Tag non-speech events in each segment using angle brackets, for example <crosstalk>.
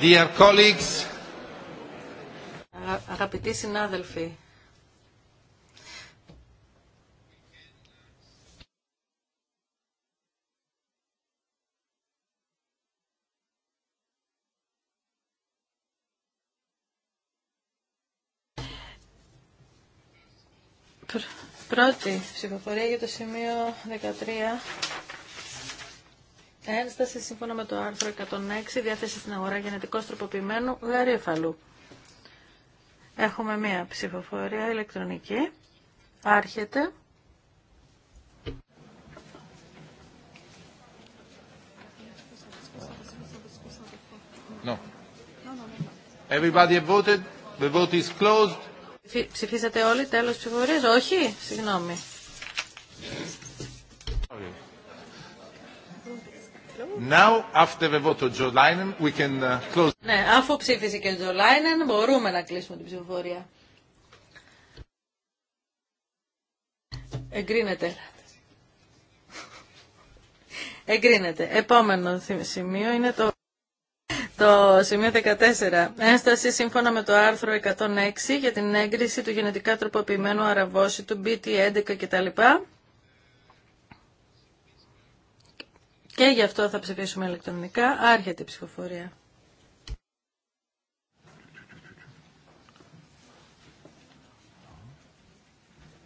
Dear colleagues. Αγαπητοί συνάδελφοι, Πρώτη ψηφοφορία για το σημείο 13 ένσταση σύμφωνα με το άρθρο 106 διάθεση στην αγορά γενετικώς τροποποιημένου γαρίφαλου. Έχουμε μία ψηφοφορία ηλεκτρονική. Άρχεται. No. Everybody voted. The vote is closed. Ψηφίσατε όλοι τέλος ψηφοφορίας. Όχι, συγγνώμη. Ναι, αφού ψήφισε και ο Τζο μπορούμε να κλείσουμε την ψηφοφορία. Εγκρίνεται. Εγκρίνεται. Επόμενο σημείο είναι το... Το σημείο 14. Ένσταση σύμφωνα με το άρθρο 106 για την έγκριση του γενετικά τροποποιημένου αραβόσιτου BT11 κτλ. Και γι' αυτό θα ψηφίσουμε ηλεκτρονικά. Άρχεται η ψηφοφορία.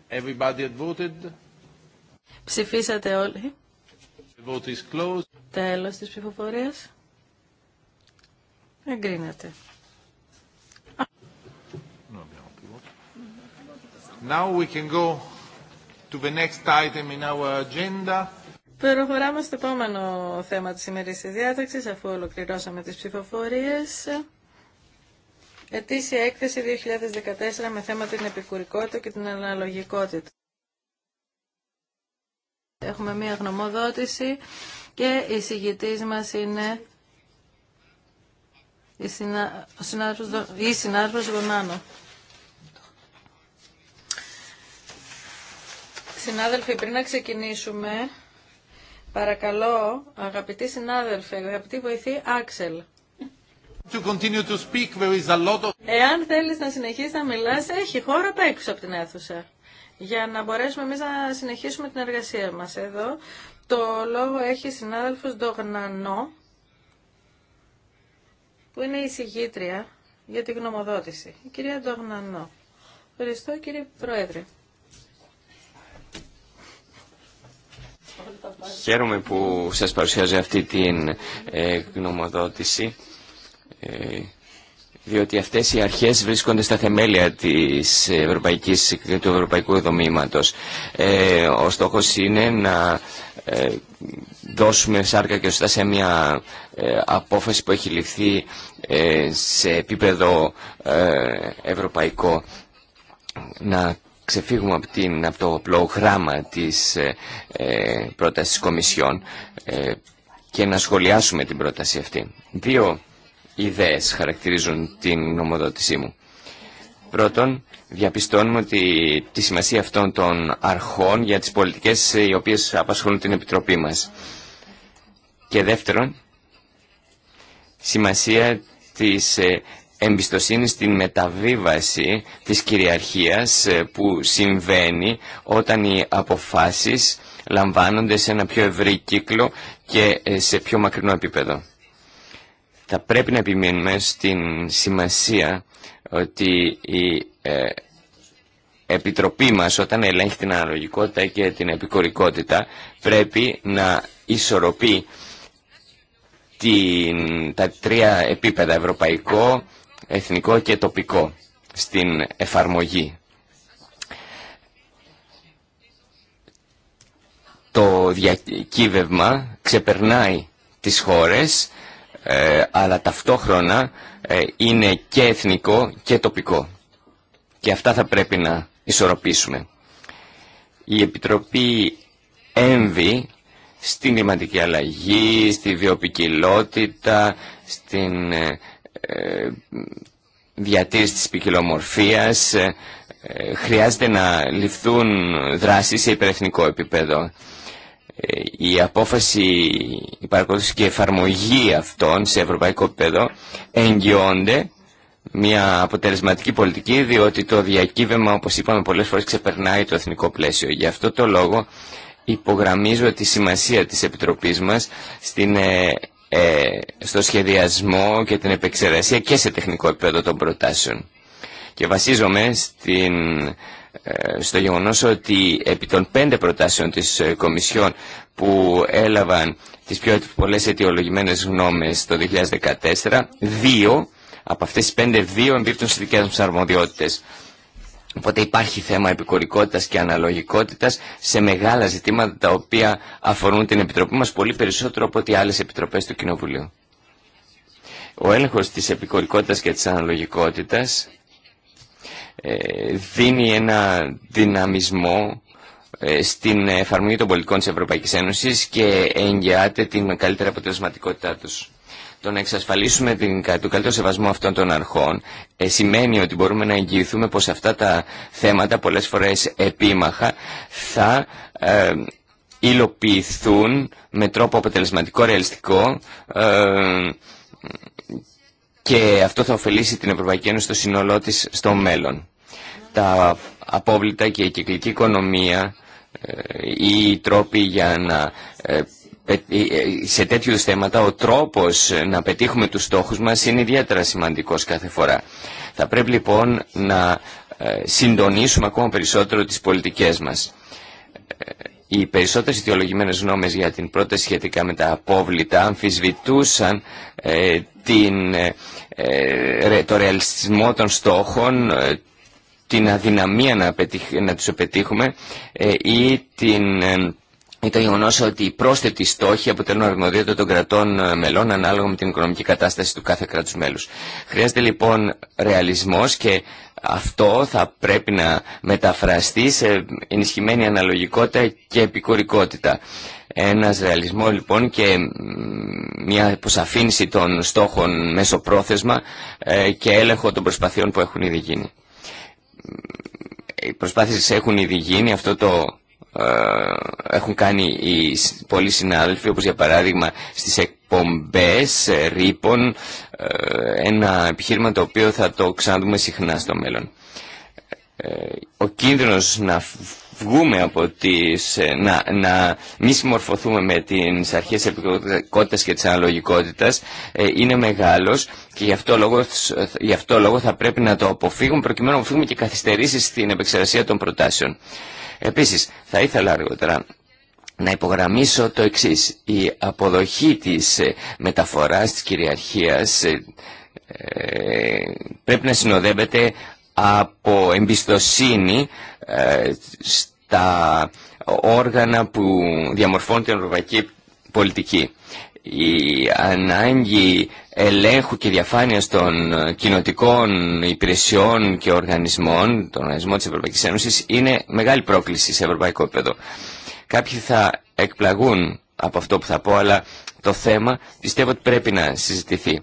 Everybody had voted. Ψηφίσατε όλοι. The vote is closed. Τέλος της ψηφοφορίας. Εγκρίνεται. Now we can go to the next item in our agenda. Προχωράμε στο επόμενο θέμα της της διάταξης, αφού ολοκληρώσαμε τις ψηφοφορίες. Ετήσια έκθεση 2014 με θέμα την επικουρικότητα και την αναλογικότητα. Έχουμε μία γνωμοδότηση και η συγγητής μας είναι η, συνα... Συνάδελφοι, πριν να ξεκινήσουμε, Παρακαλώ, αγαπητοί συνάδελφοι, αγαπητοί βοηθοί, Άξελ. To continue to speak, is a lot Εάν θέλεις να συνεχίσεις να μιλάς, έχει χώρο απ' έξω από την αίθουσα. Για να μπορέσουμε εμείς να συνεχίσουμε την εργασία μας εδώ. Το λόγο έχει συνάδελφος Ντογνανό, που είναι η συγγήτρια για την γνωμοδότηση. Η κυρία Ντογνανό. Ευχαριστώ κύριε Πρόεδρε. Χαίρομαι που σας παρουσιάζω αυτή την ε, γνωμοδότηση, ε, διότι αυτές οι αρχές βρίσκονται στα θεμέλια της ευρωπαϊκής, του ευρωπαϊκού δομήματος. Ε, ο στόχος είναι να ε, δώσουμε σάρκα και ωστά σε μια ε, απόφαση που έχει ληφθεί ε, σε επίπεδο ευρωπαϊκό να ξεφύγουμε από, την, το απλό γράμμα της ε, ε, πρότασης Κομισιόν ε, και να σχολιάσουμε την πρόταση αυτή. Δύο ιδέες χαρακτηρίζουν την νομοδότησή μου. Πρώτον, διαπιστώνουμε ότι τη σημασία αυτών των αρχών για τις πολιτικές ε, οι οποίες απασχολούν την Επιτροπή μας. Και δεύτερον, σημασία της εμπιστοσύνη στην μεταβίβαση της κυριαρχίας ε, που συμβαίνει όταν οι αποφάσεις λαμβάνονται σε ένα πιο ευρύ κύκλο και ε, σε πιο μακρινό επίπεδο. Θα πρέπει να επιμείνουμε στην σημασία ότι η ε, Επιτροπή μας όταν ελέγχει την αναλογικότητα και την επικορικότητα πρέπει να ισορροπεί την, τα τρία επίπεδα ευρωπαϊκό, εθνικό και τοπικό στην εφαρμογή. Το διακύβευμα ξεπερνάει τις χώρες, ε, αλλά ταυτόχρονα ε, είναι και εθνικό και τοπικό. Και αυτά θα πρέπει να ισορροπήσουμε. Η Επιτροπή έμβει στην κλιματική αλλαγή, στη βιοπικιλότητα, στην ε, ε, διατήρηση της ποικιλομορφίας, ε, ε, χρειάζεται να ληφθούν δράσεις σε υπερεθνικό επίπεδο. Η απόφαση, η παρακολούθηση και εφαρμογή αυτών σε ευρωπαϊκό επίπεδο εγγυώνται μια αποτελεσματική πολιτική διότι το διακύβευμα όπως είπαμε πολλές φορές ξεπερνάει το εθνικό πλαίσιο. Γι' αυτό το λόγο υπογραμμίζω τη σημασία της Επιτροπής μας στην ε, στο σχεδιασμό και την επεξεργασία και σε τεχνικό επίπεδο των προτάσεων. Και βασίζομαι στην, ε, στο γεγονός ότι επί των πέντε προτάσεων της ε, Κομισιόν που έλαβαν τις πιο πολλές αιτιολογημένες γνώμες το 2014, δύο από αυτές τις πέντε δύο εμπίπτουν στις δικές μας αρμοδιότητες. Οπότε υπάρχει θέμα επικορικότητας και αναλογικότητας σε μεγάλα ζητήματα τα οποία αφορούν την Επιτροπή μας πολύ περισσότερο από ό,τι άλλες επιτροπές του Κοινοβουλίου. Ο έλεγχος της επικορικότητας και της αναλογικότητας ε, δίνει ένα δυναμισμό ε, στην εφαρμογή των πολιτικών της Ευρωπαϊκής Ένωσης και εγγυάται την καλύτερη αποτελεσματικότητά τους. Το να εξασφαλίσουμε την, τον καλύτερο σεβασμό αυτών των αρχών ε, σημαίνει ότι μπορούμε να εγγυηθούμε πως αυτά τα θέματα πολλές φορές επίμαχα θα ε, υλοποιηθούν με τρόπο αποτελεσματικό, ρεαλιστικό ε, και αυτό θα ωφελήσει την Ευρωπαϊκή Ένωση στο σύνολό της στο μέλλον. Τα απόβλητα και η κυκλική οικονομία ή ε, τρόποι για να ε, ε, ε, σε τέτοιου θέματα ο τρόπος να πετύχουμε τους στόχους μας είναι ιδιαίτερα σημαντικός κάθε φορά. Θα πρέπει λοιπόν να ε, συντονίσουμε ακόμα περισσότερο τις πολιτικές μας. Οι περισσότερες ιδεολογημένες γνώμες για την πρόταση σχετικά με τα απόβλητα αμφισβητούσαν την, ε, το ρεαλισμό των στόχων, την αδυναμία να, πετύχ, τους πετύχουμε ή την το γεγονό ότι οι πρόσθετοι στόχοι αποτελούν αρμοδιότητα των κρατών ε, μελών ανάλογα με την οικονομική κατάσταση του κάθε κράτου μέλου. Χρειάζεται λοιπόν ρεαλισμό και αυτό θα πρέπει να μεταφραστεί σε ενισχυμένη αναλογικότητα και επικουρικότητα. Ένας ρεαλισμό λοιπόν και μια αποσαφήνιση των στόχων μέσω πρόθεσμα ε, και έλεγχο των προσπαθειών που έχουν ήδη γίνει. Οι προσπάθειε έχουν ήδη γίνει, αυτό το ε, έχουν κάνει οι πολλοί συνάδελφοι όπως για παράδειγμα στις εκπομπές ε, ρήπων ε, ένα επιχείρημα το οποίο θα το ξαναδούμε συχνά στο μέλλον. Ο κίνδυνος να βγούμε από τις, να, να μη συμμορφωθούμε με τις αρχές επικοινωνικότητα και της αναλογικότητας είναι μεγάλος και γι αυτό, λόγο, γι' αυτό λόγο θα πρέπει να το αποφύγουμε προκειμένου να αποφύγουμε και καθυστερήσεις στην επεξεργασία των προτάσεων. Επίσης, θα ήθελα αργότερα να υπογραμμίσω το εξής. Η αποδοχή της ε, μεταφοράς της κυριαρχίας ε, ε, πρέπει να συνοδεύεται από εμπιστοσύνη στα όργανα που διαμορφώνουν την ευρωπαϊκή πολιτική η ανάγκη ελέγχου και διαφάνειας των ε, κοινοτικών υπηρεσιών και οργανισμών, των οργανισμών της Ευρωπαϊκής Ένωσης, είναι μεγάλη πρόκληση σε ευρωπαϊκό επίπεδο. Κάποιοι θα εκπλαγούν από αυτό που θα πω, αλλά το θέμα πιστεύω ότι πρέπει να συζητηθεί.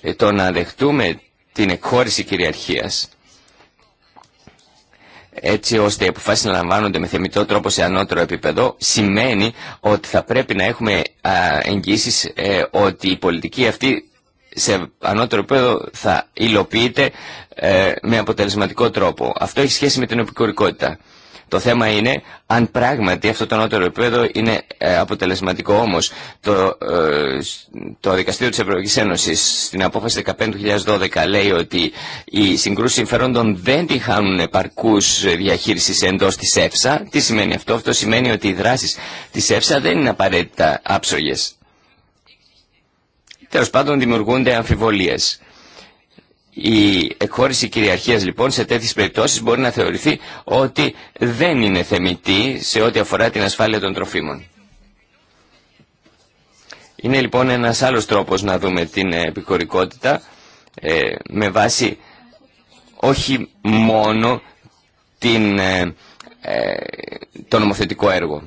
Ε, το να δεχτούμε την εκχώρηση κυριαρχίας έτσι ώστε οι αποφάσεις να λαμβάνονται με θεμητό τρόπο σε ανώτερο επίπεδο σημαίνει ότι θα πρέπει να έχουμε εγγύσεις ε, ότι η πολιτική αυτή σε ανώτερο επίπεδο θα υλοποιείται ε, με αποτελεσματικό τρόπο. Αυτό έχει σχέση με την επικουρικότητα. Το θέμα είναι αν πράγματι αυτό το ανώτερο επίπεδο είναι ε, αποτελεσματικό. Όμως το, ε, το Δικαστήριο της Ευρωπαϊκής Ένωσης στην απόφαση 15 του 2012 λέει ότι οι συγκρούσει συμφερόντων δεν τη επαρκού επαρκούς διαχείρισης εντός της ΕΦΣΑ. Τι σημαίνει αυτό. Αυτό σημαίνει ότι οι δράσεις της ΕΦΣΑ δεν είναι απαραίτητα άψογες. Τελο πάντων δημιουργούνται αμφιβολίες. Η εκχώρηση κυριαρχίας λοιπόν σε τέτοιες περιπτώσεις μπορεί να θεωρηθεί ότι δεν είναι θεμητή σε ό,τι αφορά την ασφάλεια των τροφίμων. Είναι λοιπόν ένας άλλος τρόπος να δούμε την ε, επικορικότητα ε, με βάση όχι μόνο την, ε, ε, το νομοθετικό έργο.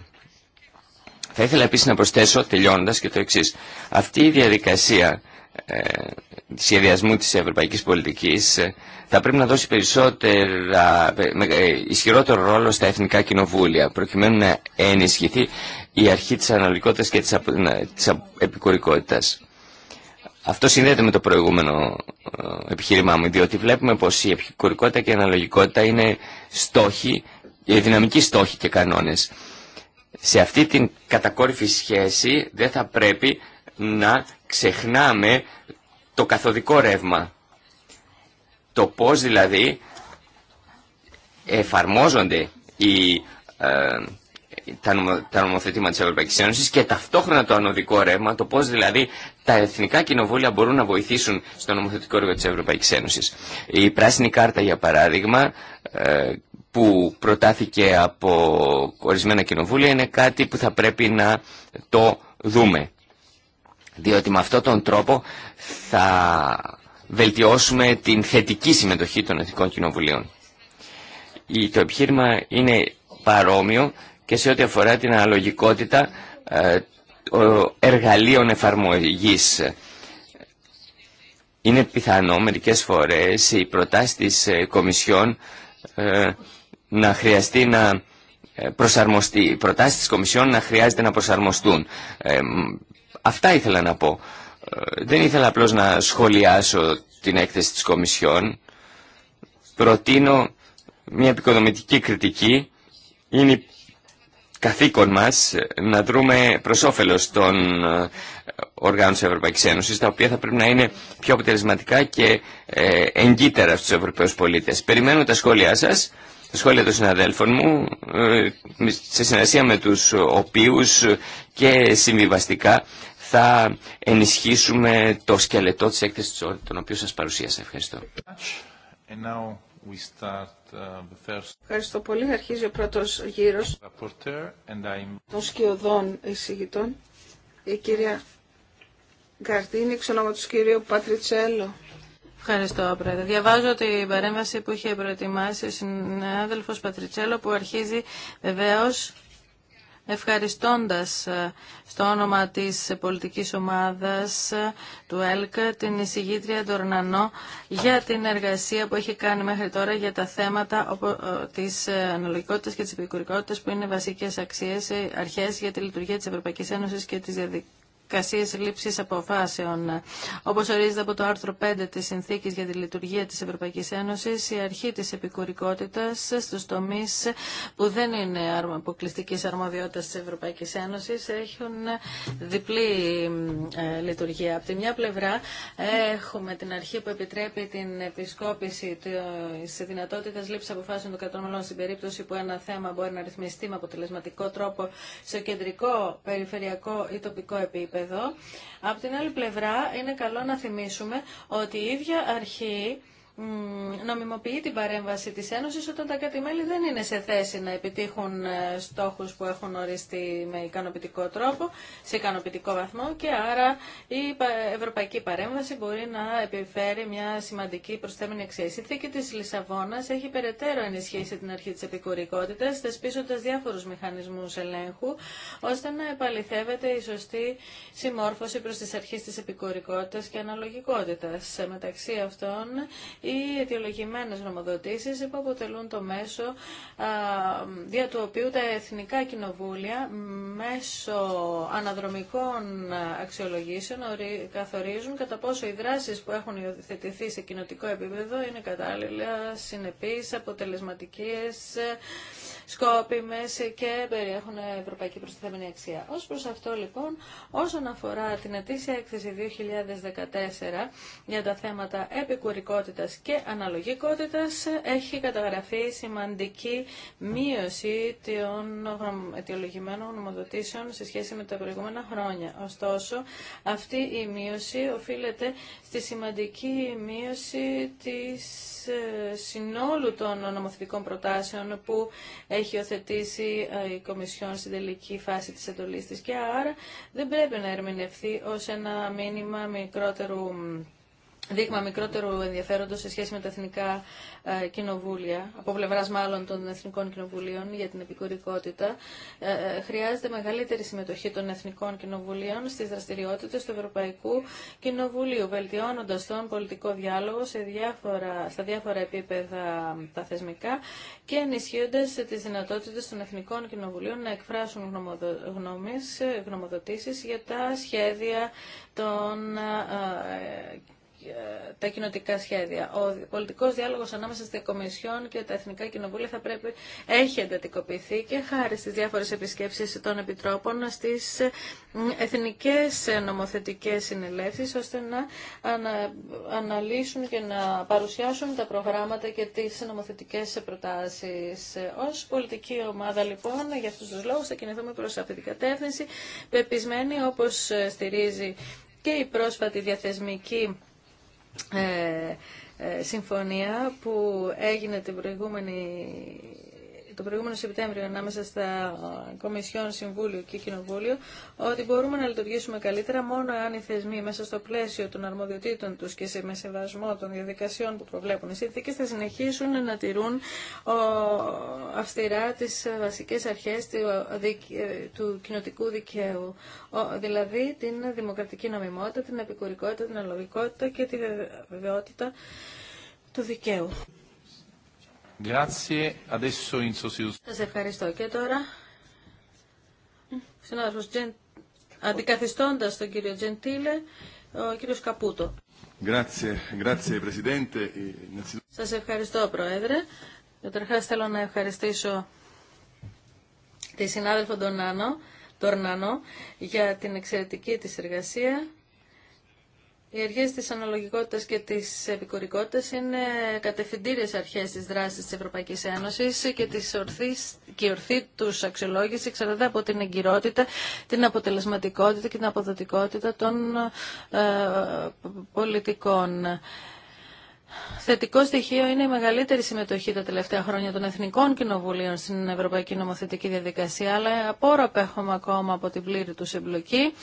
Θα ήθελα επίσης να προσθέσω τελειώνοντας και το εξής. Αυτή η διαδικασία ε, σχεδιασμού της ευρωπαϊκής πολιτικής ε, θα πρέπει να δώσει περισσότερα, ε, ισχυρότερο ρόλο στα εθνικά κοινοβούλια προκειμένου να ενισχυθεί η αρχή της αναλογικότητας και της, απο, της Αυτό συνδέεται με το προηγούμενο επιχείρημά μου, διότι βλέπουμε πως η επικουρικότητα και η αναλογικότητα είναι στόχοι, δυναμικοί στόχοι και κανόνες. Σε αυτή την κατακόρυφη σχέση δεν θα πρέπει να ξεχνάμε το καθοδικό ρεύμα. Το πώς δηλαδή εφαρμόζονται οι, ε, τα, νομο, τα νομοθετήματα της Ευρωπαϊκής Ένωσης και ταυτόχρονα το ανωδικό ρεύμα, το πώς δηλαδή τα εθνικά κοινοβούλια μπορούν να βοηθήσουν στο νομοθετικό έργο της Ευρωπαϊκής Ένωσης. Η πράσινη κάρτα για παράδειγμα ε, που προτάθηκε από ορισμένα κοινοβούλια είναι κάτι που θα πρέπει να το δούμε διότι με αυτόν τον τρόπο θα βελτιώσουμε την θετική συμμετοχή των Εθνικών Κοινοβουλίων. Το επιχείρημα είναι παρόμοιο και σε ό,τι αφορά την αναλογικότητα ε, εργαλείων εφαρμογής. Είναι πιθανό μερικές φορές οι προτάση της ε, Κομισιόν ε, να χρειαστεί να προσαρμοστεί. Οι προτάσεις της Κομισιόν να χρειάζεται να προσαρμοστούν Αυτά ήθελα να πω. Ε, δεν ήθελα απλώς να σχολιάσω την έκθεση της Κομισιόν. Προτείνω μια επικοδομητική κριτική. Είναι καθήκον μας να δρούμε προς όφελος των ε, οργάνων της Ευρωπαϊκής Ένωσης, τα οποία θα πρέπει να είναι πιο αποτελεσματικά και ε, εγκύτερα στους Ευρωπαίους πολίτες. Περιμένω τα σχόλιά σας, τα σχόλια των συναδέλφων μου, σε συνεργασία με τους οποίους και συμβιβαστικά θα ενισχύσουμε το σκελετό της έκθεσης τον οποίο σας παρουσίασα. Ευχαριστώ. Uh, Ευχαριστώ πολύ. Αρχίζει ο πρώτος γύρος των σκιωδών εισηγητών. Η κυρία Γκαρτίνη, εξ του κυρίου Πατριτσέλο. Ευχαριστώ, Πρόεδρε. Διαβάζω την παρέμβαση που είχε προετοιμάσει ο συνάδελφος Πατριτσέλο που αρχίζει βεβαίως ευχαριστώντας ε, στο όνομα της πολιτικής ομάδας ε, του ΕΛΚ την εισηγήτρια Ντορνανό για την εργασία που έχει κάνει μέχρι τώρα για τα θέματα ε, της αναλογικότητας και της επικουρικότητας που είναι βασικές αξίες, αρχές για τη λειτουργία της Ευρωπαϊκής Ένωσης και της διαδικασίες λήψης αποφάσεων. Όπως ορίζεται από το άρθρο 5 της Συνθήκης για τη Λειτουργία της Ευρωπαϊκής Ένωσης, η αρχή της επικουρικότητας στους τομείς που δεν είναι αποκλειστική αρμοδιότητα της Ευρωπαϊκής Ένωσης έχουν διπλή ε, λειτουργία. Από τη μια πλευρά έχουμε την αρχή που επιτρέπει την επισκόπηση τη δυνατότητα λήψη αποφάσεων των κρατών μελών στην περίπτωση που ένα θέμα μπορεί να ρυθμιστεί με αποτελεσματικό τρόπο σε κεντρικό, περιφερειακό ή τοπικό επίπεδο από την άλλη πλευρά είναι καλό να θυμίσουμε ότι η ίδια αρχή νομιμοποιεί την παρέμβαση της Ένωσης όταν τα κατημέλη δεν είναι σε θέση να επιτύχουν ε, στόχους που έχουν οριστεί με ικανοποιητικό τρόπο, σε ικανοποιητικό βαθμό και άρα η ευρωπαϊκή παρέμβαση μπορεί να επιφέρει μια σημαντική προσθέμενη αξία. Η συνθήκη της Λισαβόνας έχει περαιτέρω ενισχύσει την αρχή της επικουρικότητας, θεσπίζοντας διάφορους μηχανισμούς ελέγχου, ώστε να επαληθεύεται η σωστή συμμόρφωση προς τις αρχές της επικουρικότητας και αναλογικότητας. Μεταξύ αυτών οι αιτιολογημένες νομοδοτήσεις που αποτελούν το μέσο δια του οποίου τα εθνικά κοινοβούλια μέσω αναδρομικών αξιολογήσεων καθορίζουν κατά πόσο οι δράσεις που έχουν υιοθετηθεί σε κοινοτικό επίπεδο είναι κατάλληλα, συνεπείς, αποτελεσματικές Σκόπιμε και περιέχουν ευρωπαϊκή προστιθέμενη αξία. Ω προ αυτό λοιπόν, όσον αφορά την ετήσια έκθεση 2014 για τα θέματα επικουρικότητας και αναλογικότητας, έχει καταγραφεί σημαντική μείωση των αιτιολογημένων νομοδοτήσεων σε σχέση με τα προηγούμενα χρόνια. Ωστόσο, αυτή η μείωση οφείλεται στη σημαντική μείωση της ε, συνόλου των νομοθετικών προτάσεων που έχει οθετήσει ε, η Κομισιόν στην τελική φάση της εντολής της και άρα δεν πρέπει να ερμηνευθεί ως ένα μήνυμα μικρότερου δείγμα μικρότερου ενδιαφέροντος σε σχέση με τα εθνικά ε, κοινοβούλια, από πλευρά μάλλον των εθνικών κοινοβουλίων για την επικουρικότητα, ε, ε, χρειάζεται μεγαλύτερη συμμετοχή των εθνικών κοινοβουλίων στις δραστηριότητες του Ευρωπαϊκού Κοινοβουλίου, βελτιώνοντας τον πολιτικό διάλογο σε διάφορα, στα διάφορα επίπεδα τα θεσμικά και ενισχύοντας τις δυνατότητες των εθνικών κοινοβουλίων να εκφράσουν γνωμοδο, γνώμες, γνωμοδοτήσεις για τα σχέδια των ε, τα κοινοτικά σχέδια. Ο πολιτικό διάλογο ανάμεσα στη Κομισιόν και τα Εθνικά Κοινοβούλια θα πρέπει έχει εντατικοποιηθεί και χάρη στι διάφορε επισκέψει των Επιτρόπων στι ε, εθνικέ νομοθετικέ συνελεύσεις ώστε να αναλύσουν και να παρουσιάσουν τα προγράμματα και τι νομοθετικέ προτάσει ω πολιτική ομάδα λοιπόν για αυτού του λόγου θα κινηθούμε προς αυτή την κατεύθυνση πεπισμένη όπω στηρίζει και η πρόσφατη διαθεσμική ε, ε, συμφωνία που έγινε την προηγούμενη το προηγούμενο Σεπτέμβριο ανάμεσα στα ε, Κομισιόν, Συμβούλιο και Κοινοβούλιο ότι μπορούμε να λειτουργήσουμε καλύτερα μόνο αν οι θεσμοί μέσα στο πλαίσιο των αρμοδιοτήτων τους και σε με σεβασμό των διαδικασιών που προβλέπουν οι συνθήκες θα συνεχίσουν να τηρούν αυστηρά τις βασικές αρχές του ε, ε, κοινοτικού δικαίου, δηλαδή την δημοκρατική νομιμότητα, την επικουρικότητα, την αλογικότητα και τη βεβαιότητα του δικαίου. Σας ευχαριστώ. Και τώρα, συνάδελφος, αντικαθιστώντας τον κύριο Τζεντήλε, ο κύριος Καπούτο. Ε, Σας ευχαριστώ, Πρόεδρε. Καταρχά θέλω να ευχαριστήσω τη συνάδελφο τον άνο για την εξαιρετική της εργασία οι αρχές της αναλογικότητας και της επικουρικότητας είναι κατευθυντήριες αρχές της δράσης της Ευρωπαϊκής Ένωσης και, της ορθής, και η ορθή τους αξιολόγηση εξαρτάται από την εγκυρότητα, την αποτελεσματικότητα και την αποδοτικότητα των ε, πολιτικών. Θετικό στοιχείο είναι η μεγαλύτερη συμμετοχή τα τελευταία χρόνια των Εθνικών Κοινοβουλίων στην Ευρωπαϊκή Νομοθετική Διαδικασία, αλλά απόρροπα έχουμε ακόμα από την πλήρη του εμπλοκή.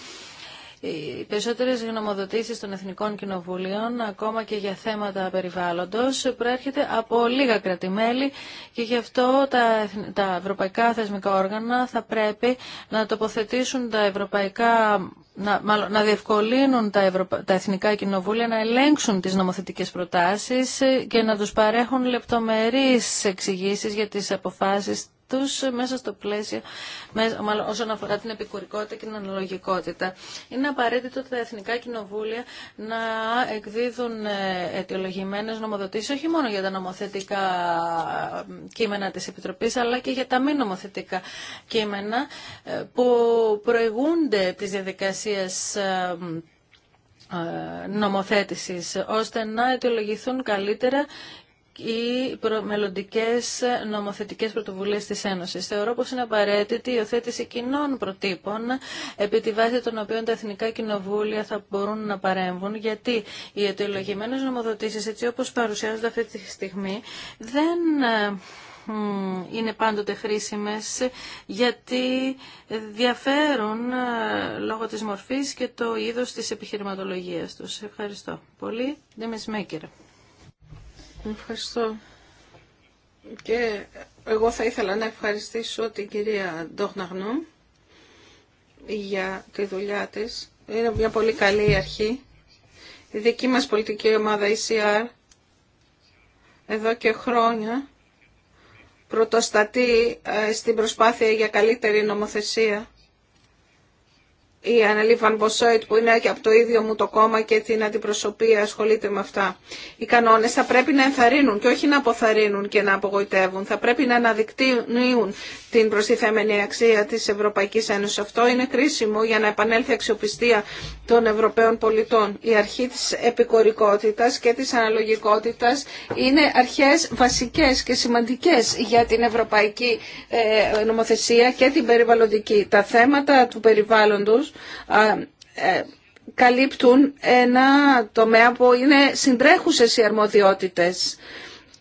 Οι περισσότερε γνωμοδοτήσει των Εθνικών Κοινοβουλίων, ακόμα και για θέματα περιβάλλοντο, προέρχεται από λίγα κρατημέλη και γι' αυτό τα, τα ευρωπαϊκά θεσμικά όργανα θα πρέπει να τοποθετήσουν τα ευρωπαϊκά να, να διευκολύνουν τα, τα εθνικά κοινοβούλια να ελέγξουν τις νομοθετικές προτάσεις ε, και να τους παρέχουν λεπτομερείς εξηγήσεις για τις αποφάσεις τους μέσα στο πλαίσιο, μάλλον, όσον αφορά την επικουρικότητα και την αναλογικότητα. Είναι απαραίτητο τα εθνικά κοινοβούλια να εκδίδουν ε, αιτιολογημένες νομοδοτήσεις, όχι μόνο για τα νομοθετικά ε, κείμενα της Επιτροπής, αλλά και για τα μη νομοθετικά κείμενα που προηγούνται τις διαδικασίες ε, νομοθέτησης, ώστε να αιτιολογηθούν καλύτερα οι μελλοντικέ νομοθετικέ πρωτοβουλίε τη Ένωση. Θεωρώ πω είναι απαραίτητη η υιοθέτηση κοινών προτύπων, επί τη βάση των οποίων τα εθνικά κοινοβούλια θα μπορούν να παρέμβουν, γιατί οι αιτιολογημένε νομοδοτήσει, έτσι όπω παρουσιάζονται αυτή τη στιγμή, δεν ε, είναι πάντοτε χρήσιμες γιατί διαφέρουν ε, λόγω της μορφής και το είδος της επιχειρηματολογίας τους. Ευχαριστώ πολύ. με Μέκερ. Ευχαριστώ. Και εγώ θα ήθελα να ευχαριστήσω την κυρία Ντόχναγνου για τη δουλειά της. Είναι μια πολύ καλή αρχή. Η δική μας πολιτική ομάδα ECR εδώ και χρόνια πρωτοστατεί ε, στην προσπάθεια για καλύτερη νομοθεσία η Αναλή Βανμποσόιτ που είναι και από το ίδιο μου το κόμμα και την αντιπροσωπεία ασχολείται με αυτά. Οι κανόνες θα πρέπει να ενθαρρύνουν και όχι να αποθαρρύνουν και να απογοητεύουν. Θα πρέπει να αναδεικνύουν την προστιθέμενη αξία της Ευρωπαϊκής Ένωσης. Αυτό είναι κρίσιμο για να επανέλθει αξιοπιστία των Ευρωπαίων πολιτών. Η αρχή της επικορικότητας και της αναλογικότητας είναι αρχές βασικές και σημαντικές για την ευρωπαϊκή ε, νομοθεσία και την περιβαλλοντική. Τα θέματα του περιβάλλοντος ε, καλύπτουν ένα τομέα που είναι συντρέχουσες οι αρμοδιότητες.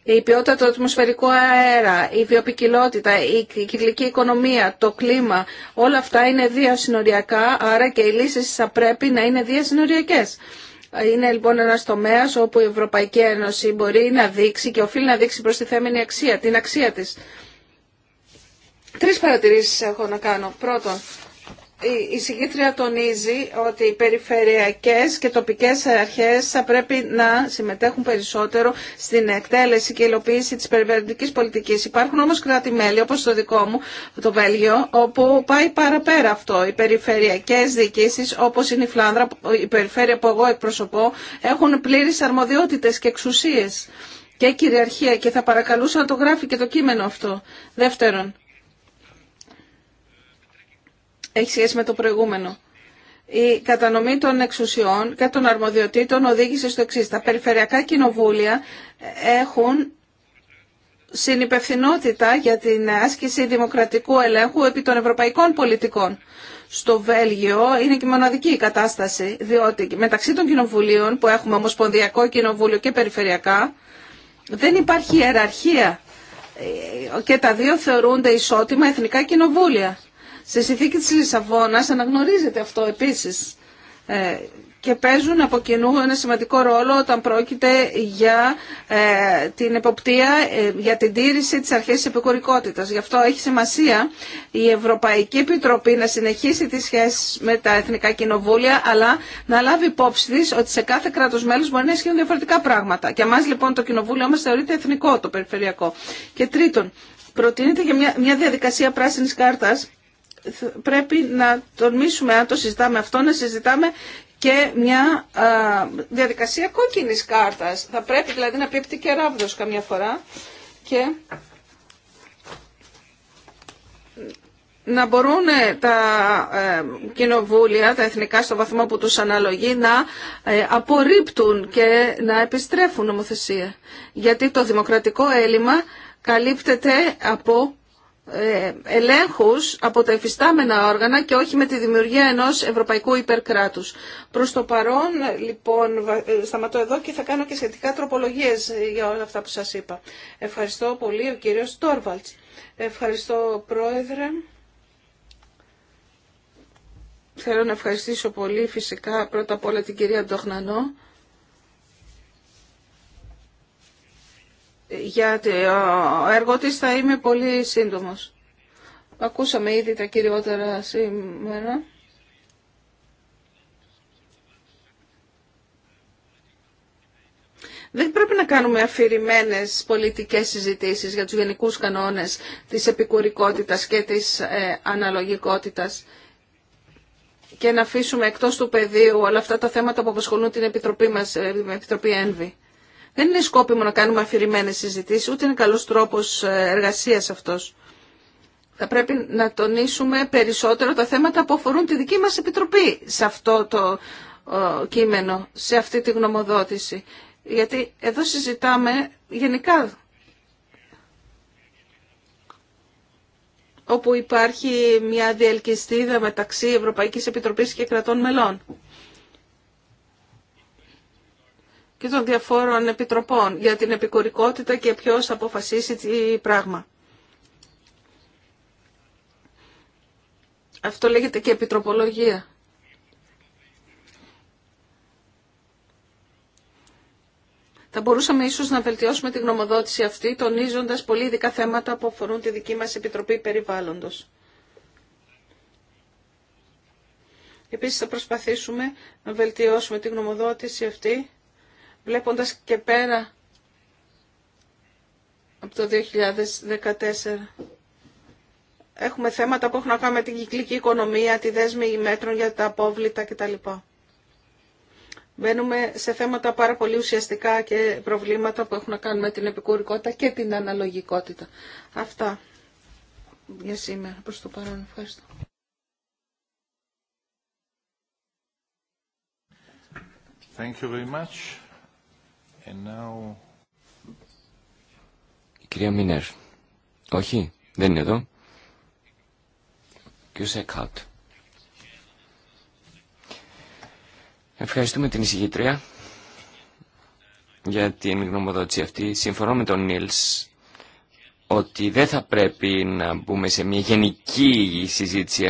Η ποιότητα του ατμοσφαιρικού αέρα, η βιοπικιλότητα, η κυκλική οικονομία, το κλίμα, όλα αυτά είναι διασυνοριακά, άρα και οι λύσεις θα πρέπει να είναι διασυνοριακές. Είναι λοιπόν ένα τομέα όπου η Ευρωπαϊκή Ένωση μπορεί να δείξει και οφείλει να δείξει τη θέμενη αξία, την αξία της. Τρεις παρατηρήσεις έχω να κάνω. Πρώτον, η συγκήτρια τονίζει ότι οι περιφερειακές και τοπικές αρχές θα πρέπει να συμμετέχουν περισσότερο στην εκτέλεση και υλοποίηση της περιβαλλοντικής πολιτικής. Υπάρχουν όμως κράτη-μέλη, όπως το δικό μου, το Βέλγιο, όπου πάει παραπέρα αυτό. Οι περιφερειακές διοικήσεις, όπως είναι η Φλάνδρα, η περιφέρεια που εγώ εκπροσωπώ, έχουν πλήρες αρμοδιότητες και εξουσίες και κυριαρχία και θα παρακαλούσα να το γράφει και το κείμενο αυτό. Δεύτερον, έχει σχέση με το προηγούμενο. Η κατανομή των εξουσιών και των αρμοδιοτήτων οδήγησε στο εξή. Τα περιφερειακά κοινοβούλια έχουν συνυπευθυνότητα για την άσκηση δημοκρατικού ελέγχου επί των ευρωπαϊκών πολιτικών. Στο Βέλγιο είναι και μοναδική η κατάσταση, διότι μεταξύ των κοινοβουλίων που έχουμε Ομοσπονδιακό Κοινοβούλιο και Περιφερειακά, δεν υπάρχει ιεραρχία ε, και τα δύο θεωρούνται ισότιμα εθνικά κοινοβούλια. Στη συνθήκη της Λισαβόνας αναγνωρίζεται αυτό επίσης ε, και παίζουν από κοινού ένα σημαντικό ρόλο όταν πρόκειται για ε, την εποπτεία, ε, για την τήρηση της αρχής της επικουρικότητας. Γι' αυτό έχει σημασία η Ευρωπαϊκή Επιτροπή να συνεχίσει τις σχέσεις με τα Εθνικά Κοινοβούλια, αλλά να λάβει υπόψη της ότι σε κάθε κράτος μέλος μπορεί να ισχύουν διαφορετικά πράγματα. Και εμάς λοιπόν το Κοινοβούλιο μας θεωρείται εθνικό το περιφερειακό. Και τρίτον, προτείνεται για μια, μια διαδικασία πράσινης κάρτας πρέπει να τολμήσουμε, αν το συζητάμε αυτό, να συζητάμε και μια α, διαδικασία κόκκινης κάρτας. Θα πρέπει δηλαδή να πίπτει και ράβδος καμιά φορά και να μπορούν ε, τα ε, κοινοβούλια, τα εθνικά στο βαθμό που τους αναλογεί, να ε, απορρίπτουν και να επιστρέφουν νομοθεσία. Γιατί το δημοκρατικό έλλειμμα καλύπτεται από ε, ελέγχους από τα εφιστάμενα όργανα και όχι με τη δημιουργία ενός ευρωπαϊκού υπερκράτους. Προς το παρόν, λοιπόν, ε, σταματώ εδώ και θα κάνω και σχετικά τροπολογίες για όλα αυτά που σας είπα. Ευχαριστώ πολύ ο κύριος Τόρβαλτς. Ευχαριστώ, Πρόεδρε. Θέλω να ευχαριστήσω πολύ φυσικά πρώτα απ' όλα την κυρία Ντοχνανό Γιατί ο έργο θα είμαι πολύ σύντομος. Ακούσαμε ήδη τα κυριότερα σήμερα. Δεν πρέπει να κάνουμε αφηρημένες πολιτικές συζητήσεις για τους γενικούς κανόνες της επικουρικότητας και της ε, αναλογικότητας και να αφήσουμε εκτός του πεδίου όλα αυτά τα θέματα που απασχολούν την Επιτροπή μας, την ε, Επιτροπή Ένβη. Δεν είναι σκόπιμο να κάνουμε αφηρημένες συζητήσεις, ούτε είναι καλός τρόπος ε, εργασίας αυτός. Θα πρέπει να τονίσουμε περισσότερο τα θέματα που αφορούν τη δική μας επιτροπή σε αυτό το ε, κείμενο, σε αυτή τη γνωμοδότηση. Γιατί εδώ συζητάμε γενικά όπου υπάρχει μια διελκυστίδα μεταξύ Ευρωπαϊκής Επιτροπής και κρατών μελών. και των διαφόρων επιτροπών για την επικουρικότητα και ποιος αποφασίσει τι πράγμα. Αυτό λέγεται και επιτροπολογία. Θα μπορούσαμε ίσως να βελτιώσουμε τη γνωμοδότηση αυτή, τονίζοντας πολύ ειδικά θέματα που αφορούν τη δική μας Επιτροπή Περιβάλλοντος. Επίσης θα προσπαθήσουμε να βελτιώσουμε τη γνωμοδότηση αυτή βλέποντας και πέρα από το 2014. Έχουμε θέματα που έχουν να κάνουν με την κυκλική οικονομία, τη δέσμη μέτρων για τα απόβλητα κτλ. Μπαίνουμε σε θέματα πάρα πολύ ουσιαστικά και προβλήματα που έχουν να κάνουν με την επικουρικότητα και την αναλογικότητα. Αυτά για σήμερα προς το παρόν. Ευχαριστώ. Thank you very much. Η κυρία Μινέρ. Όχι, δεν είναι εδώ. Ευχαριστούμε την εισηγήτρια για την γνωμοδότηση αυτή. Συμφωνώ με τον Νίλς ότι δεν θα πρέπει να μπούμε σε μια γενική συζήτηση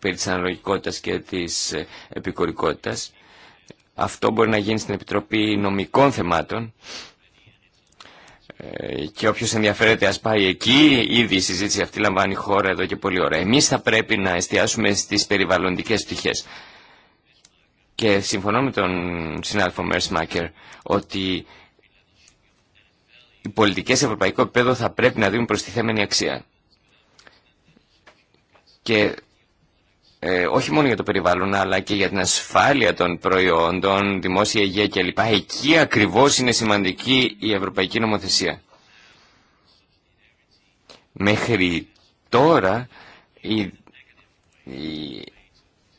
περί της αναλογικότητας και της επικορικότητας. Αυτό μπορεί να γίνει στην Επιτροπή Νομικών Θεμάτων ε, και όποιο ενδιαφέρεται ας πάει εκεί, ήδη η συζήτηση αυτή λαμβάνει χώρα εδώ και πολύ ώρα. Εμείς θα πρέπει να εστιάσουμε στις περιβαλλοντικές πτυχές. Και συμφωνώ με τον συνάδελφο Μέρσμάκερ ότι οι πολιτικές σε ευρωπαϊκό επίπεδο θα πρέπει να δίνουν προστιθέμενη αξία. Και ε, όχι μόνο για το περιβάλλον αλλά και για την ασφάλεια των προϊόντων, δημόσια υγεία κλπ. Εκεί ακριβώς είναι σημαντική η ευρωπαϊκή νομοθεσία. Μέχρι τώρα η, η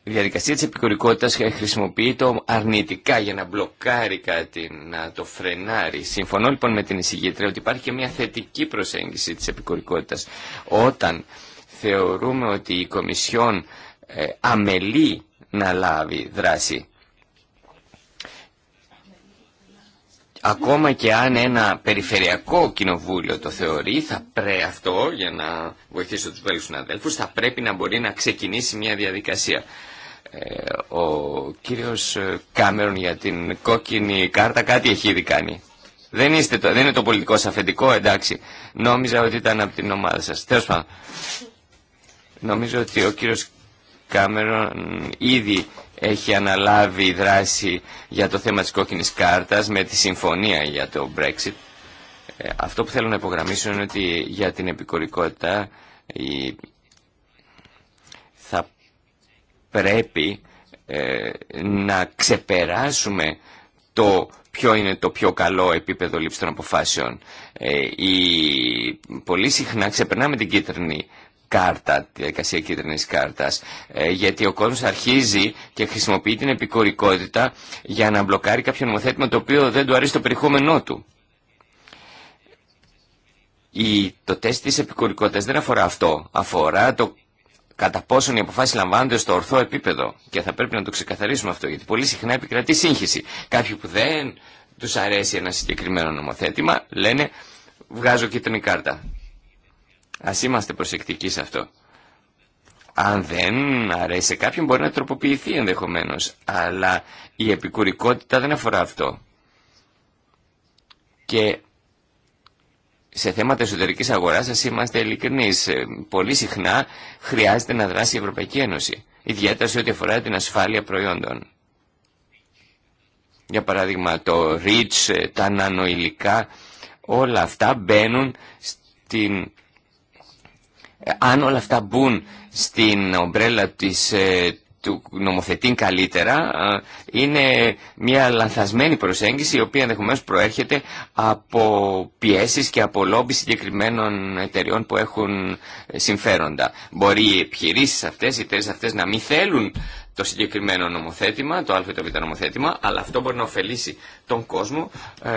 διαδικασία της επικορικότητας χρησιμοποιεί το αρνητικά για να μπλοκάρει κάτι, να το φρενάρει. Συμφωνώ λοιπόν με την εισηγήτρια ότι υπάρχει και μια θετική προσέγγιση της επικορικότητας. Όταν θεωρούμε ότι η Κομισιόν ε, αμελή να λάβει δράση. Ακόμα και αν ένα περιφερειακό κοινοβούλιο το θεωρεί, θα πρέπει αυτό για να βοηθήσει τους βέλους συναδέλφου. θα πρέπει να μπορεί να ξεκινήσει μια διαδικασία. Ε, ο κύριος ε, Κάμερον για την κόκκινη κάρτα κάτι έχει ήδη κάνει. Δεν, είστε το, δεν είναι το πολιτικό σας αφεντικό, εντάξει. Νόμιζα ότι ήταν από την ομάδα σας. Νομίζω ότι ο κύριος Κάμερον ήδη έχει αναλάβει δράση για το θέμα της κόκκινης κάρτας με τη συμφωνία για το Brexit. Ε, αυτό που θέλω να υπογραμμίσω είναι ότι για την επικορικότητα θα πρέπει ε, να ξεπεράσουμε το ποιο είναι το πιο καλό επίπεδο λήψη των αποφάσεων. Ε, πολύ συχνά ξεπερνάμε την κίτρινη κάρτα, τη διαδικασία κίτρινη κάρτα. Ε, γιατί ο κόσμο αρχίζει και χρησιμοποιεί την επικορικότητα για να μπλοκάρει κάποιο νομοθέτημα το οποίο δεν του αρέσει το περιεχόμενό του. Η, το τεστ τη επικορικότητα δεν αφορά αυτό. Αφορά το κατά πόσον οι αποφάσει λαμβάνονται στο ορθό επίπεδο. Και θα πρέπει να το ξεκαθαρίσουμε αυτό, γιατί πολύ συχνά επικρατεί σύγχυση. Κάποιοι που δεν του αρέσει ένα συγκεκριμένο νομοθέτημα λένε βγάζω κίτρινη κάρτα. Ας είμαστε προσεκτικοί σε αυτό. Αν δεν αρέσει κάποιον μπορεί να τροποποιηθεί ενδεχομένως, αλλά η επικουρικότητα δεν αφορά αυτό. Και σε θέματα εσωτερικής αγοράς σας είμαστε ειλικρινείς. Ε, πολύ συχνά χρειάζεται να δράσει η Ευρωπαϊκή Ένωση, ιδιαίτερα σε ό,τι αφορά την ασφάλεια προϊόντων. Για παράδειγμα το REACH, ε, τα νανοηλικά, όλα αυτά μπαίνουν στην αν όλα αυτά μπουν στην ομπρέλα της, ε, του νομοθετήν καλύτερα ε, είναι μια λανθασμένη προσέγγιση η οποία ενδεχομένω προέρχεται από πιέσεις και από λόμπι συγκεκριμένων εταιριών που έχουν ε, συμφέροντα. Μπορεί οι επιχειρήσεις αυτές, οι εταιρείε αυτές να μην θέλουν το συγκεκριμένο νομοθέτημα, το α ή το β νομοθέτημα, αλλά αυτό μπορεί να ωφελήσει τον κόσμο,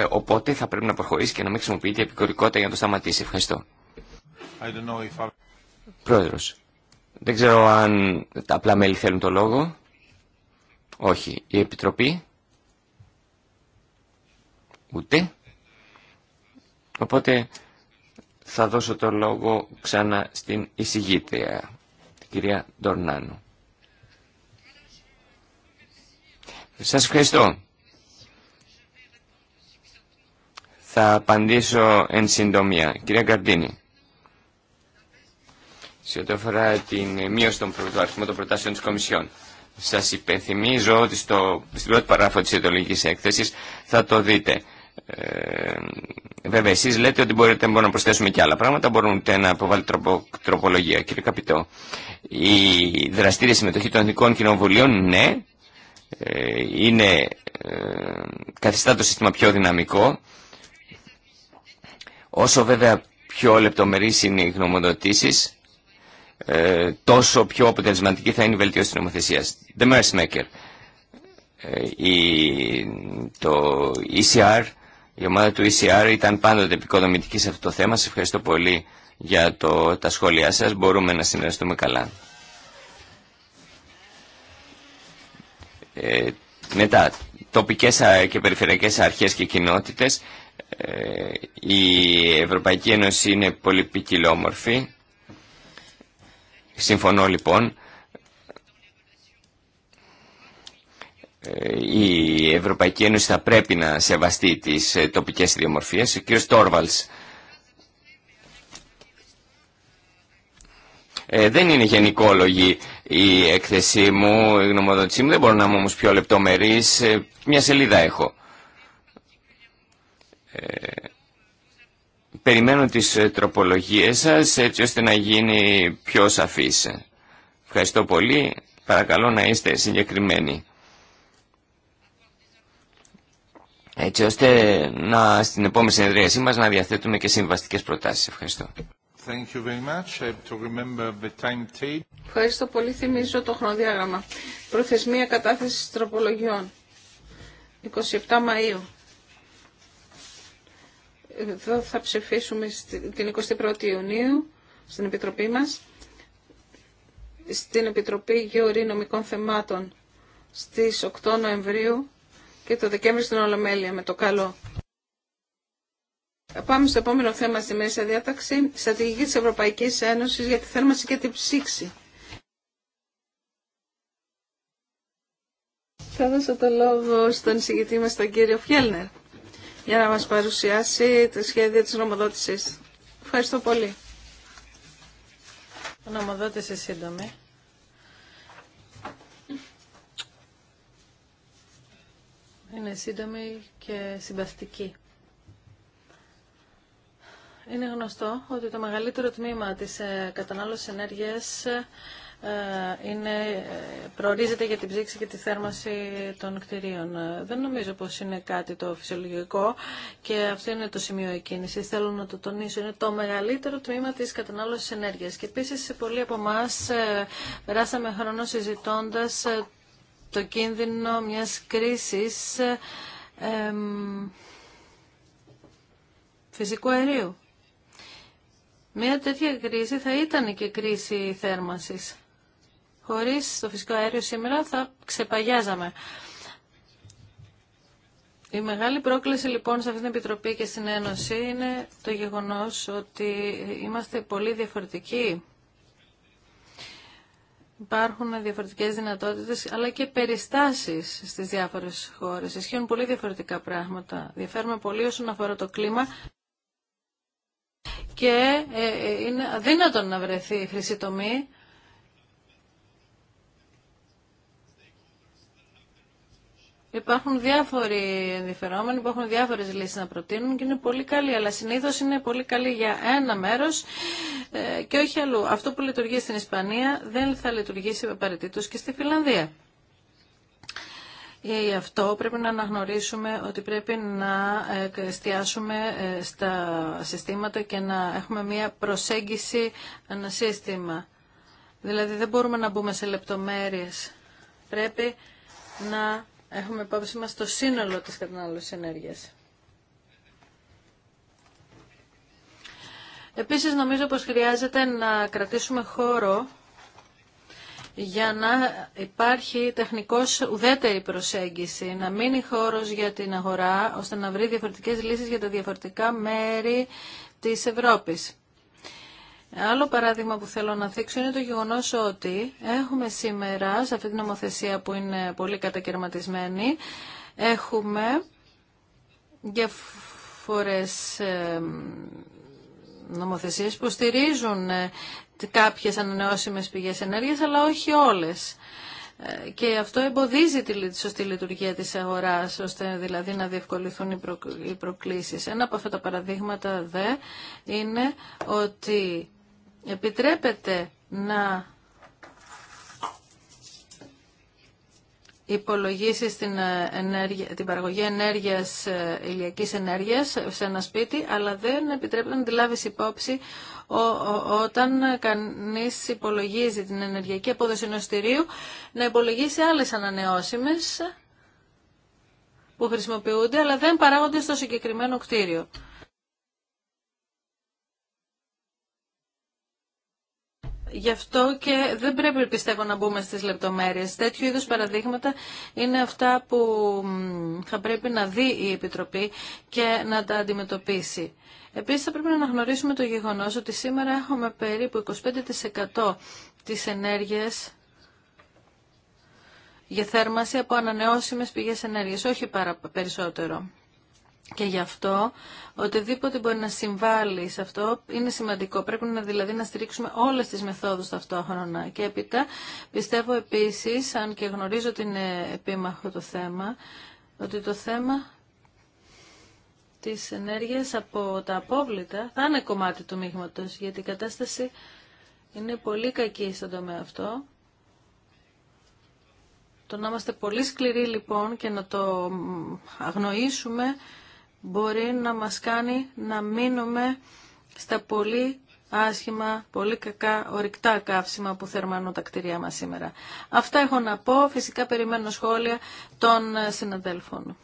οπότε θα πρέπει να προχωρήσει και να μην χρησιμοποιείται επικορικότητα για να το σταματήσει. Ευχαριστώ. Πρόεδρος, δεν ξέρω αν τα απλά μέλη θέλουν το λόγο. Όχι. Η Επιτροπή. Ούτε. Οπότε θα δώσω το λόγο ξανά στην εισηγήτρια, την κυρία Ντορνάνου. Σας ευχαριστώ. Θα απαντήσω εν συντομία. Κυρία Καρτίνη σε ό,τι αφορά την μείωση των αριθμών των προτάσεων τη Κομισιόν. Σας υπενθυμίζω ότι στο, στην πρώτη παράγραφο της ιδεολογικής έκθεσης θα το δείτε. Ε, βέβαια εσείς λέτε ότι μπορείτε, μπορούμε να προσθέσουμε και άλλα πράγματα, μπορούμε να αποβάλει τροπο, τροπολογία. Κύριε Καπιτό, η δραστήρια συμμετοχή των εθνικών κοινοβουλίων, ναι, ε, είναι, ε, καθιστά το σύστημα πιο δυναμικό. Όσο βέβαια πιο λεπτομερείς είναι οι γνωμοδοτήσεις, ε, τόσο πιο αποτελεσματική θα είναι η βελτίωση της νομοθεσίας. The Mercy Maker. Ε, η, το ECR, η ομάδα του ECR ήταν πάντοτε επικοδομητική σε αυτό το θέμα. Σε ευχαριστώ πολύ για το, τα σχόλιά σας. Μπορούμε να συνεργαστούμε καλά. Ε, μετά, τοπικές και περιφερειακές αρχές και κοινότητες. Ε, η Ευρωπαϊκή Ένωση είναι πολύ ποικιλόμορφη. Συμφωνώ λοιπόν. Ε, η Ευρωπαϊκή Ένωση θα πρέπει να σεβαστεί τις ε, τοπικές ιδιομορφίες. Ο κ. Τόρβαλς ε, δεν είναι γενικόλογη η έκθεσή μου, η γνωμοδότησή μου, δεν μπορώ να είμαι όμως πιο λεπτομερής, μια σελίδα έχω. Περιμένω τις ε, τροπολογίες σας έτσι ώστε να γίνει πιο σαφής. Ευχαριστώ πολύ. Παρακαλώ να είστε συγκεκριμένοι. Έτσι ώστε να, στην επόμενη συνεδρίασή μας να διαθέτουμε και συμβαστικές προτάσεις. Ευχαριστώ. Ευχαριστώ πολύ. Θυμίζω το χρονοδιάγραμμα. Προθεσμία κατάθεσης τροπολογιών. 27 Μαΐου. Εδώ θα ψηφίσουμε την 21η Ιουνίου στην Επιτροπή μας, στην Επιτροπή Γεωρή Νομικών Θεμάτων στις 8 Νοεμβρίου και το Δεκέμβριο στην Ολομέλεια με το καλό. Πάμε στο επόμενο θέμα στη Μέση Διάταξη, στρατηγική της Ευρωπαϊκής Ένωσης για τη θέρμανση και την ψήξη. Θα δώσω το λόγο στον εισηγητή μας, τον κύριο Φιέλνερ για να μας παρουσιάσει το σχέδιο της νομοδότησης. Ευχαριστώ πολύ. Νομοδότηση σύντομη. Είναι σύντομη και συμπαστική. Είναι γνωστό ότι το μεγαλύτερο τμήμα της ε, κατανάλωσης ενέργειας ε, είναι, προορίζεται για την ψήξη και τη θέρμανση των κτηρίων. Ε, δεν νομίζω πως είναι κάτι το φυσιολογικό και αυτό είναι το σημείο εκκίνηση. Θέλω να το τονίσω. Είναι το μεγαλύτερο τμήμα της κατανάλωσης ενέργειας. Και επίσης πολλοί από εμά ε, περάσαμε χρόνο συζητώντας το κίνδυνο μιας κρίσης φυσικού αερίου. Μια τέτοια κρίση θα ήταν και κρίση θέρμανσης. Χωρίς το φυσικό αέριο σήμερα θα ξεπαγιάζαμε. Η μεγάλη πρόκληση λοιπόν σε αυτή την Επιτροπή και στην Ένωση είναι το γεγονός ότι είμαστε πολύ διαφορετικοί. Υπάρχουν διαφορετικές δυνατότητες αλλά και περιστάσεις στις διάφορες χώρες. Ισχύουν πολύ διαφορετικά πράγματα. Διαφέρουμε πολύ όσον αφορά το κλίμα και ε, ε, είναι αδύνατον να βρεθεί χρυσή τομή Υπάρχουν διάφοροι ενδιαφερόμενοι που έχουν διάφορε λύσει να προτείνουν και είναι πολύ καλή, αλλά συνήθω είναι πολύ καλή για ένα μέρο ε, και όχι αλλού. Αυτό που λειτουργεί στην Ισπανία δεν θα λειτουργήσει απαραίτητο και στη Φιλανδία. Ε, γι' αυτό πρέπει να αναγνωρίσουμε ότι πρέπει να εστιάσουμε ε, στα συστήματα και να έχουμε μία προσέγγιση σύστημα. Δηλαδή δεν μπορούμε να μπούμε σε λεπτομέρειες. Πρέπει να έχουμε υπόψη μας το σύνολο της κατανάλωσης ενέργειας. Επίσης νομίζω πως χρειάζεται να κρατήσουμε χώρο για να υπάρχει τεχνικώς ουδέτερη προσέγγιση, να μείνει χώρος για την αγορά, ώστε να βρει διαφορετικές λύσεις για τα διαφορετικά μέρη της Ευρώπης. Άλλο παράδειγμα που θέλω να θίξω είναι το γεγονός ότι έχουμε σήμερα, σε αυτή την νομοθεσία που είναι πολύ κατακαιρματισμένη, έχουμε διαφορές νομοθεσίες που στηρίζουν ε, κάποιες ανανεώσιμες πηγές ενέργειας, αλλά όχι όλες. Ε, και αυτό εμποδίζει τη σωστή λειτουργία της αγοράς, ώστε δηλαδή να διευκολυθούν οι προκλήσεις. Ένα από αυτά τα παραδείγματα δε είναι ότι επιτρέπεται να υπολογίσει την, ε, ενέργεια, την παραγωγή ενέργειας, ε, ηλιακής ενέργειας σε ένα σπίτι, αλλά δεν επιτρέπεται να τη λάβεις υπόψη ό, όταν κανείς υπολογίζει την ενεργειακή απόδοση νοστηρίου, να υπολογίσει άλλες ανανεώσιμες που χρησιμοποιούνται, αλλά δεν παράγονται στο συγκεκριμένο κτίριο. Γι' αυτό και δεν πρέπει πιστεύω να μπούμε στις λεπτομέρειες. Τέτοιου είδους παραδείγματα είναι αυτά που θα πρέπει να δει η Επιτροπή και να τα αντιμετωπίσει. Επίσης θα πρέπει να αναγνωρίσουμε το γεγονός ότι σήμερα έχουμε περίπου 25% της ενέργειας για θέρμαση από ανανεώσιμες πηγές ενέργειας, όχι παρα, περισσότερο. Και γι' αυτό οτιδήποτε μπορεί να συμβάλλει σε αυτό είναι σημαντικό. Πρέπει να, δηλαδή να στηρίξουμε όλε τι μεθόδου ταυτόχρονα. Και έπειτα πιστεύω επίση, αν και γνωρίζω ότι είναι επίμαχο το θέμα, ότι το θέμα της ενέργεια από τα απόβλητα θα είναι κομμάτι του μείγματο γιατί η κατάσταση είναι πολύ κακή στον τομέα αυτό. Το να είμαστε πολύ σκληροί λοιπόν και να το αγνοήσουμε μπορεί να μας κάνει να μείνουμε στα πολύ άσχημα, πολύ κακά, ορυκτά καύσιμα που θερμανούν τα κτίρια μας σήμερα. Αυτά έχω να πω. Φυσικά περιμένω σχόλια των ε, συναδέλφων,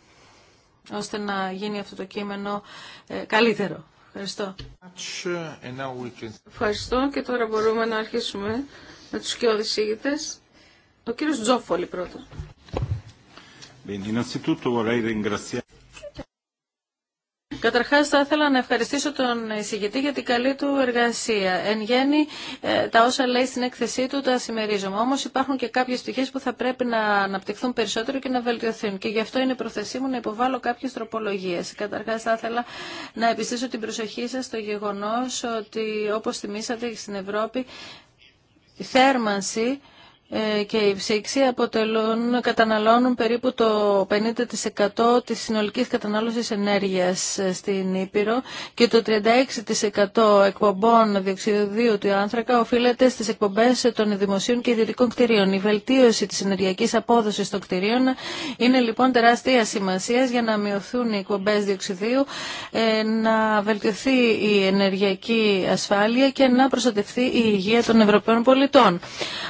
ώστε να γίνει αυτό το κείμενο ε, καλύτερο. Ευχαριστώ. Ευχαριστώ και τώρα μπορούμε να αρχίσουμε με τους και οδησίγητες. Ο κύριος Τζόφολη πρώτα. Καταρχάς θα ήθελα να ευχαριστήσω τον εισηγητή για την καλή του εργασία. Εν γέννη ε, τα όσα λέει στην έκθεσή του τα συμμερίζομαι. Όμως υπάρχουν και κάποιες στοιχείες που θα πρέπει να αναπτυχθούν περισσότερο και να βελτιωθούν. Και γι' αυτό είναι η προθεσή μου να υποβάλω κάποιες τροπολογίε. Καταρχάς θα ήθελα να επιστήσω την προσοχή σα στο γεγονό ότι όπω θυμήσατε στην Ευρώπη η θέρμανση ε, και η ψήξη αποτελούν, καταναλώνουν περίπου το 50% της συνολικής κατανάλωσης ενέργειας ε, στην Ήπειρο και το 36% εκπομπών διοξιδίου του άνθρακα οφείλεται στις εκπομπές των δημοσίων και ιδιωτικών κτηρίων. Η βελτίωση της ενεργειακής απόδοσης των κτηρίων είναι λοιπόν τεράστια σημασία για να μειωθούν οι εκπομπές διοξιδίου, ε, να βελτιωθεί η ενεργειακή ασφάλεια και να προστατευτεί η υγεία των Ευρωπαίων πολιτών.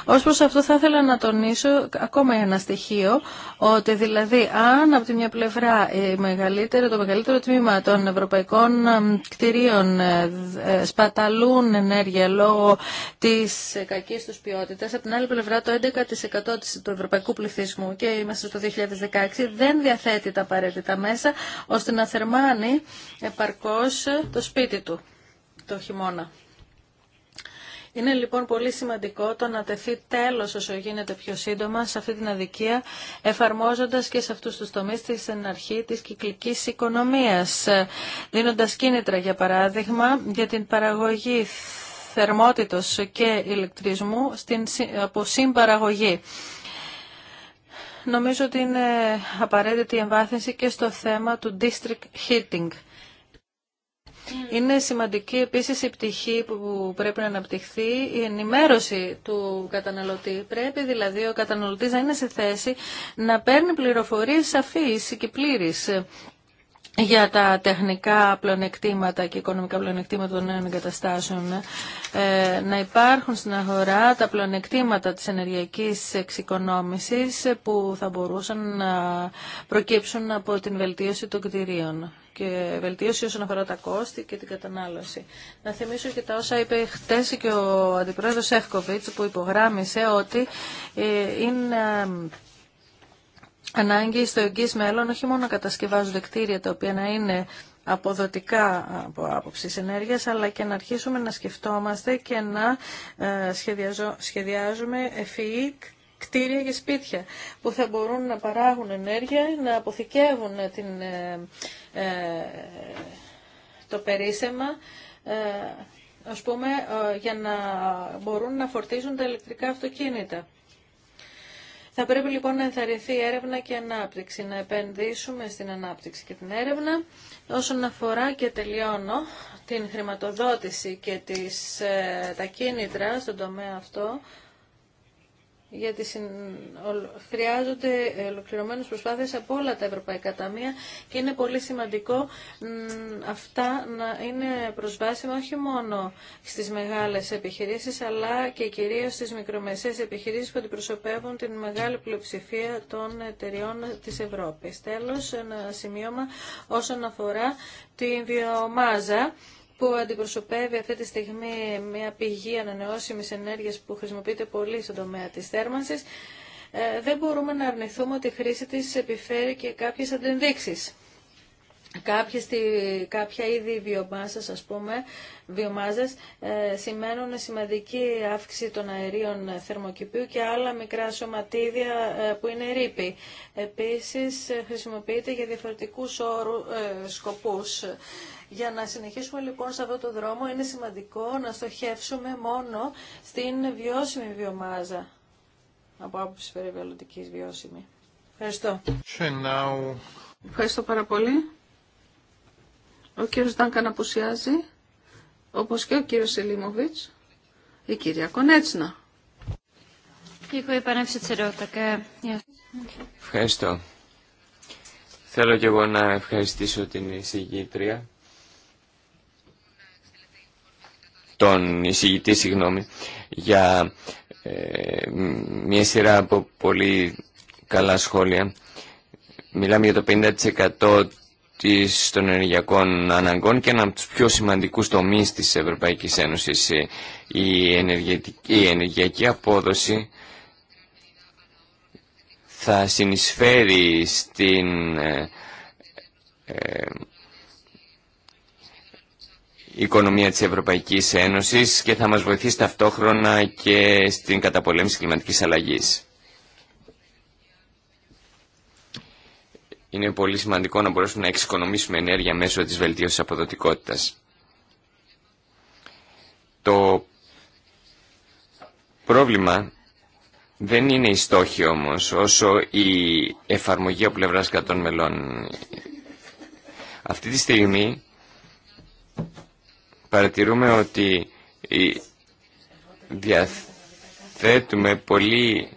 Ως προς αυτό θα ήθελα να τονίσω ακόμα ένα στοιχείο, ότι δηλαδή αν από τη μια πλευρά μεγαλύτερο, το μεγαλύτερο τμήμα των ευρωπαϊκών ε, κτηρίων ε, ε, σπαταλούν ενέργεια λόγω της κακής τους ποιότητας, από την άλλη πλευρά το 11% του ευρωπαϊκού πληθυσμού και είμαστε στο 2016 δεν διαθέτει τα απαραίτητα μέσα ώστε να θερμάνει επαρκώς το σπίτι του το χειμώνα. Είναι λοιπόν πολύ σημαντικό το να τεθεί τέλος όσο γίνεται πιο σύντομα σε αυτή την αδικία, εφαρμόζοντας και σε αυτούς τους τομείς της εναρχή της κυκλικής οικονομίας, ε, δίνοντας κίνητρα για παράδειγμα για την παραγωγή θερμότητος και ηλεκτρισμού στην, από συμπαραγωγή. Νομίζω ότι είναι απαραίτητη η εμβάθυνση και στο θέμα του district heating. Είναι σημαντική επίσης η πτυχή που πρέπει να αναπτυχθεί, η ενημέρωση του καταναλωτή. Πρέπει δηλαδή ο καταναλωτής να είναι σε θέση να παίρνει πληροφορίες σαφείς και πλήρεις για τα τεχνικά πλονεκτήματα και οικονομικά πλονεκτήματα των νέων εγκαταστάσεων ε, να υπάρχουν στην αγορά τα πλονεκτήματα της ενεργειακής εξοικονόμησης που θα μπορούσαν να προκύψουν από την βελτίωση των κτηρίων και βελτίωση όσον αφορά τα κόστη και την κατανάλωση. Να θυμίσω και τα όσα είπε χτες και ο αντιπρόεδρος Εύκοβιτς που υπογράμμισε ότι ε, είναι ανάγκη στο εγγύς μέλλον όχι μόνο να κατασκευάζονται κτίρια τα οποία να είναι αποδοτικά από άποψη ενέργεια, αλλά και να αρχίσουμε να σκεφτόμαστε και να ε, σχεδιάζουμε ευφυή e κτίρια και σπίτια που θα μπορούν να παράγουν ενέργεια, να αποθηκεύουν την, ε, ε, το περίσεμα, ας πούμε, για να μπορούν να φορτίζουν τα ηλεκτρικά αυτοκίνητα. Θα πρέπει λοιπόν να ενθαρρυνθεί έρευνα και ανάπτυξη, να επενδύσουμε στην ανάπτυξη και την έρευνα. Όσον αφορά και τελειώνω την χρηματοδότηση και τις, ε, τα κίνητρα στον τομέα αυτό, γιατί χρειάζονται ολοκληρωμένες προσπάθειες από όλα τα ευρωπαϊκά ταμεία και είναι πολύ σημαντικό αυτά να είναι προσβάσιμα όχι μόνο στις μεγάλες επιχειρήσεις αλλά και κυρίως στις μικρομεσαίες επιχειρήσεις που αντιπροσωπεύουν την μεγάλη πλειοψηφία των εταιριών της Ευρώπης. Τέλος, ένα σημείωμα όσον αφορά την βιομάζα που αντιπροσωπεύει αυτή τη στιγμή μια πηγή ανανεώσιμης ενέργειας που χρησιμοποιείται πολύ στον τομέα της θέρμανσης, ε, δεν μπορούμε να αρνηθούμε ότι η χρήση της επιφέρει και κάποιες αντιδείξεις. Κάποια, στη, κάποια είδη βιομάσας, ας πούμε, βιομάζες, ε, σημαίνουν σημαντική αύξηση των αερίων θερμοκηπίου και άλλα μικρά σωματίδια ε, που είναι ρήπη. Επίσης, ε, χρησιμοποιείται για διαφορετικούς όρου, σκοπούς. Για να συνεχίσουμε λοιπόν σε αυτό το δρόμο είναι σημαντικό να στοχεύσουμε μόνο στην βιώσιμη βιομάζα από άποψη περιβαλλοντική βιώσιμη. Ευχαριστώ. Ευχαριστώ πάρα πολύ. Ο κύριο Ντάνκαν απουσιάζει, όπω και ο κύριο Σελίμοβιτ, η κυρία Κονέτσνα. Ευχαριστώ. Θέλω και εγώ να ευχαριστήσω την εισηγήτρια τον εισηγητή συγγνώμη, για ε, μια σειρά από πολύ καλά σχόλια. Μιλάμε για το 50% της, των ενεργειακών αναγκών και ένα από τους πιο σημαντικούς τομείς της Ευρωπαϊκής Ένωσης ε, η ενεργειακή, απόδοση θα συνεισφέρει στην ε, οικονομία της Ευρωπαϊκής Ένωσης και θα μας βοηθήσει ταυτόχρονα και στην καταπολέμηση κλιματικής αλλαγής. Είναι πολύ σημαντικό να μπορέσουμε να εξοικονομήσουμε ενέργεια μέσω της βελτίωσης αποδοτικότητας. Το πρόβλημα δεν είναι η στόχη όμως, όσο η εφαρμογή από πλευράς των μελών. Αυτή τη στιγμή παρατηρούμε ότι διαθέτουμε πολύ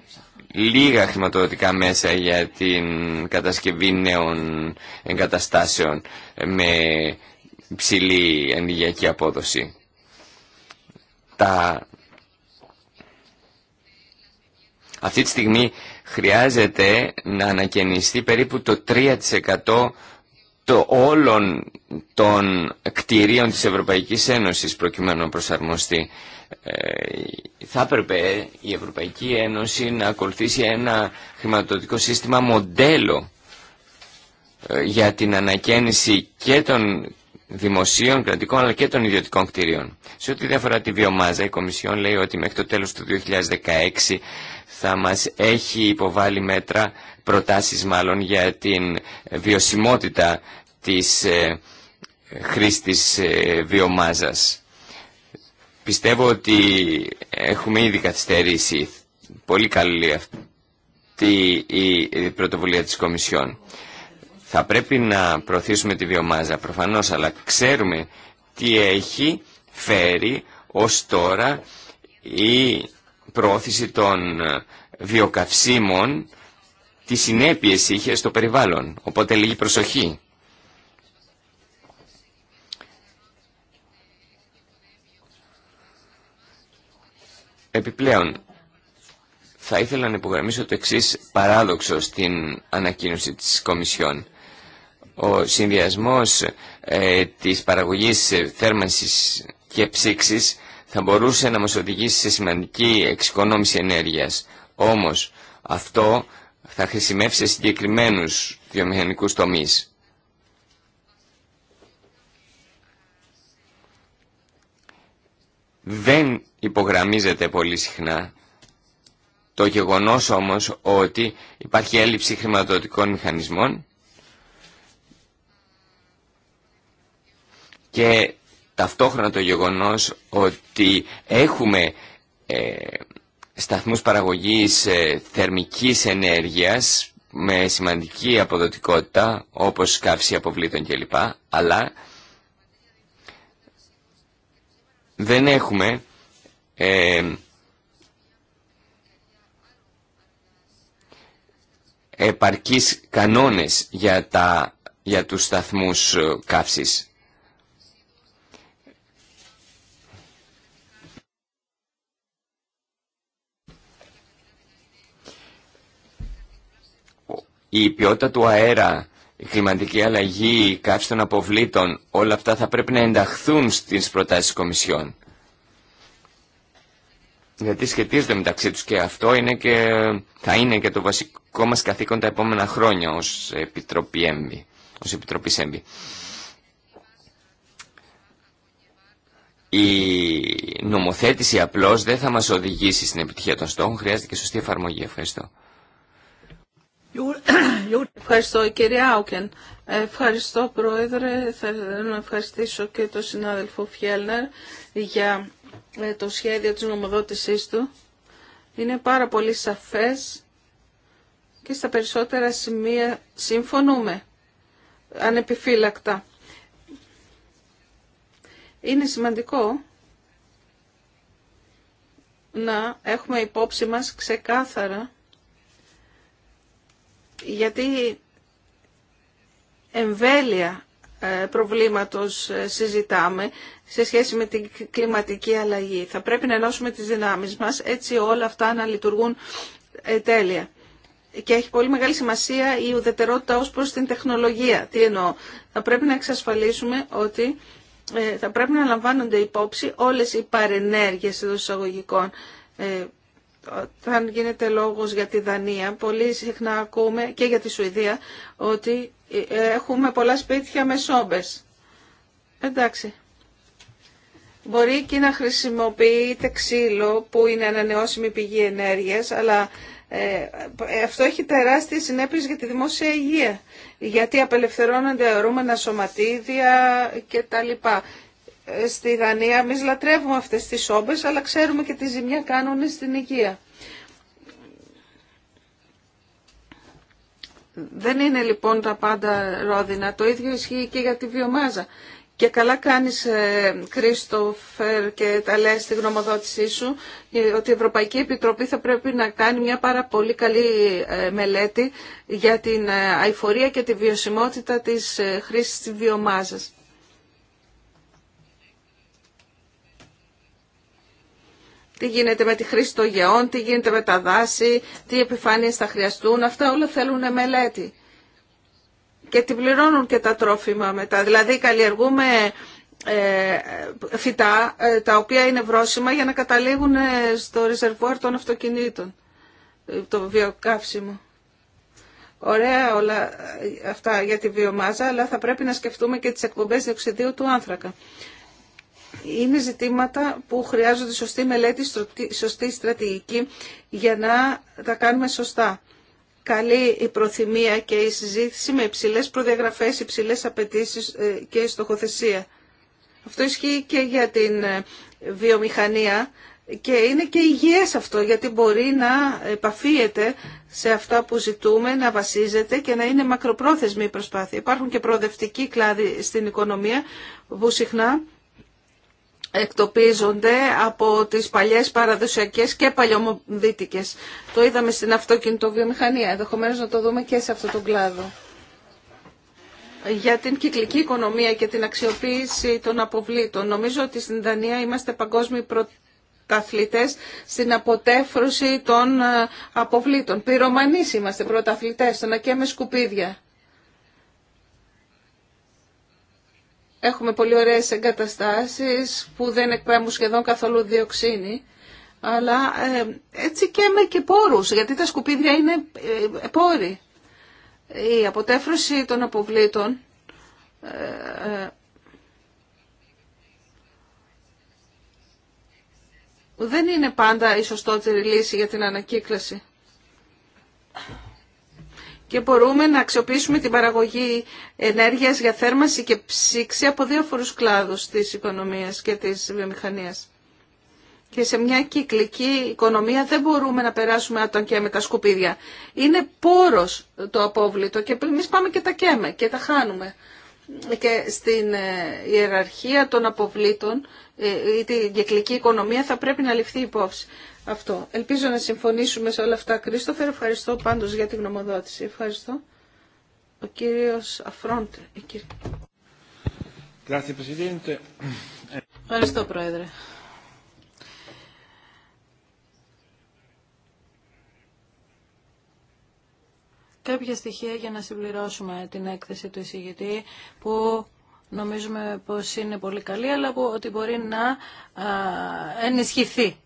λίγα χρηματοδοτικά μέσα για την κατασκευή νέων εγκαταστάσεων με ψηλή ενεργειακή απόδοση. Αυτή τη στιγμή χρειάζεται να ανακαινιστεί περίπου το 3% το όλων των κτηρίων της Ευρωπαϊκής Ένωσης προκειμένου να προσαρμοστεί. Ε, θα έπρεπε η Ευρωπαϊκή Ένωση να ακολουθήσει ένα χρηματοδοτικό σύστημα μοντέλο ε, για την ανακαίνιση και των δημοσίων, κρατικών αλλά και των ιδιωτικών κτηρίων. Σε ό,τι διαφορά τη βιομάζα, η Κομισιόν λέει ότι μέχρι το τέλος του 2016 θα μας έχει υποβάλει μέτρα, προτάσεις μάλλον, για την βιωσιμότητα της ε, χρήσης ε, βιομάζας. Πιστεύω ότι έχουμε ήδη καθυστερήσει πολύ καλή αυτή η πρωτοβουλία της Κομισιόν. Θα πρέπει να προωθήσουμε τη βιομάζα προφανώς, αλλά ξέρουμε τι έχει φέρει ως τώρα η προώθηση των ε, βιοκαυσίμων τι συνέπειες είχε στο περιβάλλον. Οπότε λίγη προσοχή. Επιπλέον, θα ήθελα να υπογραμμίσω το εξής παράδοξο στην ανακοίνωση της Κομισιόν. Ο συνδυασμός ε, της παραγωγής ε, θέρμανσης και ψήξης θα μπορούσε να μας οδηγήσει σε σημαντική εξοικονόμηση ενέργειας. Όμως αυτό θα χρησιμεύσει σε συγκεκριμένους βιομηχανικούς τομείς. Δεν υπογραμμίζεται πολύ συχνά το γεγονός όμως ότι υπάρχει έλλειψη χρηματοδοτικών μηχανισμών και ταυτόχρονα το γεγονός ότι έχουμε ε, σταθμούς παραγωγής ε, θερμικής ενέργειας με σημαντική αποδοτικότητα όπως καύση αποβλήτων κλπ. Αλλά δεν έχουμε ε, επαρκείς κανόνες για, τα, για τους σταθμούς ε, καύσης. η ποιότητα του αέρα, η κλιματική αλλαγή, η καύση των αποβλήτων, όλα αυτά θα πρέπει να ενταχθούν στις προτάσεις της Κομισιόν. Γιατί σχετίζονται μεταξύ τους και αυτό είναι και, θα είναι και το βασικό μας καθήκον τα επόμενα χρόνια ως Επιτροπή ΕΜΒΗ, ως Η νομοθέτηση απλώς δεν θα μας οδηγήσει στην επιτυχία των στόχων, χρειάζεται και σωστή εφαρμογή. Ευχαριστώ. Ευχαριστώ κύριε Άουκεν. Ευχαριστώ Πρόεδρε. Θα να ευχαριστήσω και τον συνάδελφο Φιέλνερ για ε, το σχέδιο της νομοδότησής του. Είναι πάρα πολύ σαφές και στα περισσότερα σημεία συμφωνούμε ανεπιφύλακτα. Είναι σημαντικό να έχουμε υπόψη μας ξεκάθαρα γιατί εμβέλεια ε, προβλήματος ε, συζητάμε σε σχέση με την κλιματική αλλαγή. Θα πρέπει να ενώσουμε τις δυνάμεις μας έτσι όλα αυτά να λειτουργούν ε, τέλεια. Και έχει πολύ μεγάλη σημασία η ουδετερότητα ως προς την τεχνολογία. Τι εννοώ. Θα πρέπει να εξασφαλίσουμε ότι θα πρέπει να λαμβάνονται υπόψη όλες οι παρενέργειες των εισαγωγικών αν γίνεται λόγος για τη Δανία, πολύ συχνά ακούμε και για τη Σουηδία ότι ε, έχουμε πολλά σπίτια με σόμπες. Εντάξει. Μπορεί και να χρησιμοποιείται ξύλο που είναι ανανεώσιμη πηγή ενέργειας, αλλά ε, ε, αυτό έχει τεράστιες συνέπειες για τη δημόσια υγεία, γιατί απελευθερώνονται αερούμενα σωματίδια και τα λοιπά στη Γανία. εμείς λατρεύουμε αυτές τις σόμπες, αλλά ξέρουμε και τη ζημιά κάνουν στην υγεία. Δεν είναι λοιπόν τα πάντα ρόδινα. Το ίδιο ισχύει και για τη βιομάζα. Και καλά κάνεις, Κρίστοφερ, και τα λες στη γνωμοδότησή σου, ότι η Ευρωπαϊκή Επιτροπή θα πρέπει να κάνει μια πάρα πολύ καλή ε, μελέτη για την ε, αηφορία και τη βιωσιμότητα της ε, χρήσης της βιομάζας. τι γίνεται με τη χρήση των γεών, τι γίνεται με τα δάση, τι επιφάνειες θα χρειαστούν. Αυτά όλα θέλουν μελέτη. Και την πληρώνουν και τα τρόφιμα μετά. Δηλαδή καλλιεργούμε ε, φυτά ε, τα οποία είναι βρόσιμα για να καταλήγουν ε, στο ρεζερβόρ των αυτοκινήτων, το βιοκαύσιμο. Ωραία όλα αυτά για τη βιομάζα, αλλά θα πρέπει να σκεφτούμε και τις εκπομπές διοξιδίου του άνθρακα είναι ζητήματα που χρειάζονται σωστή μελέτη, σωστή στρατηγική για να τα κάνουμε σωστά. Καλή η προθυμία και η συζήτηση με υψηλέ προδιαγραφές, υψηλέ απαιτήσει ε, και στοχοθεσία. Αυτό ισχύει και για την ε, βιομηχανία και είναι και υγιές αυτό γιατί μπορεί να επαφίεται σε αυτά που ζητούμε, να βασίζεται και να είναι μακροπρόθεσμη η προσπάθεια. Υπάρχουν και προοδευτικοί κλάδοι στην οικονομία που συχνά εκτοπίζονται από τις παλιές παραδοσιακές και παλιωμοδίτικες. Το είδαμε στην αυτοκινητοβιομηχανία, ενδεχομένω να το δούμε και σε αυτόν τον κλάδο. Για την κυκλική οικονομία και την αξιοποίηση των αποβλήτων, νομίζω ότι στην Δανία είμαστε παγκόσμιοι πρωταθλητές στην αποτέφρωση των ε, αποβλήτων. Πυρομανείς είμαστε πρωταθλητές στο να καίμε σκουπίδια. Έχουμε πολύ ωραίες εγκαταστάσεις που δεν εκπέμπουν σχεδόν καθόλου διοξίνη, αλλά ε, έτσι και με και πόρους, γιατί τα σκουπίδια είναι ε, πόροι. Η αποτέφρωση των αποβλήτων ε, δεν είναι πάντα η σωστότερη λύση για την ανακύκλωση και μπορούμε να αξιοποιήσουμε την παραγωγή ενέργειας για θέρμανση και ψήξη από διάφορους κλάδους της οικονομίας και της βιομηχανίας. Και σε μια κυκλική οικονομία δεν μπορούμε να περάσουμε από τα και με τα σκουπίδια. Είναι πόρος το απόβλητο και εμεί πάμε και τα καίμε και τα χάνουμε. Και στην ε, ιεραρχία των αποβλήτων ε, ή την κυκλική οικονομία θα πρέπει να ληφθεί υπόψη. Αυτό. Ελπίζω να συμφωνήσουμε σε όλα αυτά. Κρίστοφερ, ευχαριστώ πάντως για την γνωμοδότηση. Ευχαριστώ. Ο κύριος Αφρόντ. Ευχαριστώ, Πρόεδρε. Κάποια στοιχεία για να συμπληρώσουμε την έκθεση του εισηγητή που νομίζουμε πως είναι πολύ καλή, αλλά ότι μπορεί να ενισχυθεί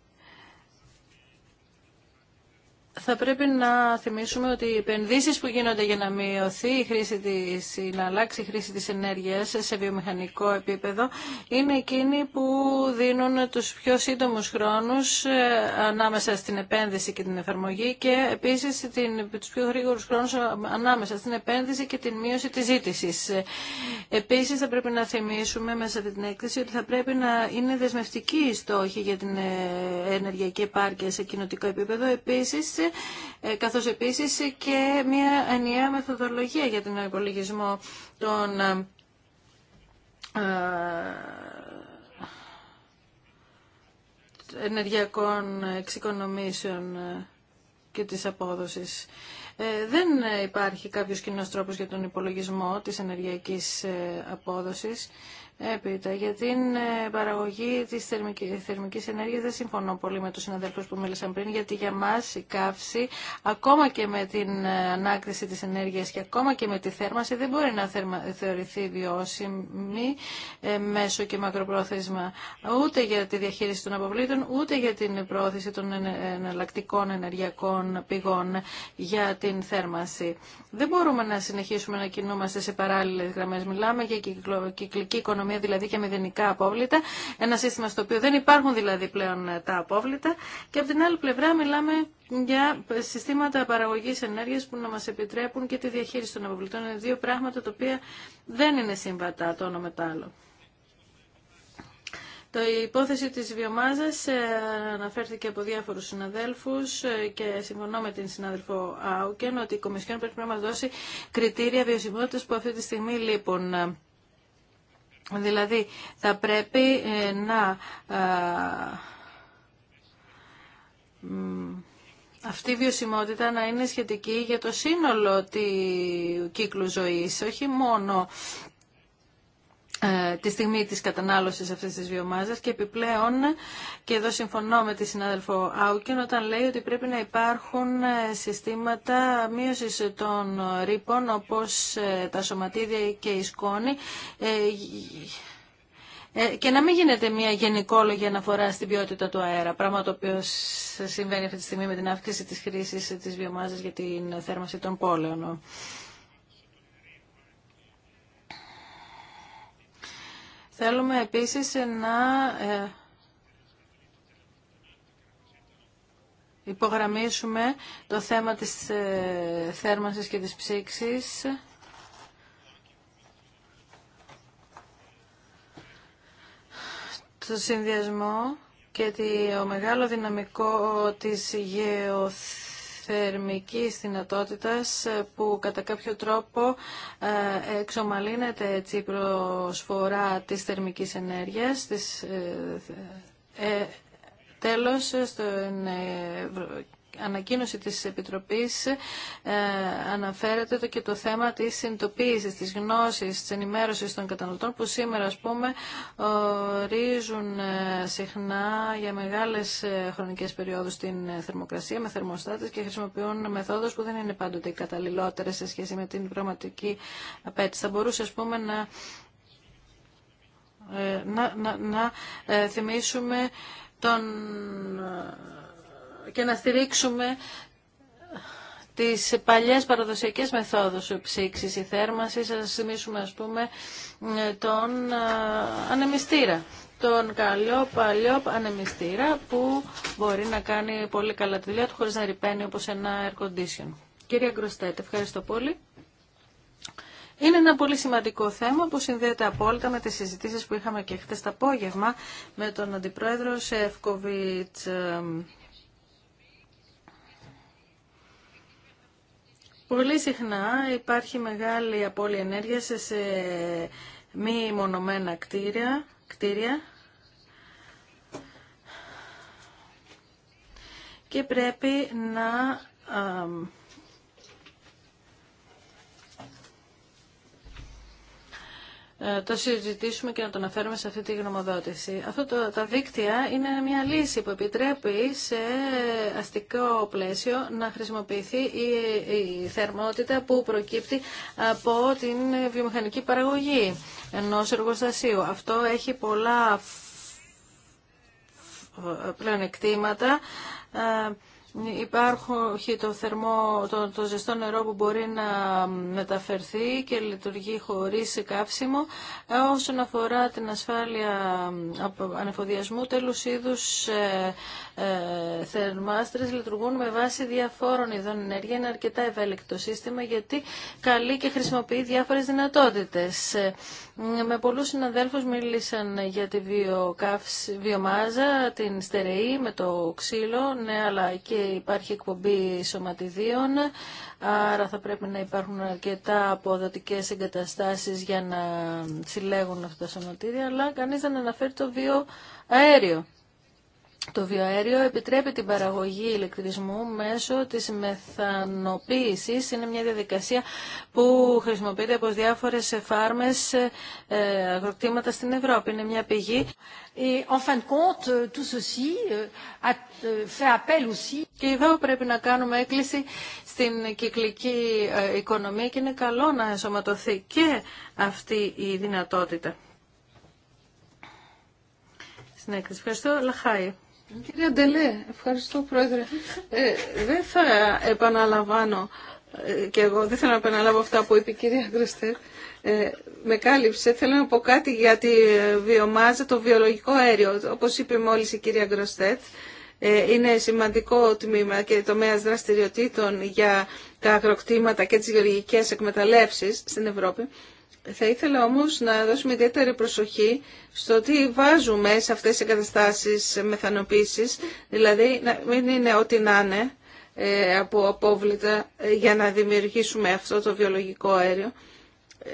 θα πρέπει να θυμίσουμε ότι οι επενδύσεις που γίνονται για να μειωθεί η χρήση της, να αλλάξει η χρήση της ενέργειας σε βιομηχανικό επίπεδο είναι εκείνοι που δίνουν τους πιο σύντομους χρόνους ε, ανάμεσα στην επένδυση και την εφαρμογή και επίσης την, τους πιο γρήγορου χρόνους ε, ανάμεσα στην επένδυση και την μείωση της ζήτησης. Ε, επίσης θα πρέπει να θυμίσουμε μέσα από την έκθεση ότι θα πρέπει να είναι δεσμευτική η στόχη για την ενεργειακή επάρκεια σε κοινοτικό επίπεδο. Επίσης ε, καθώς επίσης και μια ενιαία μεθοδολογία για τον υπολογισμό των ε, ε, ενεργειακών εξοικονομήσεων και της απόδοσης. δεν υπάρχει κάποιος κοινός τρόπος για τον υπολογισμό της ενεργειακής απόδοσης. Έπειτα, για την ε, παραγωγή της θερμικής ενέργειας δεν συμφωνώ πολύ με τους συναδέλφους που μίλησαν πριν, γιατί για μας η καύση, ακόμα και με την ε, ανάκτηση της ενέργειας και ακόμα και με τη θέρμανση, δεν μπορεί να θεωρηθεί βιώσιμη ε, μέσω και μακροπρόθεσμα, ούτε για τη διαχείριση των αποβλήτων, ούτε για την πρόθεση των εναλλακτικών ενεργειακών πηγών για την θέρμανση. Δεν μπορούμε να συνεχίσουμε να κινούμαστε σε παράλληλες γραμμές. Μιλάμε για κυκλική οικονομία μία δηλαδή και μηδενικά απόβλητα, ένα σύστημα στο οποίο δεν υπάρχουν δηλαδή πλέον ε, τα απόβλητα και από την άλλη πλευρά μιλάμε για συστήματα παραγωγής ενέργειας που να μας επιτρέπουν και τη διαχείριση των αποβλητών. Είναι δύο πράγματα τα οποία δεν είναι συμβατά το όνομα το άλλο. Το η υπόθεση της βιομάζας ε, αναφέρθηκε από διάφορους συναδέλφους ε, και συμφωνώ με την συνάδελφο Άουκεν ότι η Κομισιόν πρέπει να μας δώσει κριτήρια βιωσιμότητας που αυτή τη στιγμή λείπουν. Δηλαδή θα πρέπει ε, να ε, αυτή η βιωσιμότητα να είναι σχετική για το σύνολο του κύκλου ζωής, όχι μόνο ε, τη στιγμή της κατανάλωσης αυτής της βιομάζας και επιπλέον, και εδώ συμφωνώ με τη συνάδελφο Άουκεν, όταν λέει ότι πρέπει να υπάρχουν ε, συστήματα μείωσης των ρήπων όπως ε, τα σωματίδια και η σκόνη και να μην γίνεται μια γενικόλογη αναφορά στην ποιότητα του αέρα, πράγμα το οποίο συμβαίνει αυτή τη στιγμή με την αύξηση της χρήσης της βιομάζας για την θέρμανση των πόλεων. Θέλουμε επίσης να ε, υπογραμμίσουμε το θέμα της ε, θέρμανσης και της ψήξης. το συνδυασμό και το μεγάλο δυναμικό της γεωθ θερμικής δυνατότητας ε, που κατά κάποιο τρόπο ε, εξομαλύνεται έτσι η προσφορά της θερμικής ενέργειας, της, ε, ε τέλος, στην ανακοίνωση της Επιτροπής ε, αναφέρεται το και το θέμα της συνειδητοποίησης, της γνώσης, της ενημέρωσης των καταναλωτών που σήμερα ας πούμε ορίζουν ε, συχνά για μεγάλες ε, χρονικές περιόδους την θερμοκρασία με θερμοστάτες και χρησιμοποιούν μεθόδους που δεν είναι πάντοτε οι καταλληλότερες σε σχέση με την πραγματική απέτηση. Θα μπορούσε ας πούμε να να, να, να θυμίσουμε τον και να στηρίξουμε τις παλιές παραδοσιακές μεθόδους ψήξης ή θέρμανσης, να θυμίσουμε ας πούμε τον ανεμιστήρα τον καλό παλιό ανεμιστήρα που μπορεί να κάνει πολύ καλά τη δουλειά του χωρίς να ρηπαίνει όπως ένα air condition. Κυρία Γκροστέτ, ευχαριστώ πολύ. Είναι ένα πολύ σημαντικό θέμα που συνδέεται απόλυτα με τις συζητήσεις που είχαμε και χτες το απόγευμα με τον Αντιπρόεδρο Σεφκοβιτς. Πολύ συχνά υπάρχει μεγάλη απώλεια ενέργειας σε μη μονομένα κτίρια, κτίρια και πρέπει να Ε, το συζητήσουμε και να το αναφέρουμε σε αυτή τη γνωμοδότηση. Αυτό τα δίκτυα είναι μια λύση που επιτρέπει σε αστικό πλαίσιο να χρησιμοποιηθεί η, θερμότητα που προκύπτει από την βιομηχανική παραγωγή ενός εργοστασίου. Αυτό έχει πολλά πλεονεκτήματα ε, Υπάρχει το θερμό, το, το ζεστό νερό που μπορεί να μεταφερθεί και λειτουργεί χωρίς καύσιμο. Ε, όσον αφορά την ασφάλεια ε, ανεφοδιασμού, τέλους είδους ε, ε, θερμάστρες λειτουργούν με βάση διαφόρων ειδών ενέργεια. Είναι αρκετά ευέλικτο σύστημα γιατί καλεί και χρησιμοποιεί διάφορες δυνατότητες. Ε, με πολλούς συναδέλφους μίλησαν για τη βιομάζα, την στερεή με το ξύλο, ναι, αλλά και υπάρχει εκπομπή σωματιδίων, άρα θα πρέπει να υπάρχουν αρκετά αποδοτικές εγκαταστάσεις για να συλλέγουν αυτά τα σωματίδια, αλλά κανείς δεν αναφέρει το βιοαέριο. Το βιοαέριο επιτρέπει την παραγωγή ηλεκτρισμού μέσω της μεθανοποίησης. Είναι μια διαδικασία που χρησιμοποιείται από διάφορες φάρμες ε, αγροκτήματα στην Ευρώπη. Είναι μια πηγή. Και εδώ πρέπει να κάνουμε έκκληση στην κυκλική ε, οικονομία και είναι καλό να ενσωματωθεί και αυτή η δυνατότητα. Στην Ευχαριστώ. Λαχάη. Κύριε Αντελέ, ευχαριστώ πρόεδρε. Ε, δεν θα επαναλαμβάνω ε, και εγώ, δεν θέλω να επαναλάβω αυτά που είπε η κυρία Γκροστέτ. Ε, με κάλυψε. Θέλω να πω κάτι για τη ε, βιομάζα, το βιολογικό αέριο. Όπως είπε μόλις η κυρία Γκροστέτ, ε, είναι σημαντικό τμήμα και τομέα δραστηριοτήτων για τα αγροκτήματα και τις γεωργικές εκμεταλλεύσεις στην Ευρώπη. Θα ήθελα όμως να δώσουμε ιδιαίτερη προσοχή στο τι βάζουμε σε αυτές τις εγκαταστάσεις μεθανοποίησης, δηλαδή να μην είναι ό,τι να είναι ε, από απόβλητα ε, για να δημιουργήσουμε αυτό το βιολογικό αέριο.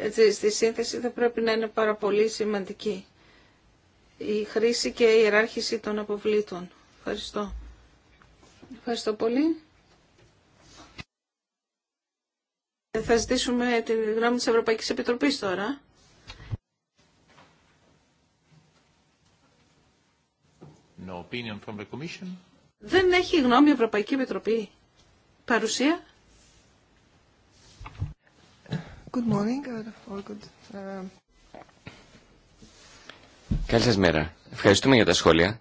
Έτσι, στη σύνθεση θα πρέπει να είναι πάρα πολύ σημαντική η χρήση και η ιεράρχηση των αποβλήτων. Ευχαριστώ. Ευχαριστώ πολύ. Θα ζητήσουμε τη γνώμη της Ευρωπαϊκής Επιτροπής τώρα. No Δεν έχει γνώμη η Ευρωπαϊκή Επιτροπή. Παρουσία. Good uh, uh, Καλή σας μέρα. Ευχαριστούμε για τα σχόλια.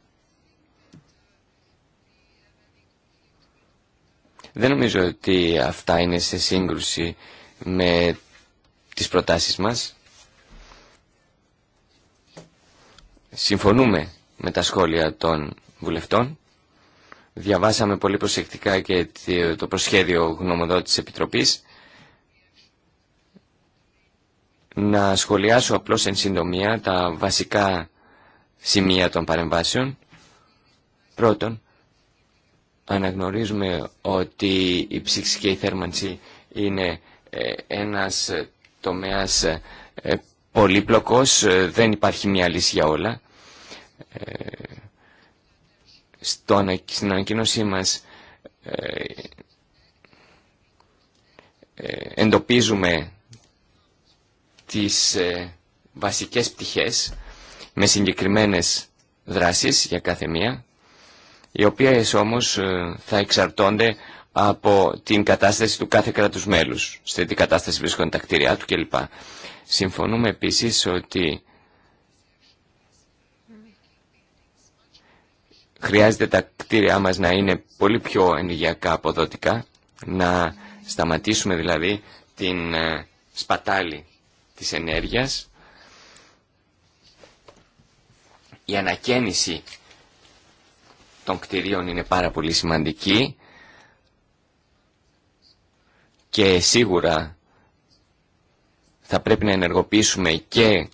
Δεν νομίζω ότι αυτά είναι σε σύγκρουση με τις προτάσεις μας. Συμφωνούμε με τα σχόλια των βουλευτών. Διαβάσαμε πολύ προσεκτικά και το προσχέδιο γνωμοδότης Επιτροπής. Να σχολιάσω απλώς εν συντομία τα βασικά σημεία των παρεμβάσεων. Πρώτον, αναγνωρίζουμε ότι η ψήξη και η θέρμανση είναι ε, ένας τομέας ε, πολύπλοκος, ε, δεν υπάρχει μία λύση για όλα. στην ανακοίνωσή μας εντοπίζουμε τις βασικές πτυχές με συγκεκριμένες δράσεις για κάθε μία οι οποίες όμως ε, θα εξαρτώνται από την κατάσταση του κάθε κράτους μέλους, σε τι κατάσταση βρίσκονται τα κτίρια του κλπ. Συμφωνούμε επίσης ότι χρειάζεται τα κτίρια μας να είναι πολύ πιο ενεργειακά αποδοτικά, να σταματήσουμε δηλαδή την ε, σπατάλη της ενέργειας, η ανακαίνιση των κτηρίων είναι πάρα πολύ σημαντική και σίγουρα θα πρέπει να ενεργοποιήσουμε και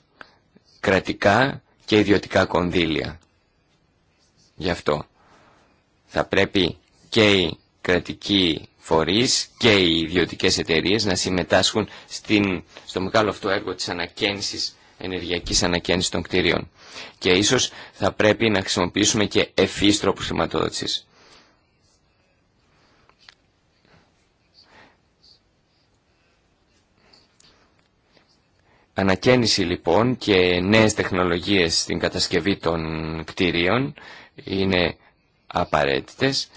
κρατικά και ιδιωτικά κονδύλια. Γι' αυτό θα πρέπει και οι κρατικοί φορείς και οι ιδιωτικές εταιρείες να συμμετάσχουν στην, στο μεγάλο αυτό έργο της ανακαίνησης, ενεργειακής ανακαίνησης των κτηρίων. Και ίσως θα πρέπει να χρησιμοποιήσουμε και ευφύ τρόπους χρηματοδότησης. Ανακαίνιση λοιπόν και νέες τεχνολογίες στην κατασκευή των κτίριων είναι απαραίτητες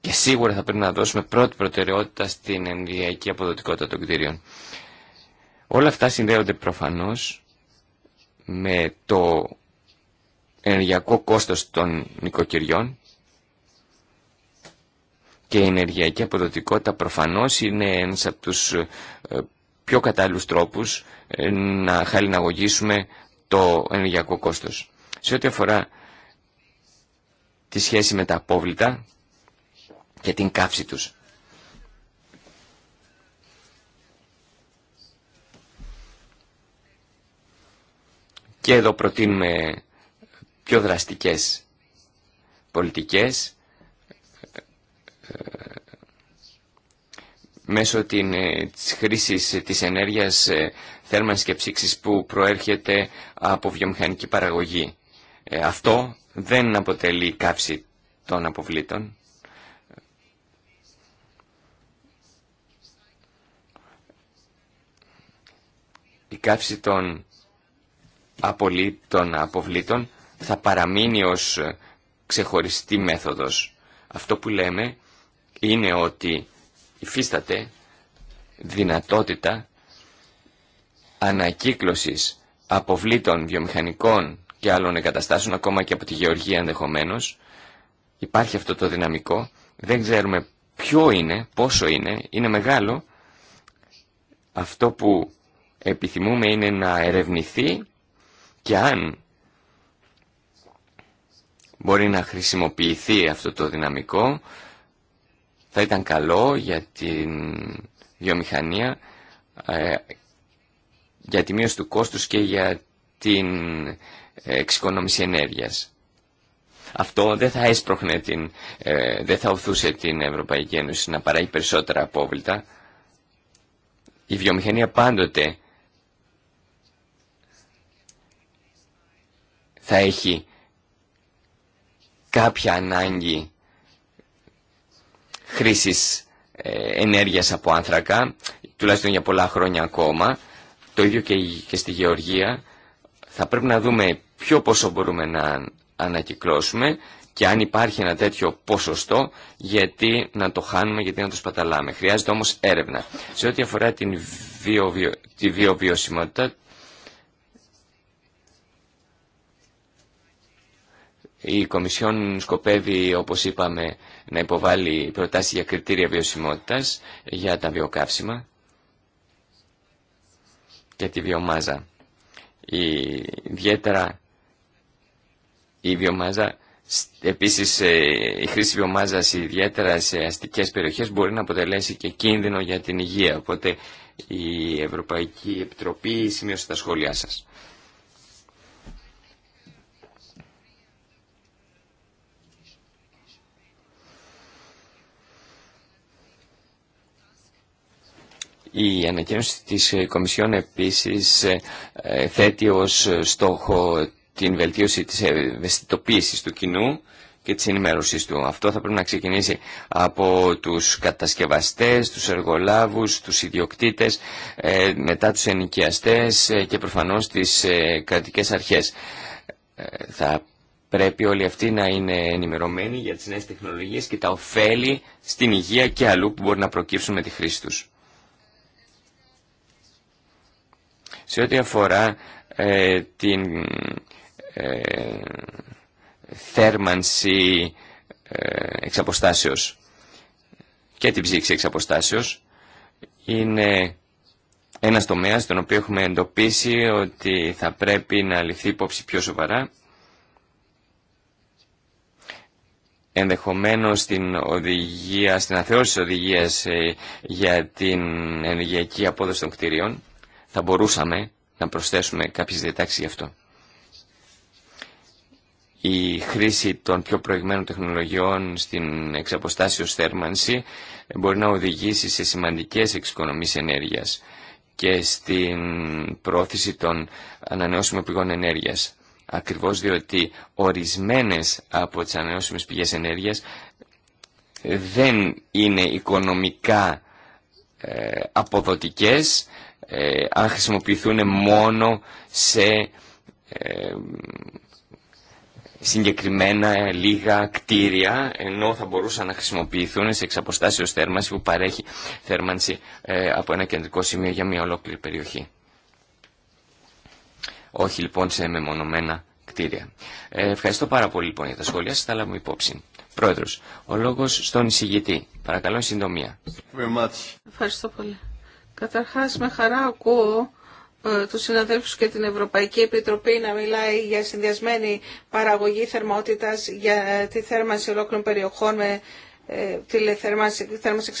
και σίγουρα θα πρέπει να δώσουμε πρώτη προτεραιότητα στην ενεργειακή αποδοτικότητα των κτίριων. Όλα αυτά συνδέονται προφανώς με το ενεργειακό κόστος των νοικοκυριών και η ενεργειακή αποδοτικότητα προφανώς είναι ένας από τους ε, πιο κατάλληλους τρόπους ε, να χαλιναγωγήσουμε το ενεργειακό κόστος. Σε ό,τι αφορά τη σχέση με τα απόβλητα και την κάψη τους. Και εδώ προτείνουμε πιο δραστικές πολιτικές μέσω την, ε, της χρήσης της ενέργειας ε, θέρμανσης και ψήξης που προέρχεται από βιομηχανική παραγωγή. Ε, αυτό δεν αποτελεί κάψη των αποβλήτων. Η κάψη των απολύτων αποβλήτων θα παραμείνει ως ξεχωριστή μέθοδος. Αυτό που λέμε είναι ότι υφίσταται δυνατότητα ανακύκλωσης αποβλήτων βιομηχανικών και άλλων εγκαταστάσεων, ακόμα και από τη γεωργία ενδεχομένω. Υπάρχει αυτό το δυναμικό, δεν ξέρουμε ποιο είναι, πόσο είναι, είναι μεγάλο. Αυτό που επιθυμούμε είναι να ερευνηθεί και αν μπορεί να χρησιμοποιηθεί αυτό το δυναμικό θα ήταν καλό για την βιομηχανία, ε, για τη μείωση του κόστους και για την εξοικονόμηση ενέργειας. Αυτό δεν θα έσπροχνε την, ε, δεν θα οθούσε την Ευρωπαϊκή Ένωση να παράγει περισσότερα απόβλητα. Η βιομηχανία πάντοτε θα έχει κάποια ανάγκη χρήσης ε, ενέργειας από άνθρακα, τουλάχιστον για πολλά χρόνια ακόμα. Το ίδιο και στη γεωργία. Θα πρέπει να δούμε ποιο πόσο μπορούμε να ανακυκλώσουμε και αν υπάρχει ένα τέτοιο ποσοστό, γιατί να το χάνουμε, γιατί να το σπαταλάμε. Χρειάζεται όμως έρευνα. Σε ό,τι αφορά την βιοβιωσιμότητα, Η Κομισιόν σκοπεύει, όπως είπαμε, να υποβάλει προτάσεις για κριτήρια βιωσιμότητας για τα βιοκαύσιμα και τη βιομάζα. Η, ιδιαίτερα η βιομάζα, επίσης ε, η χρήση βιομάζας ιδιαίτερα σε αστικές περιοχές μπορεί να αποτελέσει και κίνδυνο για την υγεία. Οπότε η Ευρωπαϊκή Επιτροπή σημείωσε τα σχόλιά σας. Η ανακοίνωση της ε, Κομισιόν επίσης ε, ε, θέτει ως στόχο την βελτίωση της ευαισθητοποίησης του κοινού και της ενημέρωσης του. Αυτό θα πρέπει να ξεκινήσει από τους κατασκευαστές, τους εργολάβους, τους ιδιοκτήτες, μετά τους ενοικιαστές και προφανώς τις κρατικές αρχές. Θα πρέπει όλοι αυτοί να είναι ενημερωμένοι για τις νέες τεχνολογίες και τα ωφέλη στην υγεία και αλλού που μπορεί να προκύψουν με τη χρήση τους. Σε ό,τι αφορά ε, την ε, θέρμανση ε, εξ και την ψήξη εξ είναι ένα τομέα στον οποίο έχουμε εντοπίσει ότι θα πρέπει να ληφθεί υπόψη πιο σοβαρά. Ενδεχομένως στην οδηγία, στην αθεώρηση της οδηγίας για την ενεργειακή απόδοση των κτηρίων θα μπορούσαμε να προσθέσουμε κάποιες διατάξεις γι' αυτό. Η χρήση των πιο προηγμένων τεχνολογιών στην εξαποστάσιο θέρμανση μπορεί να οδηγήσει σε σημαντικές εξοικονομίες ενέργειας και στην πρόθεση των ανανεώσιμων πηγών ενέργειας. Ακριβώς διότι ορισμένες από τις ανανεώσιμες πηγές ενέργειας δεν είναι οικονομικά ε, αποδοτικές ε, αν χρησιμοποιηθούν μόνο σε ε, συγκεκριμένα λίγα κτίρια, ενώ θα μπορούσαν να χρησιμοποιηθούν σε εξαποστάσεως θέρμανση που παρέχει θέρμανση ε, από ένα κεντρικό σημείο για μια ολόκληρη περιοχή. Όχι λοιπόν σε μεμονωμένα κτίρια. Ε, ευχαριστώ πάρα πολύ λοιπόν για τα σχόλια σας, τα λάβουμε υπόψη. Πρόεδρος, ο λόγος στον εισηγητή. Παρακαλώ συντομία. Ευχαριστώ πολύ. Καταρχάς με χαρά ακούω ε, τους συναδέλφους και την Ευρωπαϊκή Επιτροπή να μιλάει για συνδυασμένη παραγωγή θερμότητας για τη θέρμανση ολόκληρων περιοχών με ε, θέρμανση θέρμανση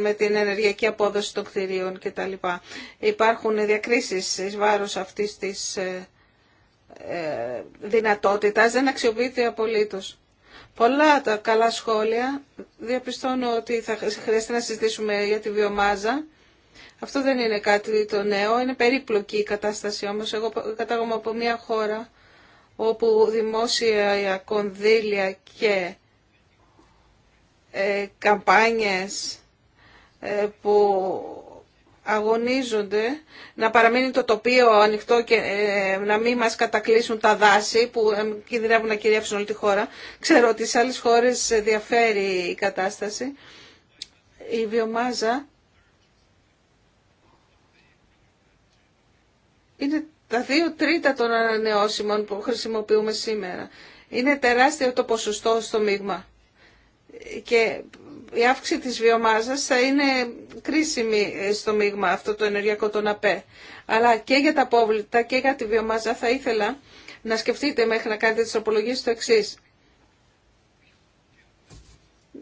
με την ενεργειακή απόδοση των κτηρίων κτλ. Υπάρχουν διακρίσεις εις βάρος αυτής της ε, δυνατότητας, δεν αξιοποιείται απολύτως. Πολλά τα καλά σχόλια. Διαπιστώνω ότι θα χρειαστεί να συζητήσουμε για τη βιομάζα αυτό δεν είναι κάτι το νέο, είναι περίπλοκη η κατάσταση όμως. Εγώ κατάγομαι από μια χώρα όπου δημόσια κονδύλια και ε, καμπάνιες ε, που αγωνίζονται να παραμείνει το τοπίο ανοιχτό και ε, να μην μας κατακλείσουν τα δάση που ε, κινδυνεύουν να κυριεύσουν όλη τη χώρα. Ξέρω ότι σε άλλες χώρες διαφέρει η κατάσταση. Η βιομάζα είναι τα δύο τρίτα των ανανεώσιμων που χρησιμοποιούμε σήμερα. Είναι τεράστιο το ποσοστό στο μείγμα. Και η αύξηση της βιομάζας θα είναι κρίσιμη στο μείγμα αυτό το ενεργειακό των ΑΠΕ. Αλλά και για τα απόβλητα και για τη βιομάζα θα ήθελα να σκεφτείτε μέχρι να κάνετε τις απολογίες το εξή.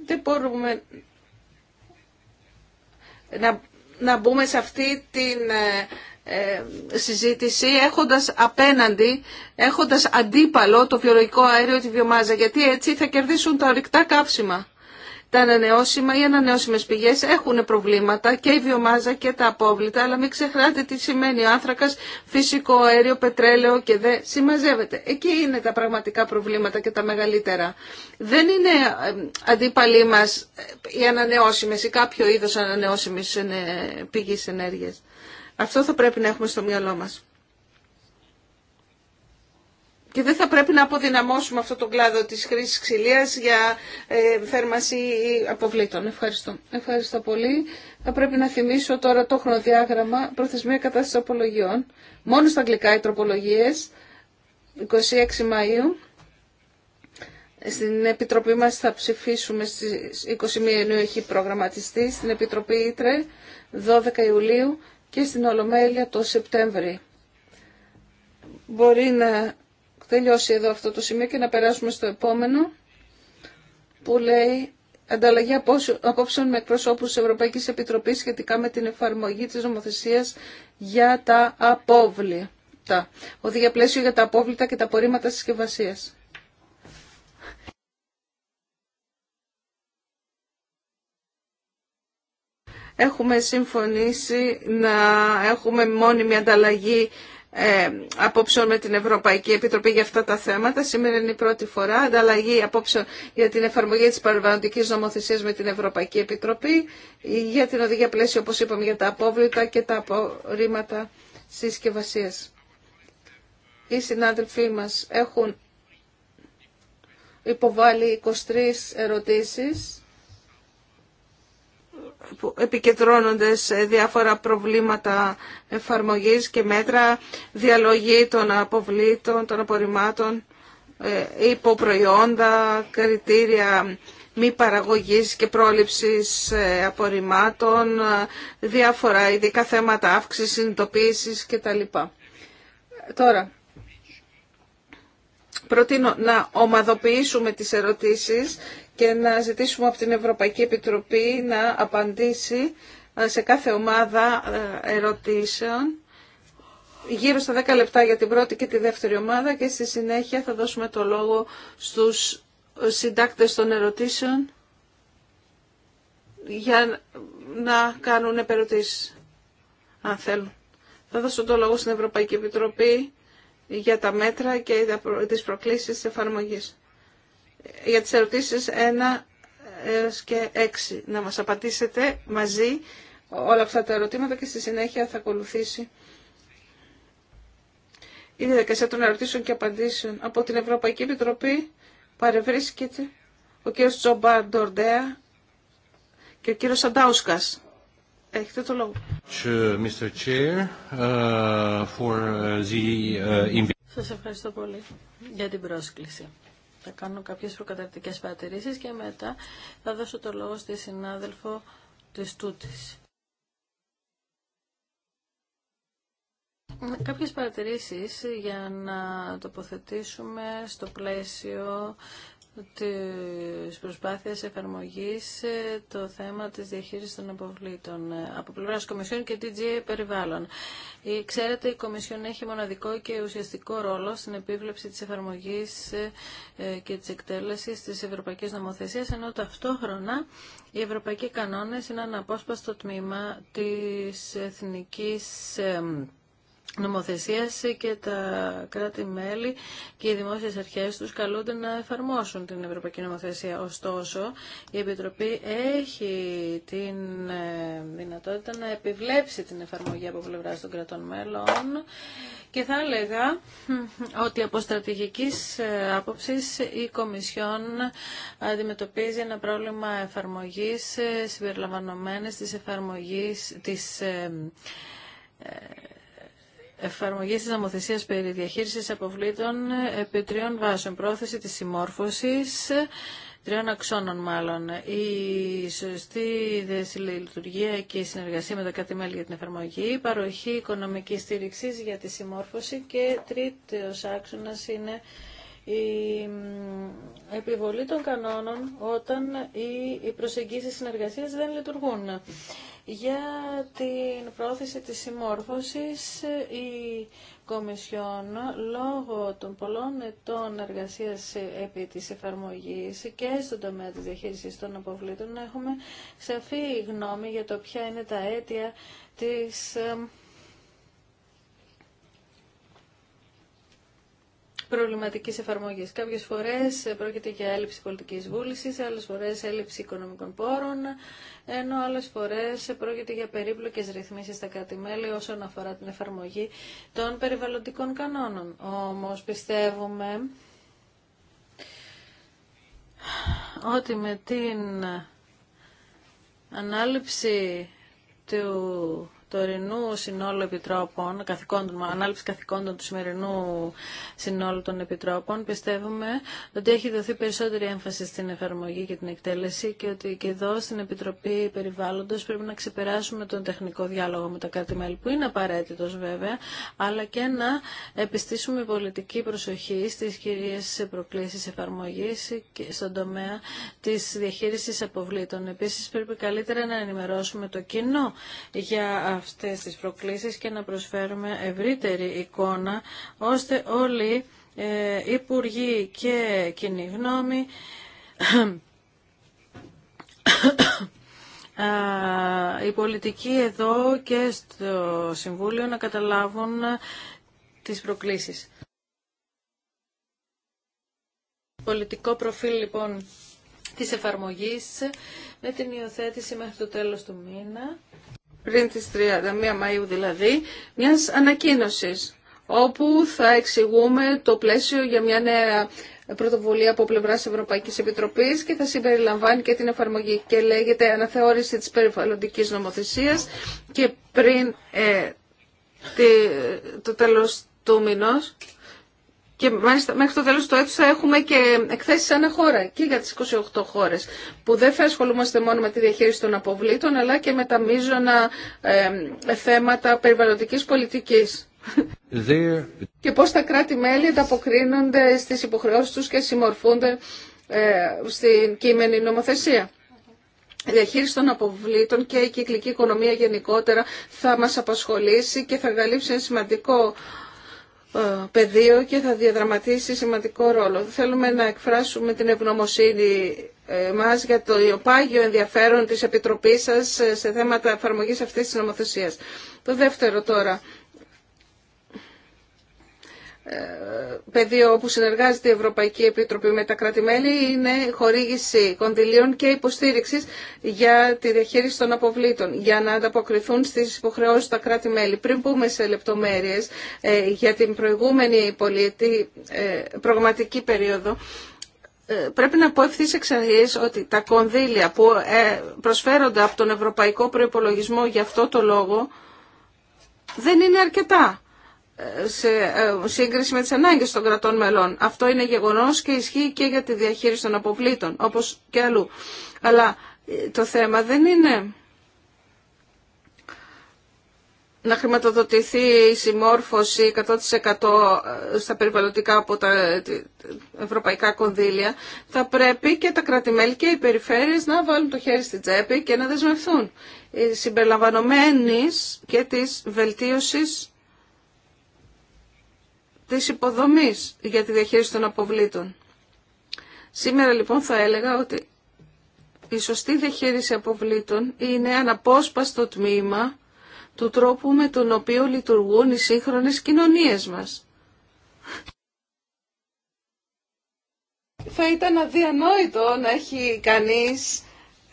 Δεν μπορούμε να, να μπούμε σε αυτή την ε, ε, συζήτηση έχοντας απέναντι, έχοντας αντίπαλο το βιολογικό αέριο τη βιομάζα γιατί έτσι θα κερδίσουν τα ορυκτά καύσιμα. Τα ανανεώσιμα ή ανανεώσιμε πηγέ έχουν προβλήματα και η βιομάζα και τα απόβλητα, αλλά μην ξεχνάτε τι σημαίνει ο άνθρακα, φυσικό αέριο, πετρέλαιο και δε συμμαζεύεται. Εκεί είναι τα πραγματικά προβλήματα και τα μεγαλύτερα. Δεν είναι αντίπαλοι μα ε, οι ανανεώσιμε ή κάποιο είδο ανανεώσιμη ε, πηγή ενέργεια. Αυτό θα πρέπει να έχουμε στο μυαλό μας. Και δεν θα πρέπει να αποδυναμώσουμε αυτό το κλάδο της χρήσης ξυλίας για ε, θέρμανση αποβλήτων. Ευχαριστώ. Ευχαριστώ πολύ. Θα πρέπει να θυμίσω τώρα το χρονοδιάγραμμα προθεσμία κατάσταση απολογιών. Μόνο στα αγγλικά οι τροπολογίες. 26 Μαΐου. Στην Επιτροπή μας θα ψηφίσουμε στις 21 Ιουνίου έχει προγραμματιστεί. Στην Επιτροπή Ήτρε 12 Ιουλίου και στην Ολομέλεια το Σεπτέμβρη. Μπορεί να τελειώσει εδώ αυτό το σημείο και να περάσουμε στο επόμενο που λέει ανταλλαγή απόψεων με εκπροσώπους της Ευρωπαϊκής Επιτροπής σχετικά με την εφαρμογή της νομοθεσίας για τα απόβλητα. ο διαπλαίσιο για τα απόβλητα και τα απορρίμματα συσκευασίας. έχουμε συμφωνήσει να έχουμε μόνιμη ανταλλαγή ε, απόψεων με την Ευρωπαϊκή Επιτροπή για αυτά τα θέματα. Σήμερα είναι η πρώτη φορά ανταλλαγή απόψεων για την εφαρμογή της παρεμβαλλοντικής νομοθεσίας με την Ευρωπαϊκή Επιτροπή για την οδηγία πλαίσια, όπως είπαμε, για τα απόβλητα και τα απορρίμματα συσκευασία. Οι συνάδελφοί μας έχουν υποβάλει 23 ερωτήσεις που επικεντρώνονται σε διάφορα προβλήματα εφαρμογής και μέτρα, διαλογή των αποβλήτων, των απορριμμάτων, ε, υποπροϊόντα, κριτήρια μη παραγωγής και πρόληψης ε, απορριμμάτων, ε, διάφορα ειδικά θέματα αύξησης, συνειδητοποίησης κτλ. Τώρα, προτείνω να ομαδοποιήσουμε τις ερωτήσεις και να ζητήσουμε από την Ευρωπαϊκή Επιτροπή να απαντήσει ε, σε κάθε ομάδα ε, ερωτήσεων γύρω στα 10 λεπτά για την πρώτη και τη δεύτερη ομάδα και στη συνέχεια θα δώσουμε το λόγο στους συντάκτες των ερωτήσεων για να κάνουν επερωτήσεις, αν θέλουν. Θα δώσω το λόγο στην Ευρωπαϊκή Επιτροπή για τα μέτρα και τις προκλήσεις της εφαρμογής για τις ερωτήσεις 1 έως και 6. Να μας απαντήσετε μαζί όλα αυτά τα ερωτήματα και στη συνέχεια θα ακολουθήσει η διαδικασία των ερωτήσεων και απαντήσεων. Από την Ευρωπαϊκή Επιτροπή παρευρίσκεται ο κύριος Τζομπάρ Ντορντέα και ο κύριος Αντάουσκας. Έχετε το λόγο. Uh, uh, uh, Σας ευχαριστώ πολύ για την πρόσκληση θα κάνω κάποιες προκαταρκτικές παρατηρήσεις και μετά θα δώσω το λόγο στη συνάδελφο της Τούτης. Κάποιες παρατηρήσεις για να τοποθετήσουμε στο πλαίσιο τις προσπάθειες εφαρμογής ε, το θέμα της διαχείρισης των αποβλήτων ε, από πλευράς Κομισιόν και TGA περιβάλλον. Ξέρετε, η Κομισιόν έχει μοναδικό και ουσιαστικό ρόλο στην επίβλεψη της εφαρμογής ε, και της εκτέλεσης της Ευρωπαϊκής Νομοθεσίας, ενώ ταυτόχρονα οι ευρωπαϊκοί κανόνες είναι απόσπαστο τμήμα της εθνικής νομοθεσίας και τα κράτη-μέλη και οι δημόσιες αρχές τους καλούνται να εφαρμόσουν την Ευρωπαϊκή Νομοθεσία. Ωστόσο, η Επιτροπή έχει την ε, δυνατότητα να επιβλέψει την εφαρμογή από πλευρά των κρατών μέλων και θα έλεγα <clears throat> ότι από στρατηγικής ε, άποψης η Κομισιόν αντιμετωπίζει ένα πρόβλημα εφαρμογής ε, συμπεριλαμβανομένης της εφαρμογής της εφαρμογή τη νομοθεσία περί διαχείρισης αποβλήτων επί τριών βάσεων. Πρόθεση της συμμόρφωσης, τριών αξώνων μάλλον. Η σωστή λειτουργία και η συνεργασία με τα κάτι μέλη για την εφαρμογή, η παροχή οικονομικής στήριξης για τη συμμόρφωση και τρίτος άξονας είναι η επιβολή των κανόνων όταν οι προσεγγίσεις συνεργασίας δεν λειτουργούν. Για την πρόθεση της συμμόρφωσης, η Κομισιόν, λόγω των πολλών ετών εργασίας επί της εφαρμογής και στον τομέα της διαχείρισης των αποβλήτων, έχουμε σαφή γνώμη για το ποια είναι τα αίτια της ε, Προβληματική εφαρμογή. Κάποιες φορές πρόκειται για έλλειψη πολιτική βούλησης, άλλες φορές έλλειψη οικονομικών πόρων, ενώ άλλες φορές πρόκειται για περίπλοκες ρυθμίσεις στα κράτη-μέλη όσον αφορά την εφαρμογή των περιβαλλοντικών κανόνων. Όμω πιστεύουμε ότι με την ανάληψη του τωρινού συνόλου επιτρόπων, καθηκόντων, ανάληψη καθηκόντων του σημερινού συνόλου των επιτρόπων, πιστεύουμε ότι έχει δοθεί περισσότερη έμφαση στην εφαρμογή και την εκτέλεση και ότι και εδώ στην Επιτροπή Περιβάλλοντος πρέπει να ξεπεράσουμε τον τεχνικό διάλογο με τα κράτη-μέλη, που είναι απαραίτητο βέβαια, αλλά και να επιστήσουμε πολιτική προσοχή στι κυρίε προκλήσει εφαρμογή και στον τομέα τη διαχείριση αποβλήτων. Επίση, πρέπει καλύτερα να ενημερώσουμε το κοινό για αυτές τις προκλήσεις και να προσφέρουμε ευρύτερη εικόνα ώστε όλοι οι ε, υπουργοί και κοινή γνώμη η <coughs> πολιτικοί εδώ και στο Συμβούλιο να καταλάβουν τις προκλήσεις. Πολιτικό προφίλ λοιπόν της εφαρμογής με την υιοθέτηση μέχρι το τέλος του μήνα πριν τις 31 Μαΐου δηλαδή, μιας ανακοίνωσης όπου θα εξηγούμε το πλαίσιο για μια νέα πρωτοβουλία από πλευράς Ευρωπαϊκής Επιτροπής και θα συμπεριλαμβάνει και την εφαρμογή και λέγεται αναθεώρηση της περιβαλλοντικής νομοθεσίας και πριν ε, το τέλος του μηνός και μάλιστα μέχρι το τέλο του έτου θα έχουμε και εκθέσεις ανά χώρα και για τι 28 χώρε που δεν θα ασχολούμαστε μόνο με τη διαχείριση των αποβλήτων αλλά και με τα μείζωνα θέματα περιβαλλοντική πολιτική. Και πώ τα κράτη-μέλη ανταποκρίνονται στι υποχρεώσει του και συμμορφούνται ε, στην κείμενη νομοθεσία. Η διαχείριση των αποβλήτων και η κυκλική οικονομία γενικότερα θα μας απασχολήσει και θα καλύψει ένα σημαντικό ε, πεδίο και θα διαδραματίσει σημαντικό ρόλο. Θέλουμε να εκφράσουμε την ευγνωμοσύνη ε, μας για το πάγιο ενδιαφέρον τη Επιτροπής σας ε, σε θέματα εφαρμογής αυτής της νομοθεσίας. Το δεύτερο τώρα, πεδίο όπου συνεργάζεται η Ευρωπαϊκή Επιτροπή με τα κράτη-μέλη είναι χορήγηση κονδυλίων και υποστήριξη για τη διαχείριση των αποβλήτων, για να ανταποκριθούν στι υποχρεώσει τα κράτη-μέλη. Πριν πούμε σε λεπτομέρειε ε, για την προηγούμενη πολιετή ε, προγραμματική περίοδο, ε, πρέπει να πω ευθύ εξ ότι τα κονδύλια που προσφέρονται από τον Ευρωπαϊκό Προπολογισμό για αυτό το λόγο δεν είναι αρκετά σε ε, σύγκριση με τις ανάγκες των κρατών μελών. Αυτό είναι γεγονός και ισχύει και για τη διαχείριση των αποβλήτων, όπως και αλλού. Αλλά ε, το θέμα δεν είναι να χρηματοδοτηθεί η συμμόρφωση 100% ε, στα περιβαλλοντικά από τα ευρωπαϊκά κονδύλια, θα πρέπει και τα κρατημέλη και οι περιφέρειες να βάλουν το χέρι στην τσέπη και να δεσμευθούν συμπεριλαμβανομένης και της βελτίωσης της υποδομής για τη διαχείριση των αποβλήτων. Σήμερα λοιπόν θα έλεγα ότι η σωστή διαχείριση αποβλήτων είναι αναπόσπαστο τμήμα του τρόπου με τον οποίο λειτουργούν οι σύγχρονες κοινωνίες μας. Θα ήταν αδιανόητο να έχει κανείς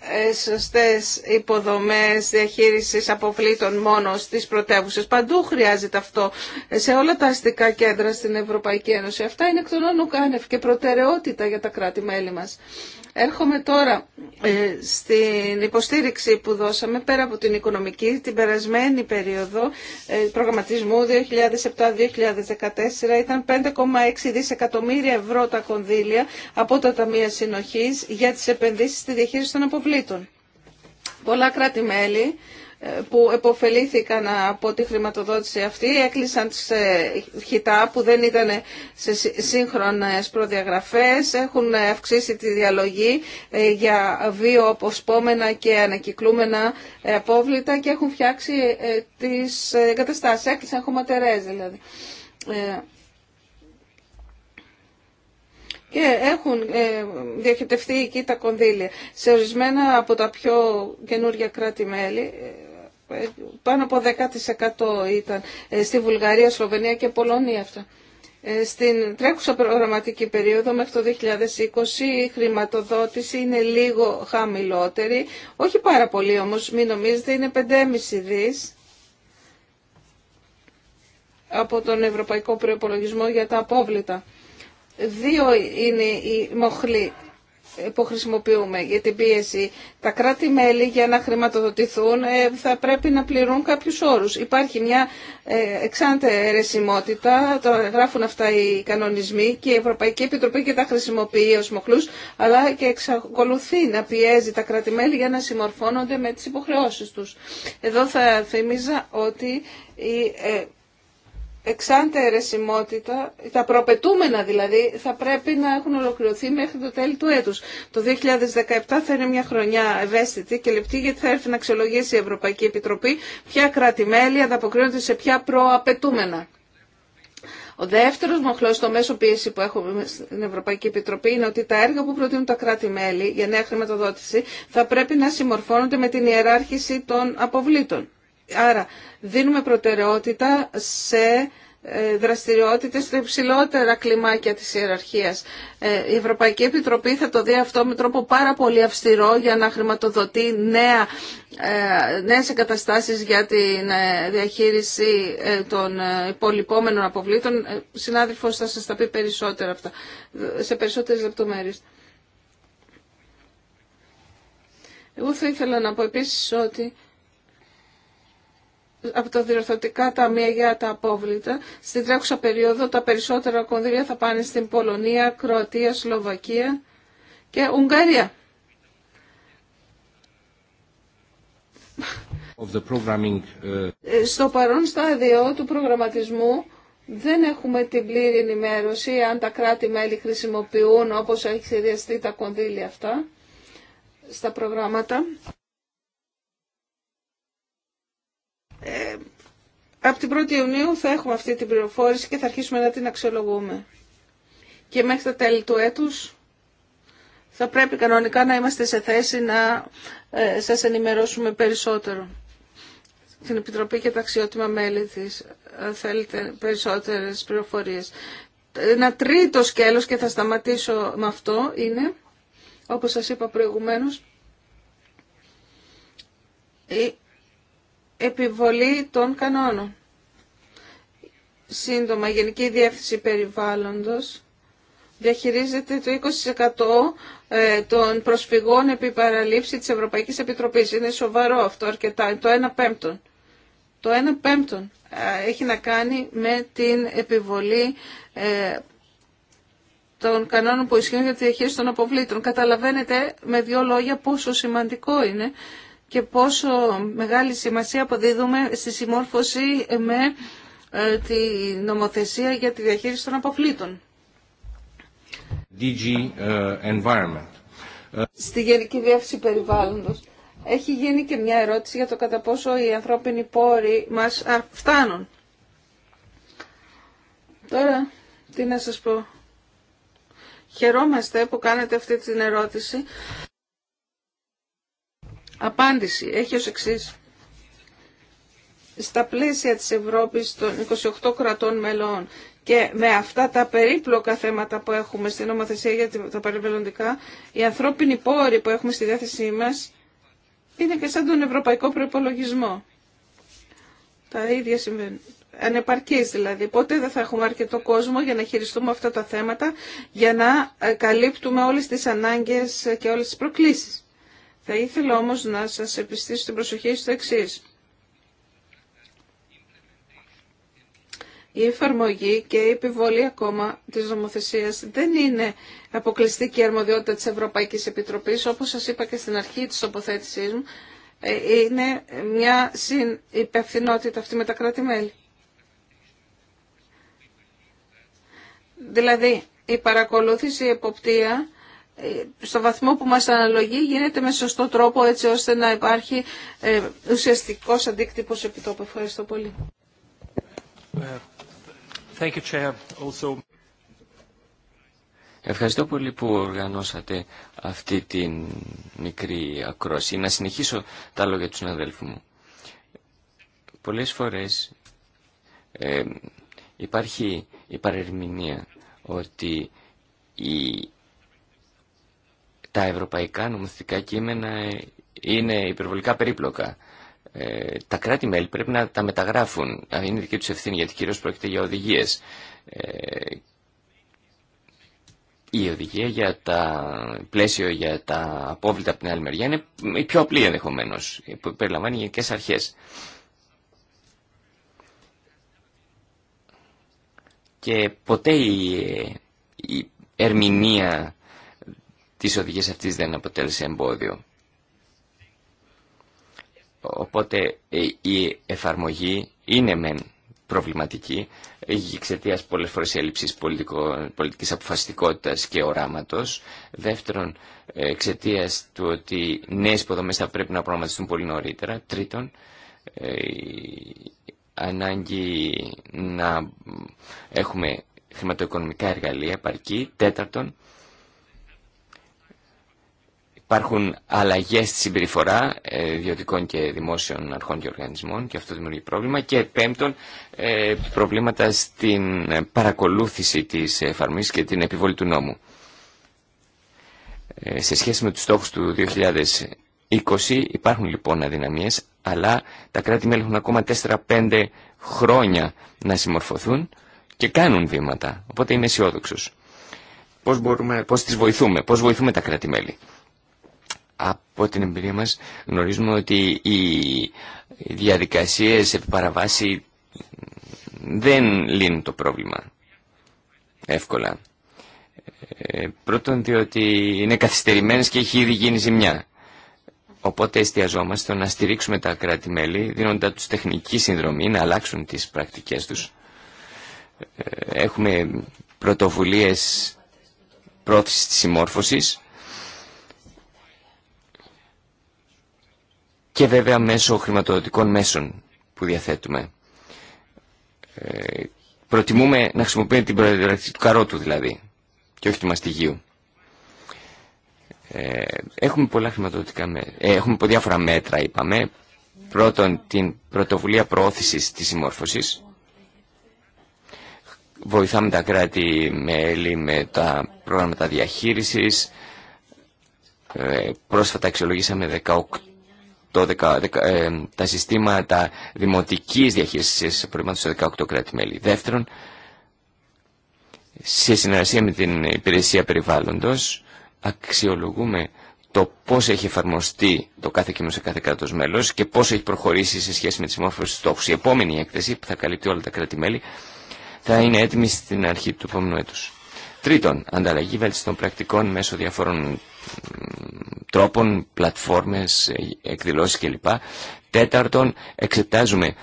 ε, σωστές υποδομές διαχείρισης αποβλήτων μόνο στις πρωτεύουσες. Παντού χρειάζεται αυτό σε όλα τα αστικά κέντρα στην Ευρωπαϊκή Ένωση. Αυτά είναι εκ των όνων και προτεραιότητα για τα κράτη-μέλη μας. Έρχομαι τώρα ε, στην υποστήριξη που δώσαμε πέρα από την οικονομική την περασμένη περίοδο ε, προγραμματισμού 2007-2014 ήταν 5,6 δισεκατομμύρια ευρώ τα κονδύλια από τα Ταμεία Συνοχής για τις επενδύσεις στη διαχείριση των αποβλήτων. Πολλά κράτη-μέλη που επωφελήθηκαν από τη χρηματοδότηση αυτή, έκλεισαν τις ε, χιτά που δεν ήταν σε σύγχρονες προδιαγραφές, έχουν αυξήσει τη διαλογή ε, για βίο αποσπόμενα και ανακυκλούμενα ε, απόβλητα και έχουν φτιάξει τις εγκαταστάσεις έκλεισαν χωματερές δηλαδή. Και έχουν διαχειριστεί εκεί τα κονδύλια. Σε ορισμένα από τα πιο καινούργια κράτη-μέλη πάνω από 10% ήταν ε, στη Βουλγαρία, Σλοβενία και Πολωνία αυτά. Ε, στην τρέχουσα προγραμματική περίοδο μέχρι το 2020 η χρηματοδότηση είναι λίγο χαμηλότερη, όχι πάρα πολύ όμως, μην νομίζετε, είναι 5,5 δις από τον Ευρωπαϊκό Προϋπολογισμό για τα απόβλητα. Δύο είναι οι μοχλοί που χρησιμοποιούμε για την πίεση. Τα κράτη-μέλη για να χρηματοδοτηθούν ε, θα πρέπει να πληρούν κάποιους όρους. Υπάρχει μια ε, εξάντε αιρεσιμότητα, το γράφουν αυτά οι κανονισμοί και η Ευρωπαϊκή Επιτροπή και τα χρησιμοποιεί ως μοχλούς, αλλά και εξακολουθεί να πιέζει τα κράτη-μέλη για να συμμορφώνονται με τις υποχρεώσεις τους. Εδώ θα θυμίζα ότι η ε, εξάντε αιρεσιμότητα, τα προπετούμενα δηλαδή, θα πρέπει να έχουν ολοκληρωθεί μέχρι το τέλη του έτους. Το 2017 θα είναι μια χρονιά ευαίσθητη και λεπτή γιατί θα έρθει να αξιολογήσει η Ευρωπαϊκή Επιτροπή ποια κράτη-μέλη ανταποκρίνονται σε ποια προαπαιτούμενα. Ο δεύτερο μοχλό στο μέσο πίεση που έχουμε στην Ευρωπαϊκή Επιτροπή είναι ότι τα έργα που προτείνουν τα κράτη-μέλη για νέα χρηματοδότηση θα πρέπει να συμμορφώνονται με την ιεράρχηση των αποβλήτων. Άρα δίνουμε προτεραιότητα σε ε, δραστηριότητες στα υψηλότερα κλιμάκια της ιεραρχίας. Ε, η Ευρωπαϊκή Επιτροπή θα το δει αυτό με τρόπο πάρα πολύ αυστηρό για να χρηματοδοτεί νέα, ε, νέες εγκαταστάσεις για τη διαχείριση των υπολοιπόμενων αποβλήτων. Συνάδελφος θα σας τα πει περισσότερα αυτά, σε περισσότερες λεπτομέρειες. Εγώ θα ήθελα να πω επίσης ότι από τα διορθωτικά ταμεία για τα απόβλητα. Στην τρέχουσα περίοδο τα περισσότερα κονδύλια θα πάνε στην Πολωνία, Κροατία, Σλοβακία και Ουγγαρία. Of the ε, ε, Στο παρόν στάδιο του προγραμματισμού δεν έχουμε την πλήρη ενημέρωση αν τα κράτη-μέλη χρησιμοποιούν όπως έχει σχεδιαστεί τα κονδύλια αυτά στα προγράμματα. Ε, από την 1η Ιουνίου θα έχουμε αυτή την πληροφόρηση και θα αρχίσουμε να την αξιολογούμε. Και μέχρι τα τέλη του έτους θα πρέπει κανονικά να είμαστε σε θέση να ε, σας ενημερώσουμε περισσότερο. Στην Επιτροπή και τα αξιότιμα μέλη της αν ε, θέλετε περισσότερες πληροφορίες. Ένα τρίτο σκέλος και θα σταματήσω με αυτό είναι, όπως σας είπα προηγουμένως, επιβολή των κανόνων. Σύντομα, η Γενική Διεύθυνση Περιβάλλοντος διαχειρίζεται το 20% ε, των προσφυγών επί παραλήψη της Ευρωπαϊκής Επιτροπής. Είναι σοβαρό αυτό αρκετά, το 1 πέμπτον. Το 1 πέμπτον ε, έχει να κάνει με την επιβολή ε, των κανόνων που ισχύουν για τη διαχείριση των αποβλήτων. Καταλαβαίνετε με δύο λόγια πόσο σημαντικό είναι και πόσο μεγάλη σημασία αποδίδουμε στη συμμόρφωση με ε, τη νομοθεσία για τη διαχείριση των αποβλήτων. DG, ε, environment. Στη Γενική Διεύθυνση Περιβάλλοντος έχει γίνει και μια ερώτηση για το κατά πόσο οι ανθρώπινοι πόροι μας φτάνουν. Τώρα, τι να σας πω. Χαιρόμαστε που κάνετε αυτή την ερώτηση. Απάντηση έχει ως εξή. Στα πλαίσια της Ευρώπης των 28 κρατών μελών και με αυτά τα περίπλοκα θέματα που έχουμε στην νομοθεσία για τα περιβαλλοντικά, οι ανθρώπινοι πόροι που έχουμε στη διάθεσή μας είναι και σαν τον ευρωπαϊκό προπολογισμό. Τα ίδια συμβαίνουν. Ανεπαρκής δηλαδή. Πότε δεν θα έχουμε αρκετό κόσμο για να χειριστούμε αυτά τα θέματα, για να ε, καλύπτουμε όλες τις ανάγκες και όλες τις προκλήσεις. Θα ήθελα όμως να σας επιστήσω την προσοχή στο έξη: Η εφαρμογή και η επιβολή ακόμα της νομοθεσίας δεν είναι αποκλειστική αρμοδιότητα της Ευρωπαϊκής Επιτροπής, όπως σας είπα και στην αρχή της τοποθέτησή μου, ε, είναι μια υπευθυνότητα αυτή με τα κράτη-μέλη. Δηλαδή, η παρακολούθηση, η εποπτεία ε, στο βαθμό που μας αναλογεί γίνεται με σωστό τρόπο έτσι ώστε να υπάρχει ε, ουσιαστικός αντίκτυπος επί τόπου. Ευχαριστώ πολύ. Ε, Ευχαριστώ πολύ που οργανώσατε αυτή τη μικρή ακρόση. Να συνεχίσω τα λόγια του συναδέλφου μου. Πολλές φορές ε, υπάρχει η παρερμηνία ότι η τα ευρωπαϊκά νομοθετικά κείμενα είναι υπερβολικά περίπλοκα. Ε, τα κράτη-μέλη πρέπει να τα μεταγράφουν. Είναι δική του ευθύνη, γιατί κυρίω πρόκειται για οδηγίε. Ε, η οδηγία για τα πλαίσιο για τα απόβλητα από την άλλη μεριά είναι η πιο απλή ενδεχομένω, που περιλαμβάνει γενικέ αρχέ. Και ποτέ η ερμηνεία της οδηγίας αυτής δεν αποτέλεσε εμπόδιο. Οπότε ε, η εφαρμογή είναι μεν προβληματική εξαιτία πολλέ φορέ έλλειψη πολιτική αποφασιστικότητα και οράματο. Δεύτερον, ε, εξαιτία του ότι νέε υποδομέ θα πρέπει να προγραμματιστούν πολύ νωρίτερα. Τρίτον, ε, ανάγκη να έχουμε χρηματοοικονομικά εργαλεία παρκή. Τέταρτον, Υπάρχουν αλλαγέ στη συμπεριφορά ε, ιδιωτικών και δημόσιων αρχών και οργανισμών και αυτό δημιουργεί πρόβλημα. Και πέμπτον, ε, προβλήματα στην παρακολούθηση τη εφαρμογή και την επιβολή του νόμου. Ε, σε σχέση με τους στόχου του 2020 υπάρχουν λοιπόν αδυναμίες, αλλά τα κράτη-μέλη έχουν ακόμα 4-5 χρόνια να συμμορφωθούν και κάνουν βήματα. Οπότε είμαι αισιόδοξο. Πώ τι βοηθούμε, πώ βοηθούμε τα κράτη-μέλη από την εμπειρία μας γνωρίζουμε ότι οι διαδικασίες επί παραβάση δεν λύνουν το πρόβλημα εύκολα. Ε, πρώτον διότι είναι καθυστερημένες και έχει ήδη γίνει ζημιά. Οπότε εστιαζόμαστε να στηρίξουμε τα κράτη-μέλη δίνοντα τους τεχνική συνδρομή να αλλάξουν τις πρακτικές τους. Ε, έχουμε πρωτοβουλίες πρόθεσης της συμμόρφωσης και βέβαια μέσω χρηματοδοτικών μέσων που διαθέτουμε. Ε, προτιμούμε να χρησιμοποιούμε την προεδρευτική του καρότου δηλαδή και όχι του μαστιγίου. Ε, έχουμε πολλά χρηματοδοτικά μέτρα. Ε, έχουμε διάφορα μέτρα είπαμε. Πρώτον την πρωτοβουλία προώθησης της συμμόρφωση. Βοηθάμε τα κράτη μέλη με τα προγράμματα διαχείρισης. Ε, πρόσφατα αξιολογήσαμε 18 το ε, τα συστήματα δημοτικής διαχείρισης προβλήματος σε 18 κράτη-μέλη. Δεύτερον, σε συνεργασία με την υπηρεσία περιβάλλοντος, αξιολογούμε το πώς έχει εφαρμοστεί το κάθε κοινό σε κάθε κράτος μέλος και πώς έχει προχωρήσει σε σχέση με τις μόρφωσες στόχους. Η επόμενη έκθεση που θα καλύπτει όλα τα κράτη-μέλη θα είναι έτοιμη στην αρχή του επόμενου έτους. Τρίτον, ανταλλαγή βέλτιστων πρακτικών μέσω διαφόρων τρόπων, πλατφόρμες, εκδηλώσεις κλπ. Τέταρτον, εξετάζουμε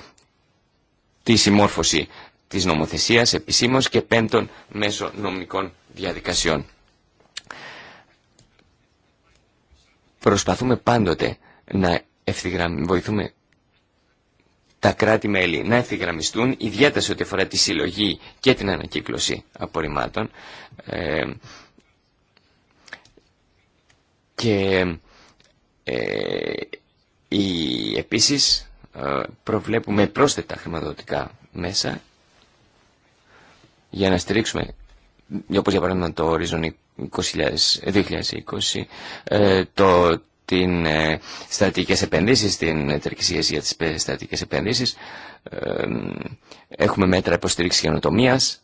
τη συμμόρφωση της νομοθεσίας επισήμως και πέμπτον, μέσω νομικών διαδικασιών. Προσπαθούμε πάντοτε να βοηθούμε τα κράτη-μέλη να ευθυγραμμιστούν, ιδιαίτερα σε ό,τι αφορά τη συλλογή και την ανακύκλωση απορριμμάτων. Ε, και ε, η, επίσης ε, προβλέπουμε πρόσθετα χρηματοδοτικά μέσα για να στηρίξουμε, όπως για παράδειγμα το Horizon 2020, ε, το, την ε, στατικές επενδύσεις, την εταιρική σχέση για τις στατικές επενδύσεις. Ε, έχουμε μέτρα υποστήριξης καινοτομίας,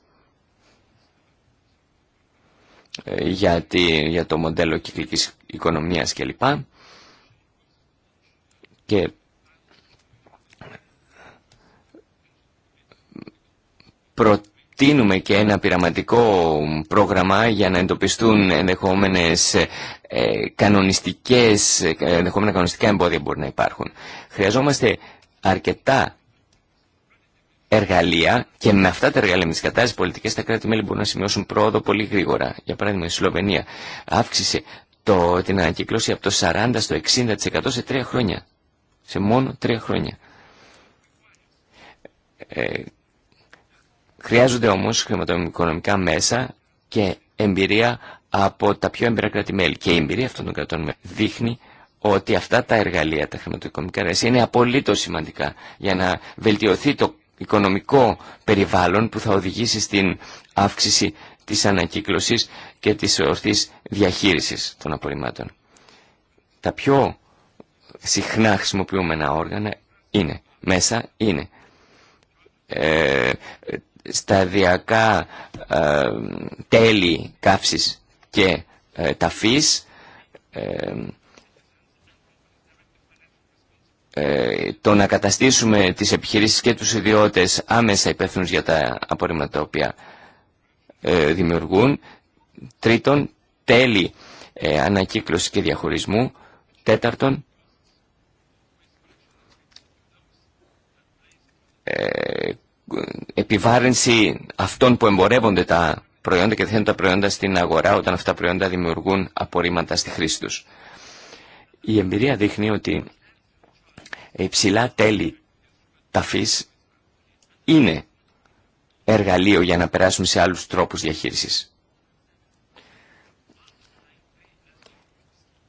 ε, για, για το μοντέλο κυκλικής οικονομίας κλπ. Και προτείνουμε και ένα πειραματικό πρόγραμμα για να εντοπιστούν ενδεχόμενες ε, κανονιστικές, ε, ενδεχόμενα κανονιστικά εμπόδια που μπορεί να υπάρχουν. Χρειαζόμαστε αρκετά εργαλεία και με αυτά τα εργαλεία, με τι κατάλληλε πολιτικέ, τα κράτη-μέλη μπορούν να σημειώσουν πρόοδο πολύ γρήγορα. Για παράδειγμα, η Σλοβενία αύξησε το, την ανακύκλωση από το 40% στο 60% σε τρία χρόνια. Σε μόνο τρία χρόνια. Ε, χρειάζονται όμω χρηματοοικονομικά μέσα και εμπειρία από τα πιο εμπειρά κράτη-μέλη. Και η εμπειρία αυτών των κρατών δείχνει ότι αυτά τα εργαλεία, τα χρηματοοικονομικά εργαλεία, είναι απολύτω σημαντικά για να βελτιωθεί το οικονομικό περιβάλλον που θα οδηγήσει στην αύξηση της ανακύκλωσης και της ορθής διαχείρισης των απορριμμάτων. Τα πιο συχνά χρησιμοποιούμενα όργανα είναι, μέσα είναι ε, σταδιακά ε, τέλη καύσης και ε, ταφής, ε, ε, το να καταστήσουμε τις επιχειρήσεις και τους ιδιώτες άμεσα υπεύθυνους για τα απορρίμματα τα οποία ε, δημιουργούν. Τρίτον, τέλη ε, ανακύκλωση και διαχωρισμού. Τέταρτον, επιβάρυνση αυτών που εμπορεύονται τα προϊόντα και θέλουν τα προϊόντα στην αγορά όταν αυτά τα προϊόντα δημιουργούν απορρίμματα στη χρήση τους. Η εμπειρία δείχνει ότι υψηλά τέλη ταφής είναι εργαλείο για να περάσουμε σε άλλους τρόπους διαχείρισης.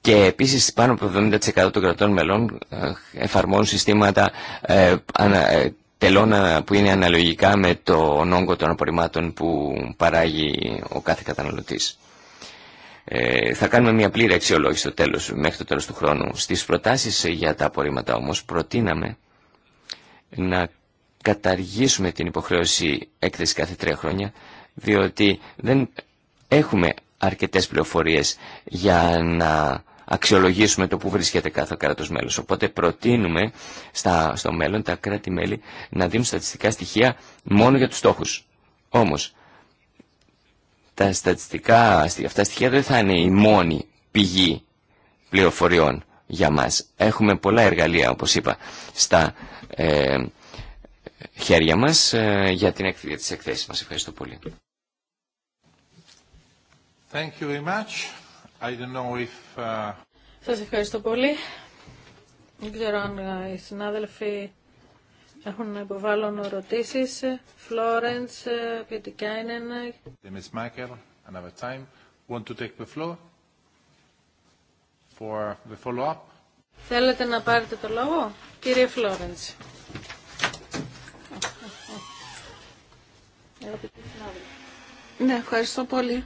Και επίσης πάνω από 70% των κρατών μελών ε, εφαρμόζουν συστήματα ε, ε, τελών που είναι αναλογικά με το όγκο των απορριμμάτων που παράγει ο κάθε καταναλωτής. Ε, θα κάνουμε μια πλήρη αξιολόγηση στο τέλος, μέχρι το τέλος του χρόνου. Στις προτάσεις για τα απορρίμματα όμως προτείναμε να καταργήσουμε την υποχρέωση έκθεση κάθε τρία χρόνια, διότι δεν έχουμε αρκετές πληροφορίες για να αξιολογήσουμε το που βρίσκεται κάθε κράτος μέλος. Οπότε προτείνουμε στα, στο μέλλον τα κράτη-μέλη να δίνουν στατιστικά στοιχεία μόνο για τους στόχους. Όμως, τα στατιστικά, αυτά τα στοιχεία δεν θα είναι η μόνη πηγή πληροφοριών για μας. Έχουμε πολλά εργαλεία, όπως είπα, στα ε, χέρια μας ε, για, την, για της εκθέσης μας. Ευχαριστώ πολύ. Thank you very much. I don't know if, uh... Σας ευχαριστώ πολύ. Δεν ξέρω αν οι συνάδελφοι έχουν να υποβάλουν Φλόρεντ, Φλόρεντς, Πιετικάινεν. είναι να... another time. Want to Θέλετε να πάρετε το λόγο, κύριε Φλόρεντ. Ναι, ευχαριστώ πολύ.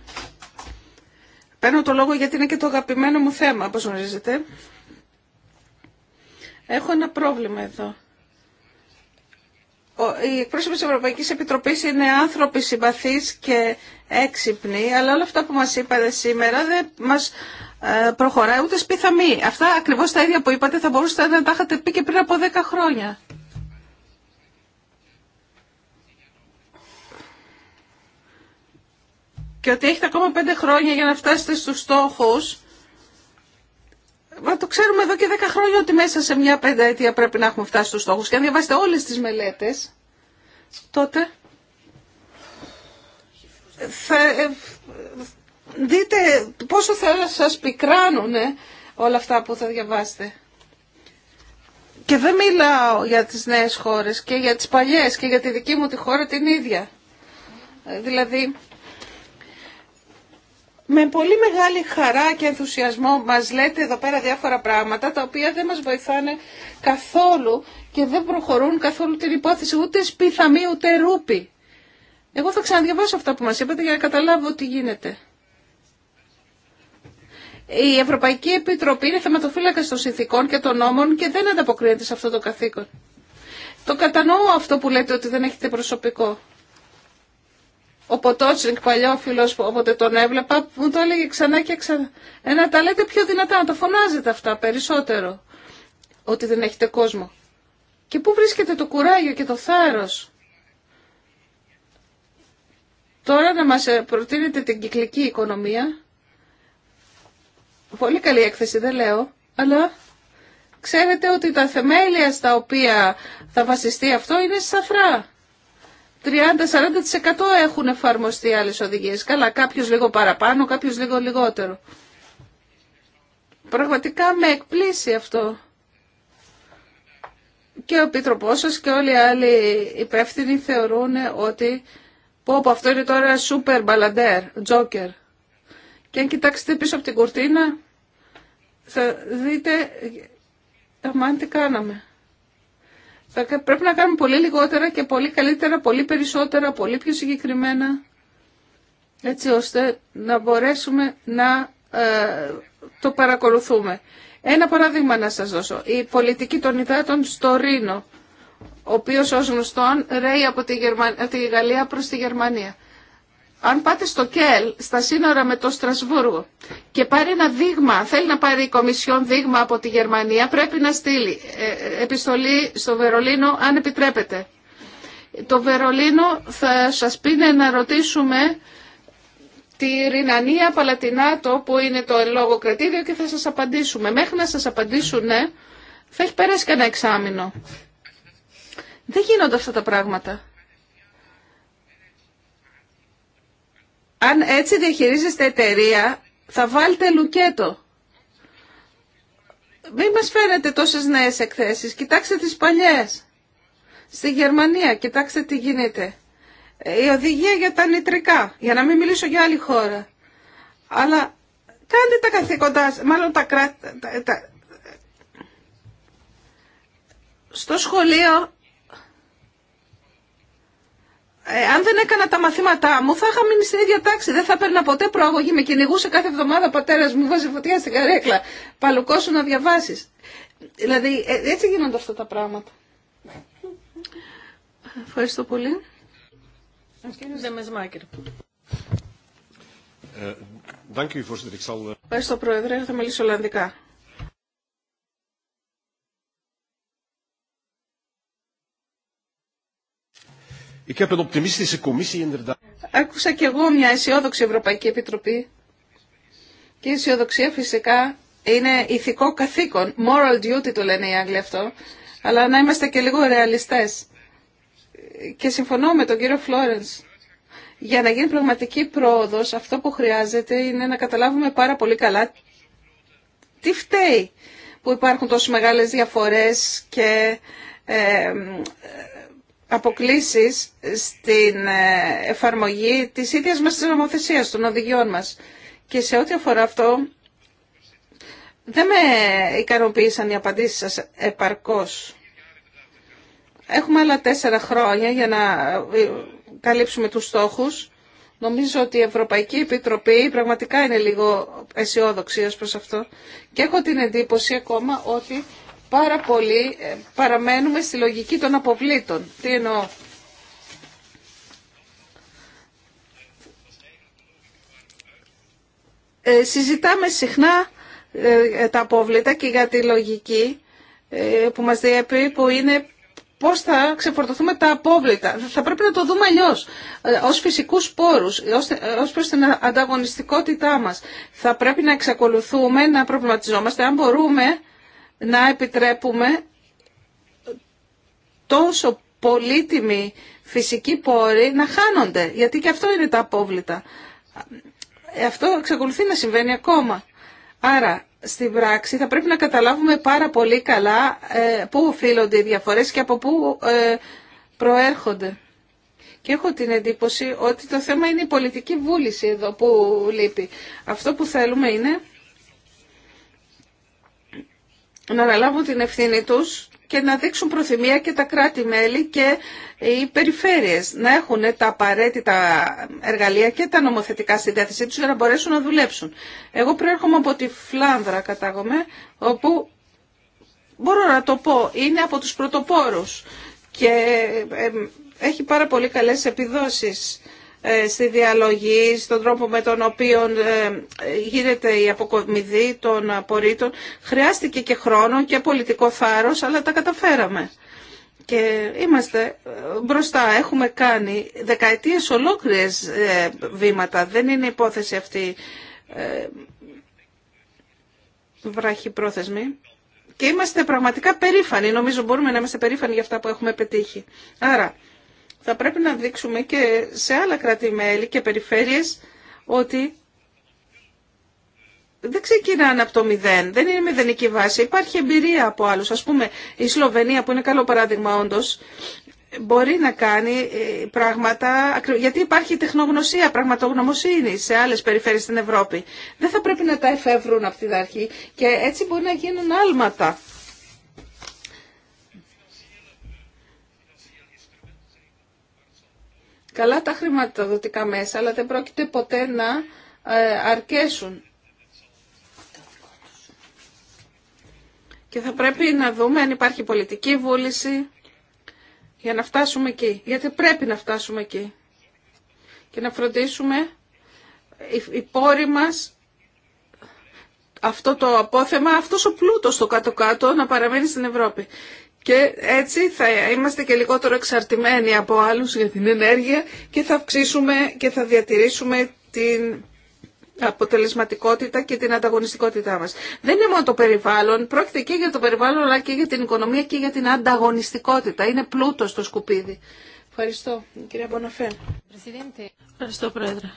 Παίρνω το λόγο γιατί είναι και το αγαπημένο μου θέμα, όπως γνωρίζετε. Έχω ένα πρόβλημα εδώ οι εκπρόσωποι της Ευρωπαϊκής Επιτροπής είναι άνθρωποι συμπαθείς και έξυπνοι, αλλά όλα αυτά που μας είπατε σήμερα δεν μας ε, προχωράει ούτε σπίθαμη. Αυτά ακριβώς τα ίδια που είπατε θα μπορούσατε να τα είχατε πει και πριν από 10 χρόνια. Και ότι έχετε ακόμα πέντε χρόνια για να φτάσετε στους στόχους Μα το ξέρουμε εδώ και 10 χρόνια ότι μέσα σε μια πενταετία πρέπει να έχουμε φτάσει στους στόχους. Και αν διαβάσετε όλες τις μελέτες, τότε θα ε, δείτε πόσο θα σας πικράνουν όλα αυτά που θα διαβάσετε. Και δεν μιλάω για τις νέες χώρες και για τις παλιές και για τη δική μου τη χώρα την ίδια. Ε, δηλαδή, με πολύ μεγάλη χαρά και ενθουσιασμό μας λέτε εδώ πέρα διάφορα πράγματα τα οποία δεν μας βοηθάνε καθόλου και δεν προχωρούν καθόλου την υπόθεση ούτε σπίθαμι ούτε ρούπι. Εγώ θα ξαναδιαβάσω αυτά που μας είπατε για να καταλάβω τι γίνεται. Η Ευρωπαϊκή Επιτροπή είναι θεματοφύλακα των συνθήκων και των νόμων και δεν ανταποκρίνεται σε αυτό το καθήκον. Το κατανοώ αυτό που λέτε ότι δεν έχετε προσωπικό ο Ποτότσινγκ φίλο που όποτε τον έβλεπα μου το έλεγε ξανά και ξανά. ενα να τα λέτε πιο δυνατά, να τα φωνάζετε αυτά περισσότερο, ότι δεν έχετε κόσμο. Και πού βρίσκεται το κουράγιο και το θάρρος. Τώρα να μας ε, προτείνετε την κυκλική οικονομία. Πολύ καλή έκθεση, δεν λέω, αλλά ξέρετε ότι τα θεμέλια στα οποία θα βασιστεί αυτό είναι σαφρά. 30-40% έχουν εφαρμοστεί άλλε οδηγίες. Καλά, κάποιο λίγο παραπάνω, κάποιο λίγο λιγότερο. Πραγματικά με εκπλήσει αυτό. Και ο Πίτροπός σα και όλοι οι άλλοι υπεύθυνοι θεωρούν ότι πω πω αυτό είναι τώρα super μπαλαντέρ, τζόκερ. Και αν κοιτάξετε πίσω από την κουρτίνα θα δείτε αμάν τι κάναμε. Πρέπει να κάνουμε πολύ λιγότερα και πολύ καλύτερα, πολύ περισσότερα, πολύ πιο συγκεκριμένα, έτσι ώστε να μπορέσουμε να ε, το παρακολουθούμε. Ένα παράδειγμα να σας δώσω. Η πολιτική των υδάτων στο Ρήνο, ο οποίος ως γνωστόν ρέει από τη, Γαλλία προς τη Γερμανία αν πάτε στο ΚΕΛ, στα σύνορα με το Στρασβούργο και πάρει ένα δείγμα, θέλει να πάρει η Κομισιόν δείγμα από τη Γερμανία, πρέπει να στείλει ε, ε, επιστολή στο Βερολίνο αν επιτρέπετε. Το Βερολίνο θα σας πει να ρωτήσουμε τη Ρινανία Παλατινάτο που είναι το λόγο κρατήριο και θα σας απαντήσουμε. Μέχρι να σας απαντήσουν ναι, θα έχει περάσει και ένα εξάμεινο. Δεν γίνονται αυτά τα πράγματα. Αν έτσι διαχειρίζεστε εταιρεία, θα βάλτε λουκέτο. Μην μας φαίνεται τόσες νέες εκθέσεις. Κοιτάξτε τις παλιές. Στη Γερμανία, κοιτάξτε τι γίνεται. Η οδηγία για τα νητρικά, για να μην μιλήσω για άλλη χώρα. Αλλά κάντε τα καθήκοντά, μάλλον τα κράτη... Στο σχολείο ε, αν δεν έκανα τα μαθήματά μου, θα είχα μείνει στην ίδια τάξη. Δεν θα έπαιρνα ποτέ προαγωγή. Με κυνηγούσε κάθε εβδομάδα ο πατέρα μου, βάζει φωτιά στην καρέκλα. Παλουκό σου να διαβάσει. Δηλαδή, ε, έτσι γίνονται αυτά τα πράγματα. Ευχαριστώ πολύ. Ε, Ευχαριστώ, Πρόεδρε. Θα μιλήσω Ολλανδικά. Ik heb een optimistische commissie inderdaad. Άκουσα και εγώ μια αισιόδοξη Ευρωπαϊκή Επιτροπή. Και η αισιοδοξία φυσικά είναι ηθικό καθήκον. Moral duty το λένε οι Άγγλοι αυτό. Αλλά να είμαστε και λίγο ρεαλιστές. Και συμφωνώ με τον κύριο Φλόρενς. Για να γίνει πραγματική πρόοδος, αυτό που χρειάζεται είναι να καταλάβουμε πάρα πολύ καλά τι φταίει που υπάρχουν τόσο μεγάλε διαφορές και ε, αποκλίσεις στην ε, εφαρμογή της ίδιας μας της νομοθεσίας, των οδηγιών μας. Και σε ό,τι αφορά αυτό, δεν με ικανοποίησαν οι απαντήσεις σας επαρκώς. Έχουμε άλλα τέσσερα χρόνια για να ε, καλύψουμε τους στόχους. Νομίζω ότι η Ευρωπαϊκή Επιτροπή πραγματικά είναι λίγο αισιόδοξη ως προς αυτό. Και έχω την εντύπωση ακόμα ότι πάρα πολύ ε, παραμένουμε στη λογική των αποβλήτων. Τι εννοώ. Ε, συζητάμε συχνά ε, ε, τα αποβλήτα και για τη λογική ε, που μας διέπει που είναι πώς θα ξεφορτωθούμε τα απόβλητα. Θα πρέπει να το δούμε αλλιώ. ως φυσικούς πόρους, ως προς την ανταγωνιστικότητά μας. Θα πρέπει να εξακολουθούμε να προβληματιζόμαστε αν μπορούμε να επιτρέπουμε τόσο πολύτιμη φυσική πόροι να χάνονται, γιατί και αυτό είναι τα απόβλητα. Αυτό εξακολουθεί να συμβαίνει ακόμα. Άρα, στην πράξη θα πρέπει να καταλάβουμε πάρα πολύ καλά ε, πού οφείλονται οι διαφορές και από πού ε, προέρχονται. Και έχω την εντύπωση ότι το θέμα είναι η πολιτική βούληση εδώ που λείπει. Αυτό που θέλουμε είναι να αναλάβουν την ευθύνη τους και να δείξουν προθυμία και τα κράτη-μέλη και οι περιφέρειες να έχουν τα απαραίτητα εργαλεία και τα νομοθετικά στη διάθεσή τους για να μπορέσουν να δουλέψουν. Εγώ προέρχομαι από τη Φλάνδρα, κατάγομαι, όπου μπορώ να το πω, είναι από τους πρωτοπόρους και ε, ε, έχει πάρα πολύ καλές επιδόσεις ε, στη διαλογή, στον τρόπο με τον οποίο ε, γίνεται η αποκομιδή των απορρίτων. Χρειάστηκε και χρόνο και πολιτικό θάρρος, αλλά τα καταφέραμε. Και είμαστε ε, μπροστά, έχουμε κάνει δεκαετίες ολόκληρες βήματα. Δεν είναι υπόθεση αυτή βράχη πρόθεσμη. Και είμαστε πραγματικά περήφανοι, νομίζω μπορούμε να είμαστε περήφανοι για αυτά που έχουμε πετύχει. Άρα, θα πρέπει να δείξουμε και σε άλλα και περιφέρειες ότι δεν ξεκινάνε από το μηδέν, δεν είναι μηδενική βάση. Υπάρχει εμπειρία από άλλους. Ας πούμε η Σλοβενία που είναι καλό παράδειγμα όντως, μπορεί να κάνει ε, πράγματα, γιατί υπάρχει τεχνογνωσία, πραγματογνωμοσύνη σε άλλες περιφέρειες στην Ευρώπη. Δεν θα πρέπει να τα εφεύρουν από την αρχή και έτσι μπορεί να γίνουν άλματα καλά τα χρηματοδοτικά μέσα, αλλά δεν πρόκειται ποτέ να ε, αρκέσουν. Και θα πρέπει να δούμε αν υπάρχει πολιτική βούληση για να φτάσουμε εκεί. Γιατί πρέπει να φτάσουμε εκεί. Και να φροντίσουμε οι πόροι μας, αυτό το απόθεμα, αυτός ο πλούτος στο κάτω-κάτω να παραμένει στην Ευρώπη και έτσι θα είμαστε και λιγότερο εξαρτημένοι από άλλους για την ενέργεια και θα αυξήσουμε και θα διατηρήσουμε την αποτελεσματικότητα και την ανταγωνιστικότητά μας. Δεν είναι μόνο το περιβάλλον, πρόκειται και για το περιβάλλον αλλά και για την οικονομία και για την ανταγωνιστικότητα. Είναι πλούτο το σκουπίδι. Ευχαριστώ, κυρία Μποναφέ. Ευχαριστώ, Πρόεδρε.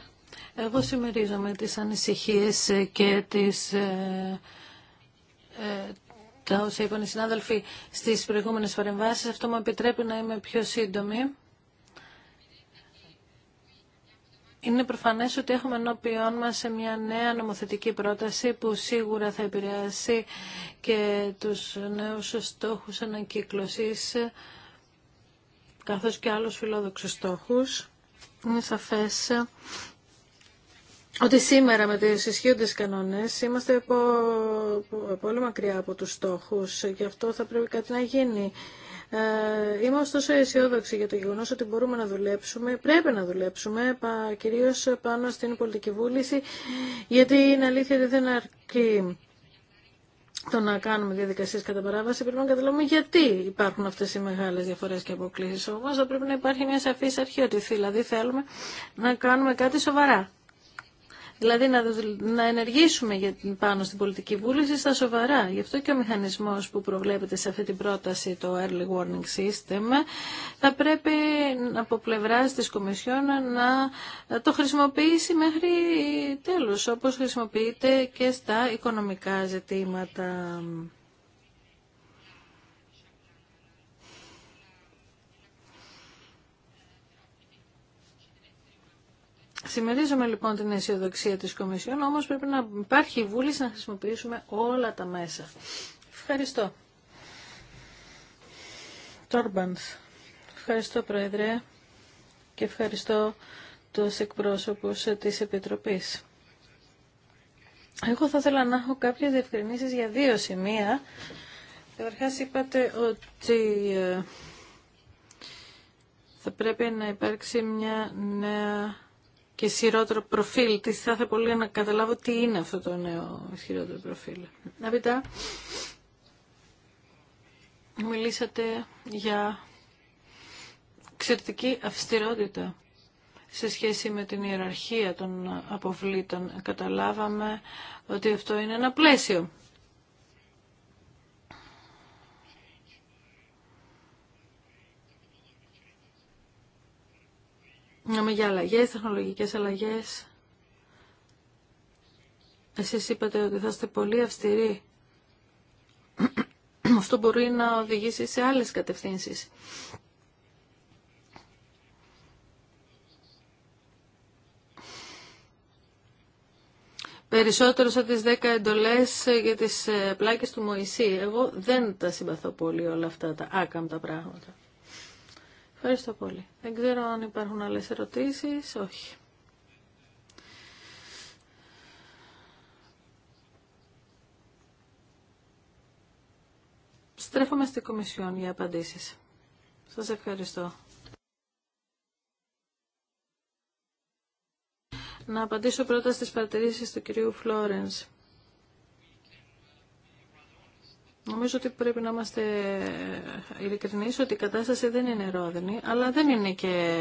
Εγώ συμμερίζομαι τις ανησυχίες και τις, ε, ε, τα όσα είπαν οι συνάδελφοι στις προηγούμενες παρεμβάσεις. Αυτό μου επιτρέπει να είμαι πιο σύντομη. Είναι προφανές ότι έχουμε ενώπιόν μας σε μια νέα νομοθετική πρόταση που σίγουρα θα επηρεάσει και τους νέους στόχους ανακύκλωσης καθώς και άλλους φιλόδοξους στόχους. Είναι σαφές ότι σήμερα με τις ισχύοντες κανόνες είμαστε πολύ μακριά από τους στόχους. Γι' αυτό θα πρέπει κάτι να γίνει. Ε, Είμαι ωστόσο αισιόδοξη για το γεγονός ότι μπορούμε να δουλέψουμε, πρέπει να δουλέψουμε, κυρίως πάνω στην πολιτική βούληση, γιατί είναι αλήθεια ότι δεν αρκεί το να κάνουμε διαδικασίε κατά παράβαση, πρέπει να καταλάβουμε γιατί υπάρχουν αυτέ οι μεγάλε διαφορέ και αποκλήσει. Όμω θα πρέπει να υπάρχει μια σαφή αρχή ότι δηλαδή θέλουμε να κάνουμε κάτι σοβαρά. Δηλαδή να, να ενεργήσουμε για, πάνω στην πολιτική βούληση στα σοβαρά. Γι' αυτό και ο μηχανισμός που προβλέπεται σε αυτή την πρόταση, το Early Warning System, θα πρέπει από πλευρά της Κομισιόν να το χρησιμοποιήσει μέχρι τέλος, όπως χρησιμοποιείται και στα οικονομικά ζητήματα. Συμμερίζομαι λοιπόν την αισιοδοξία της Κομισιόν, όμως πρέπει να υπάρχει η βούληση να χρησιμοποιήσουμε όλα τα μέσα. Ευχαριστώ. Τόρμπανς. Ευχαριστώ Πρόεδρε και ευχαριστώ τους εκπρόσωπους της Επιτροπής. Εγώ θα ήθελα να έχω κάποιες διευκρινήσεις για δύο σημεία. Καταρχάς είπατε ότι ε, θα πρέπει να υπάρξει μια νέα και ισχυρότερο προφίλ της. Θα ήθελα πολύ να καταλάβω τι είναι αυτό το νέο ισχυρότερο προφίλ. Να πειτά, μιλήσατε για εξαιρετική αυστηρότητα σε σχέση με την ιεραρχία των αποβλήτων. Καταλάβαμε ότι αυτό είναι ένα πλαίσιο. Μιλάμε για αλλαγέ, τεχνολογικέ αλλαγέ. Εσεί είπατε ότι θα είστε πολύ αυστηροί. <clears throat> Αυτό μπορεί να οδηγήσει σε άλλες κατευθύνσεις. Περισσότερο από τις 10 εντολές για τις ε, πλάκες του Μωυσή. Εγώ δεν τα συμπαθώ πολύ όλα αυτά τα άκαμπτα πράγματα. Ευχαριστώ πολύ. Δεν ξέρω αν υπάρχουν άλλες ερωτήσεις. Όχι. Στρέφομαι στη Κομισιόν για απαντήσεις. Σας ευχαριστώ. Να απαντήσω πρώτα στις παρατηρήσεις του κυρίου Φλόρενς. Νομίζω ότι πρέπει να είμαστε ειλικρινεί ότι η κατάσταση δεν είναι ρόδινη, αλλά δεν είναι και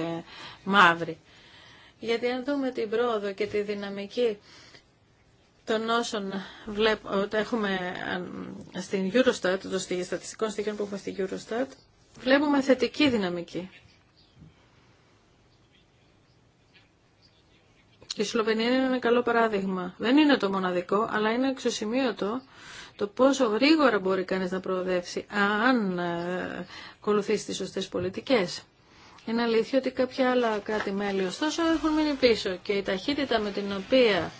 μαύρη. Γιατί αν δούμε την πρόοδο και τη δυναμική των όσων έχουμε στην Eurostat, των στατιστικών στοιχείων που έχουμε στην Eurostat, βλέπουμε θετική δυναμική. Η Σλοβενία είναι ένα καλό παράδειγμα. Δεν είναι το μοναδικό, αλλά είναι εξωσημείωτο το πόσο γρήγορα μπορεί κανείς να προοδεύσει αν ε, ακολουθήσει τις σωστές πολιτικές. Είναι αλήθεια ότι κάποια άλλα κράτη-μέλη ωστόσο έχουν μείνει πίσω και η ταχύτητα με την οποία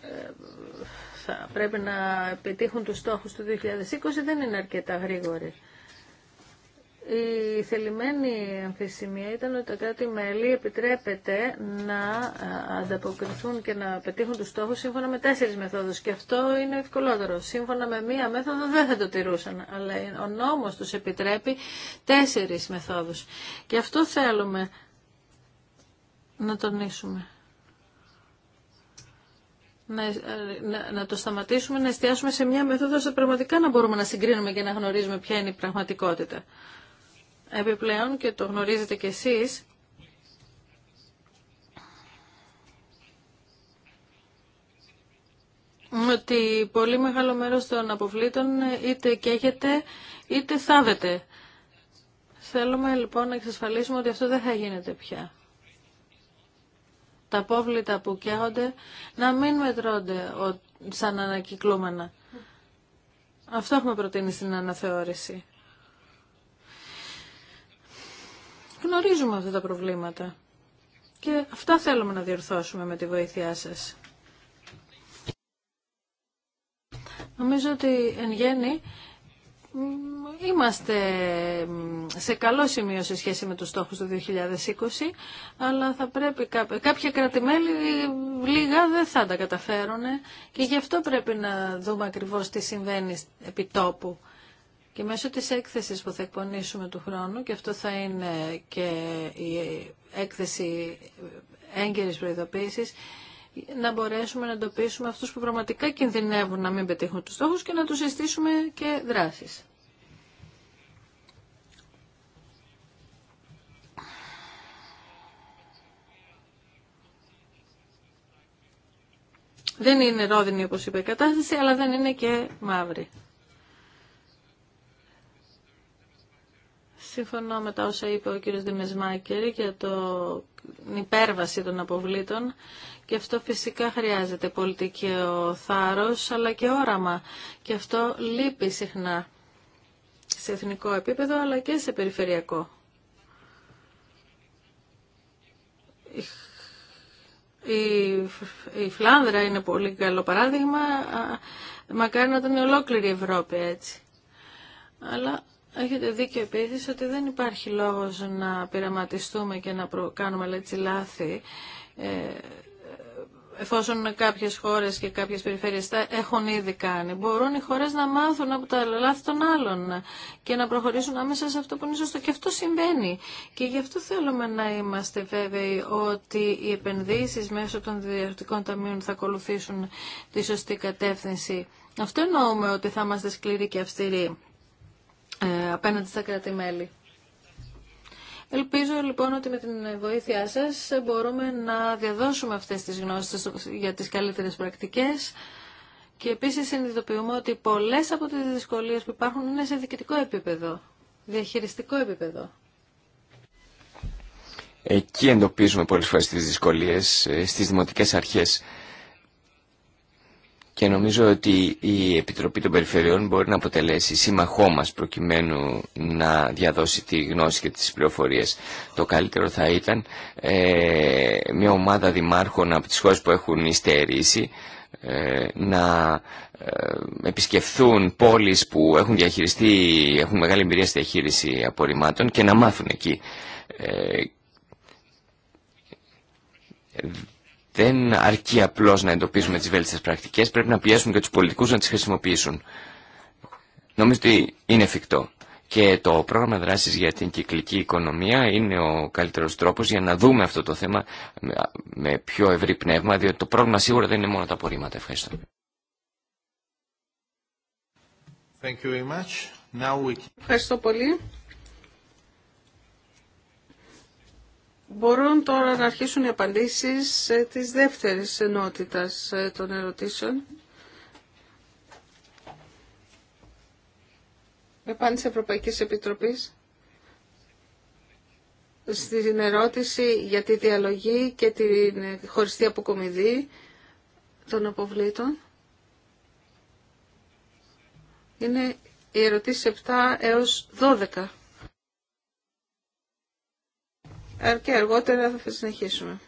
ε, θα πρέπει να πετύχουν τους στόχους του 2020 δεν είναι αρκετά γρήγορη η θελημένη αμφισημία ήταν ότι τα κράτη-μέλη επιτρέπεται να ε, ανταποκριθούν και να πετύχουν τους στόχους σύμφωνα με τέσσερις μεθόδους και αυτό είναι ευκολότερο. Σύμφωνα με μία μέθοδο δεν θα το τηρούσαν, αλλά ο νόμος τους επιτρέπει τέσσερις μεθόδους. Και αυτό θέλουμε να τονίσουμε. Να, να, να, το σταματήσουμε, να εστιάσουμε σε μια μεθόδο ώστε πραγματικά να μπορούμε να συγκρίνουμε και να γνωρίζουμε ποια είναι η πραγματικότητα. Επιπλέον και το γνωρίζετε κι εσείς, ότι πολύ μεγάλο μέρος των αποβλήτων είτε καίγεται είτε θάβεται. Θέλουμε λοιπόν να εξασφαλίσουμε ότι αυτό δεν θα γίνεται πια. Τα απόβλητα που καίγονται να μην μετρώνται σαν ανακυκλούμενα. Αυτό έχουμε προτείνει στην αναθεώρηση. Γνωρίζουμε αυτά τα προβλήματα και αυτά θέλουμε να διορθώσουμε με τη βοήθειά σας. Νομίζω ότι εν γέννη είμαστε σε καλό σημείο σε σχέση με τους στόχους του 2020, αλλά θα πρέπει κάποια, κάποια κρατημέλη λίγα δεν θα τα καταφέρουν και γι' αυτό πρέπει να δούμε ακριβώς τι συμβαίνει επί τόπου. Και μέσω της έκθεσης που θα εκπονήσουμε του χρόνου, και αυτό θα είναι και η έκθεση έγκαιρης προειδοποίησης, να μπορέσουμε να εντοπίσουμε αυτούς που πραγματικά κινδυνεύουν να μην πετύχουν τους στόχους και να τους συστήσουμε και δράσεις. Δεν είναι ρόδινη όπως είπε η κατάσταση, αλλά δεν είναι και μαύρη. Συμφωνώ με τα όσα είπε ο κύριος Δημεσμάκερ για το υπέρβαση των αποβλήτων και αυτό φυσικά χρειάζεται πολιτικό θάρρος αλλά και όραμα και αυτό λείπει συχνά σε εθνικό επίπεδο αλλά και σε περιφερειακό. Η Φλάνδρα είναι πολύ καλό παράδειγμα, μακάρι να ήταν η ολόκληρη Ευρώπη έτσι. Αλλά Έχετε δίκιο επίσης ότι δεν υπάρχει λόγος να πειραματιστούμε και να κάνουμε λέτσι λάθη ε, εφόσον κάποιες χώρες και κάποιες περιφέρειες τα έχουν ήδη κάνει. Μπορούν οι χώρες να μάθουν από τα λάθη των άλλων και να προχωρήσουν άμεσα σε αυτό που είναι σωστό. Και αυτό συμβαίνει. Και γι' αυτό θέλουμε να είμαστε βέβαιοι ότι οι επενδύσεις μέσω των διευθυντικών ταμείων θα ακολουθήσουν τη σωστή κατεύθυνση. Αυτό εννοούμε ότι θα είμαστε σκληροί και αυστηροί. Ε, απέναντι στα κράτη-μέλη. Ελπίζω λοιπόν ότι με την βοήθειά σας μπορούμε να διαδώσουμε αυτές τις γνώσεις για τις καλύτερες πρακτικές και επίσης συνειδητοποιούμε ότι πολλές από τις δυσκολίες που υπάρχουν είναι σε διοικητικό επίπεδο, διαχειριστικό επίπεδο. Εκεί εντοπίζουμε πολλές φορές τις δυσκολίες ε, στις δημοτικές αρχές και νομίζω ότι η Επιτροπή των Περιφερειών μπορεί να αποτελέσει σύμμαχό μας προκειμένου να διαδώσει τη γνώση και τις πληροφορίες. Το καλύτερο θα ήταν ε, μια ομάδα δημάρχων από τις χώρες που έχουν υστερήσει ε, να ε, επισκεφθούν πόλεις που έχουν διαχειριστεί, έχουν μεγάλη εμπειρία στη διαχείριση απορριμμάτων και να μάθουν εκεί δεν αρκεί απλώς να εντοπίζουμε τις βέλτιστες πρακτικές, πρέπει να πιέσουμε και τους πολιτικούς να τις χρησιμοποιήσουν. Νομίζω ότι είναι εφικτό. Και το πρόγραμμα δράσης για την κυκλική οικονομία είναι ο καλύτερος τρόπος για να δούμε αυτό το θέμα με πιο ευρύ πνεύμα, διότι το πρόβλημα σίγουρα δεν είναι μόνο τα απορρίμματα. Ευχαριστώ. Thank you very much. Now we... Ευχαριστώ πολύ. Μπορούν τώρα να αρχίσουν οι απαντήσεις ε, της δεύτερης ενότητας ε, των ερωτήσεων. Επάντηση Ευρωπαϊκής Επιτροπής στην ερώτηση για τη διαλογή και την χωριστή αποκομιδή των αποβλήτων. Είναι οι ερωτήσεις 7 έως 12 και αργότερα θα συνεχίσουμε.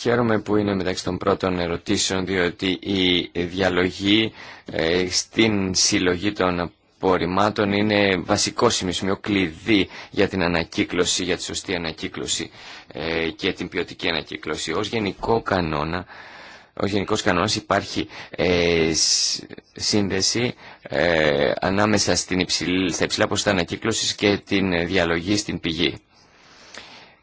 Χαίρομαι που είναι μεταξύ των πρώτων ερωτήσεων διότι η διαλογή ε, στην συλλογή των απορριμμάτων είναι βασικό σημείο κλειδί για την ανακύκλωση, για τη σωστή ανακύκλωση ε, και την ποιοτική ανακύκλωση. Ως γενικό κανόνα ο γενικός κανόνας υπάρχει ε, σύνδεση ε, ανάμεσα στην υψηλή, στα υψηλά ποσοστά ανακύκλωσης και την διαλογή στην πηγή.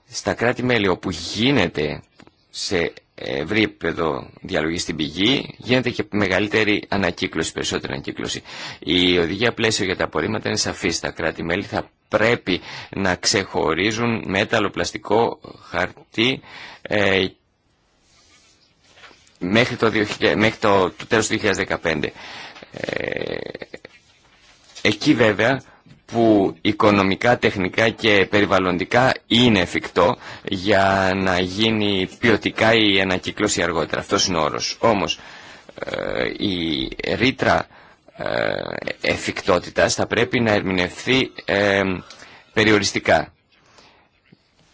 Στα κράτη-μέλη όπου γίνεται σε ευρύ επίπεδο διαλογή στην πηγή, γίνεται και μεγαλύτερη ανακύκλωση, περισσότερη ανακύκλωση. Η οδηγία πλαίσιο για τα απορρίμματα είναι σαφή. τα κράτη-μέλη θα πρέπει να ξεχωρίζουν μέταλλο, πλαστικό, χαρτί ε, μέχρι το, τέλος του 2015. Ε, εκεί βέβαια που οικονομικά, τεχνικά και περιβαλλοντικά είναι εφικτό για να γίνει ποιοτικά η ανακύκλωση αργότερα. Αυτός είναι ο όρος. Όμως ε, η ρήτρα ε, εφικτότητας θα πρέπει να ερμηνευθεί ε, περιοριστικά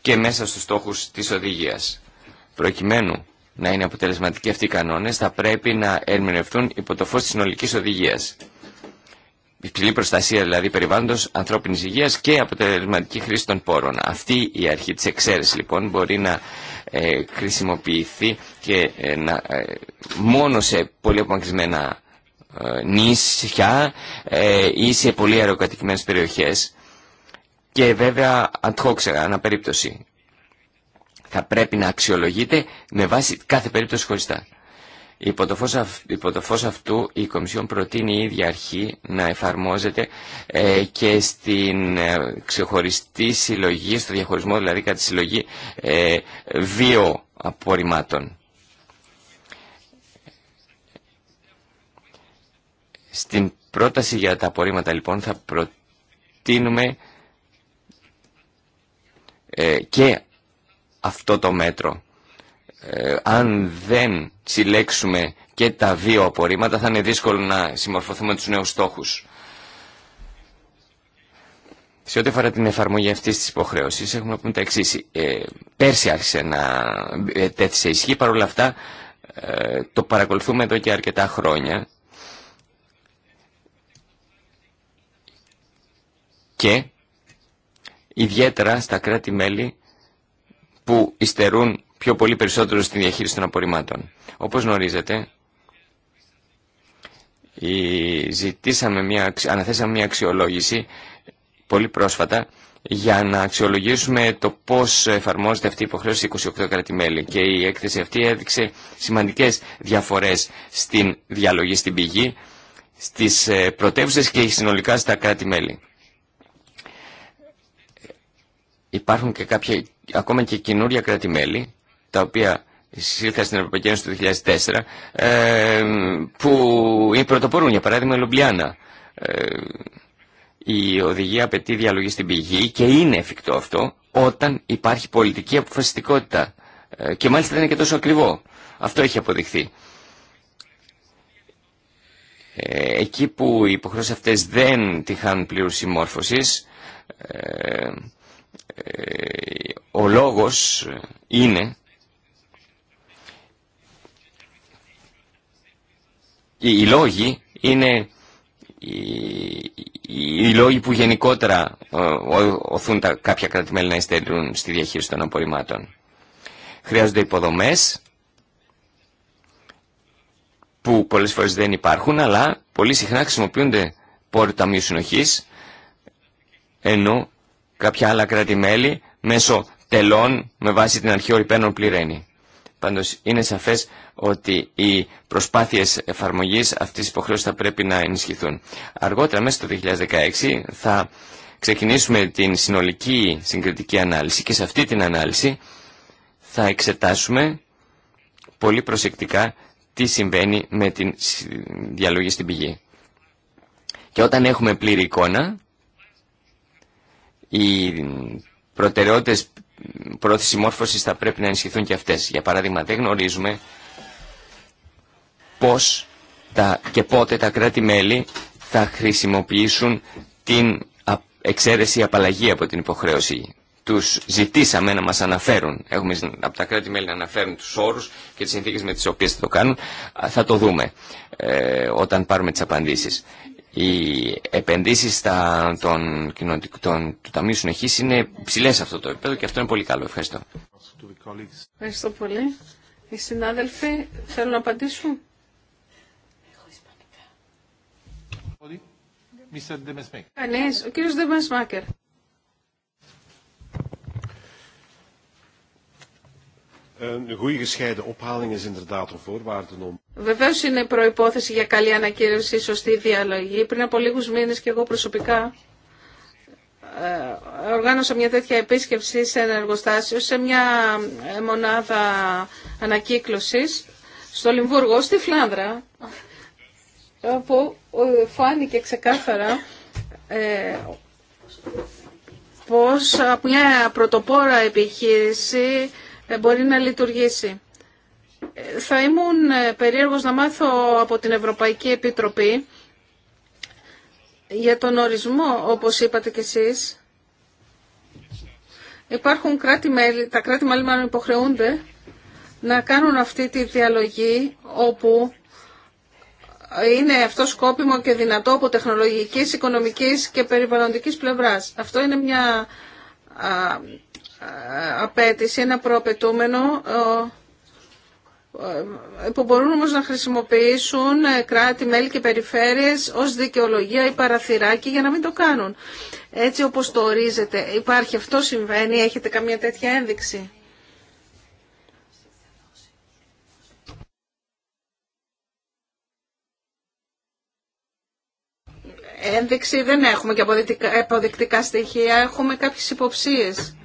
και μέσα στους στόχους της οδηγίας. Προκειμένου να είναι αποτελεσματικοί αυτοί οι κανόνες θα πρέπει να ερμηνευτούν υπό το φω τη συνολική οδηγίας. Υψηλή προστασία δηλαδή περιβάλλοντο ανθρώπινης υγείας και αποτελεσματική χρήση των πόρων. Αυτή η αρχή τη εξαίρεση λοιπόν μπορεί να ε, χρησιμοποιηθεί και ε, να, ε, μόνο σε πολύ απομακρυσμένα νησιά ή σε πολύ αεροκατοικημένε περιοχέ και βέβαια αντχόξερα, αναπερίπτωση θα πρέπει να αξιολογείται με βάση κάθε περίπτωση χωριστά. Υπό το, φως αυτού η Κομισιόν προτείνει η ίδια αρχή να εφαρμόζεται ε, και στην ε, ξεχωριστή συλλογή, στο διαχωρισμό δηλαδή κατά τη συλλογή ε, δύο απορριμμάτων. Στην πρόταση για τα απορρίμματα λοιπόν θα προτείνουμε ε, και αυτό το μέτρο. Ε, αν δεν συλλέξουμε και τα δύο απορρίμματα θα είναι δύσκολο να συμμορφωθούμε τους νέους στόχους. Σε ό,τι αφορά την εφαρμογή αυτή τη υποχρέωση, έχουμε να πούμε τα εξή. Ε, πέρσι άρχισε να ε, τέθησε ισχύ, παρόλα αυτά ε, το παρακολουθούμε εδώ και αρκετά χρόνια. Και ιδιαίτερα στα κράτη-μέλη που υστερούν πιο πολύ περισσότερο στην διαχείριση των απορριμμάτων. Όπως γνωρίζετε, ζητήσαμε μια, αναθέσαμε μια αξιολόγηση πολύ πρόσφατα για να αξιολογήσουμε το πώς εφαρμόζεται αυτή η υποχρέωση 28 κρατημέλη και η έκθεση αυτή έδειξε σημαντικές διαφορές στην διαλογή στην πηγή, στις ε, πρωτεύουσε και συνολικά στα κράτη-μέλη. Υπάρχουν και κάποια ακόμα και καινούρια κράτη-μέλη, τα οποία συσύλθαν στην Ευρωπαϊκή Ένωση το 2004, ε, που πρωτοπορούν, για παράδειγμα, η Λουμπλιάνα. Ε, η οδηγία απαιτεί διαλογή στην πηγή και είναι εφικτό αυτό όταν υπάρχει πολιτική αποφασιστικότητα. Ε, και μάλιστα δεν είναι και τόσο ακριβό. Αυτό έχει αποδειχθεί. Ε, εκεί που οι υποχρεώσεις αυτές δεν τυχάνουν πλήρους συμμόρφωσης, ο λόγος είναι οι, λόγοι είναι οι, λόγοι που γενικότερα ε, οθούν τα κάποια κρατημένα να στη διαχείριση των απορριμμάτων. Χρειάζονται υποδομές που πολλές φορές δεν υπάρχουν αλλά πολύ συχνά χρησιμοποιούνται πόροι ταμείου συνοχής ενώ κάποια άλλα κράτη-μέλη μέσω τελών με βάση την αρχή ορυπαίνων πληρένει. Πάντως είναι σαφές ότι οι προσπάθειες εφαρμογής αυτής της υποχρέωσης θα πρέπει να ενισχυθούν. Αργότερα, μέσα στο 2016, θα ξεκινήσουμε την συνολική συγκριτική ανάλυση και σε αυτή την ανάλυση θα εξετάσουμε πολύ προσεκτικά τι συμβαίνει με την διαλογή στην πηγή. Και όταν έχουμε πλήρη εικόνα, οι προτεραιότητες πρόθεση μόρφωσης θα πρέπει να ενισχυθούν και αυτές. Για παράδειγμα, δεν γνωρίζουμε πώς και πότε τα κράτη-μέλη θα χρησιμοποιήσουν την εξαίρεση απαλλαγή από την υποχρέωση. Τους ζητήσαμε να μας αναφέρουν, έχουμε από τα κράτη-μέλη να αναφέρουν τους όρους και τις συνθήκες με τις οποίες θα το κάνουν. Θα το δούμε ε, όταν πάρουμε τις απαντήσεις οι επενδύσεις στα, των, των, του Ταμείου Συνοχής είναι ψηλέ σε αυτό το επίπεδο και αυτό είναι πολύ καλό. Ευχαριστώ. Ευχαριστώ πολύ. Οι συνάδελφοι θέλουν να απαντήσουν. Κανείς, ο κύριος Δεμεσμάκερ. Een goede gescheiden ophaling Βεβαίω είναι προπόθεση για καλή ανακήρυξη, σωστή διαλογή. Πριν από λίγου μήνε και εγώ προσωπικά ε, οργάνωσα μια τέτοια επίσκεψη σε ένα εργοστάσιο, σε μια ε, μονάδα ανακύκλωση στο Λιμβούργο, στη Φλάνδρα, όπου ε, φάνηκε ξεκάθαρα ε, πως από μια πρωτοπόρα επιχείρηση ε, μπορεί να λειτουργήσει. Ε, θα ήμουν ε, περίεργος να μάθω από την Ευρωπαϊκή Επιτροπή για τον ορισμό, όπως είπατε κι εσείς. Υπάρχουν κράτη-μέλη, τα κράτη-μέλη μάλλον υποχρεούνται να κάνουν αυτή τη διαλογή όπου είναι αυτό σκόπιμο και δυνατό από τεχνολογικής, οικονομικής και περιβαλλοντικής πλευράς. Αυτό είναι μια ε, απέτηση, ένα προαπαιτούμενο ε, που μπορούν όμως να χρησιμοποιήσουν ε, κράτη, μέλη και περιφέρειες ως δικαιολογία ή παραθυράκι για να μην το κάνουν. Έτσι όπως το ορίζετε, υπάρχει αυτό συμβαίνει, έχετε καμία τέτοια ένδειξη. Ένδειξη δεν έχουμε και αποδεικτικά στοιχεία, έχουμε κάποιες υποψίες.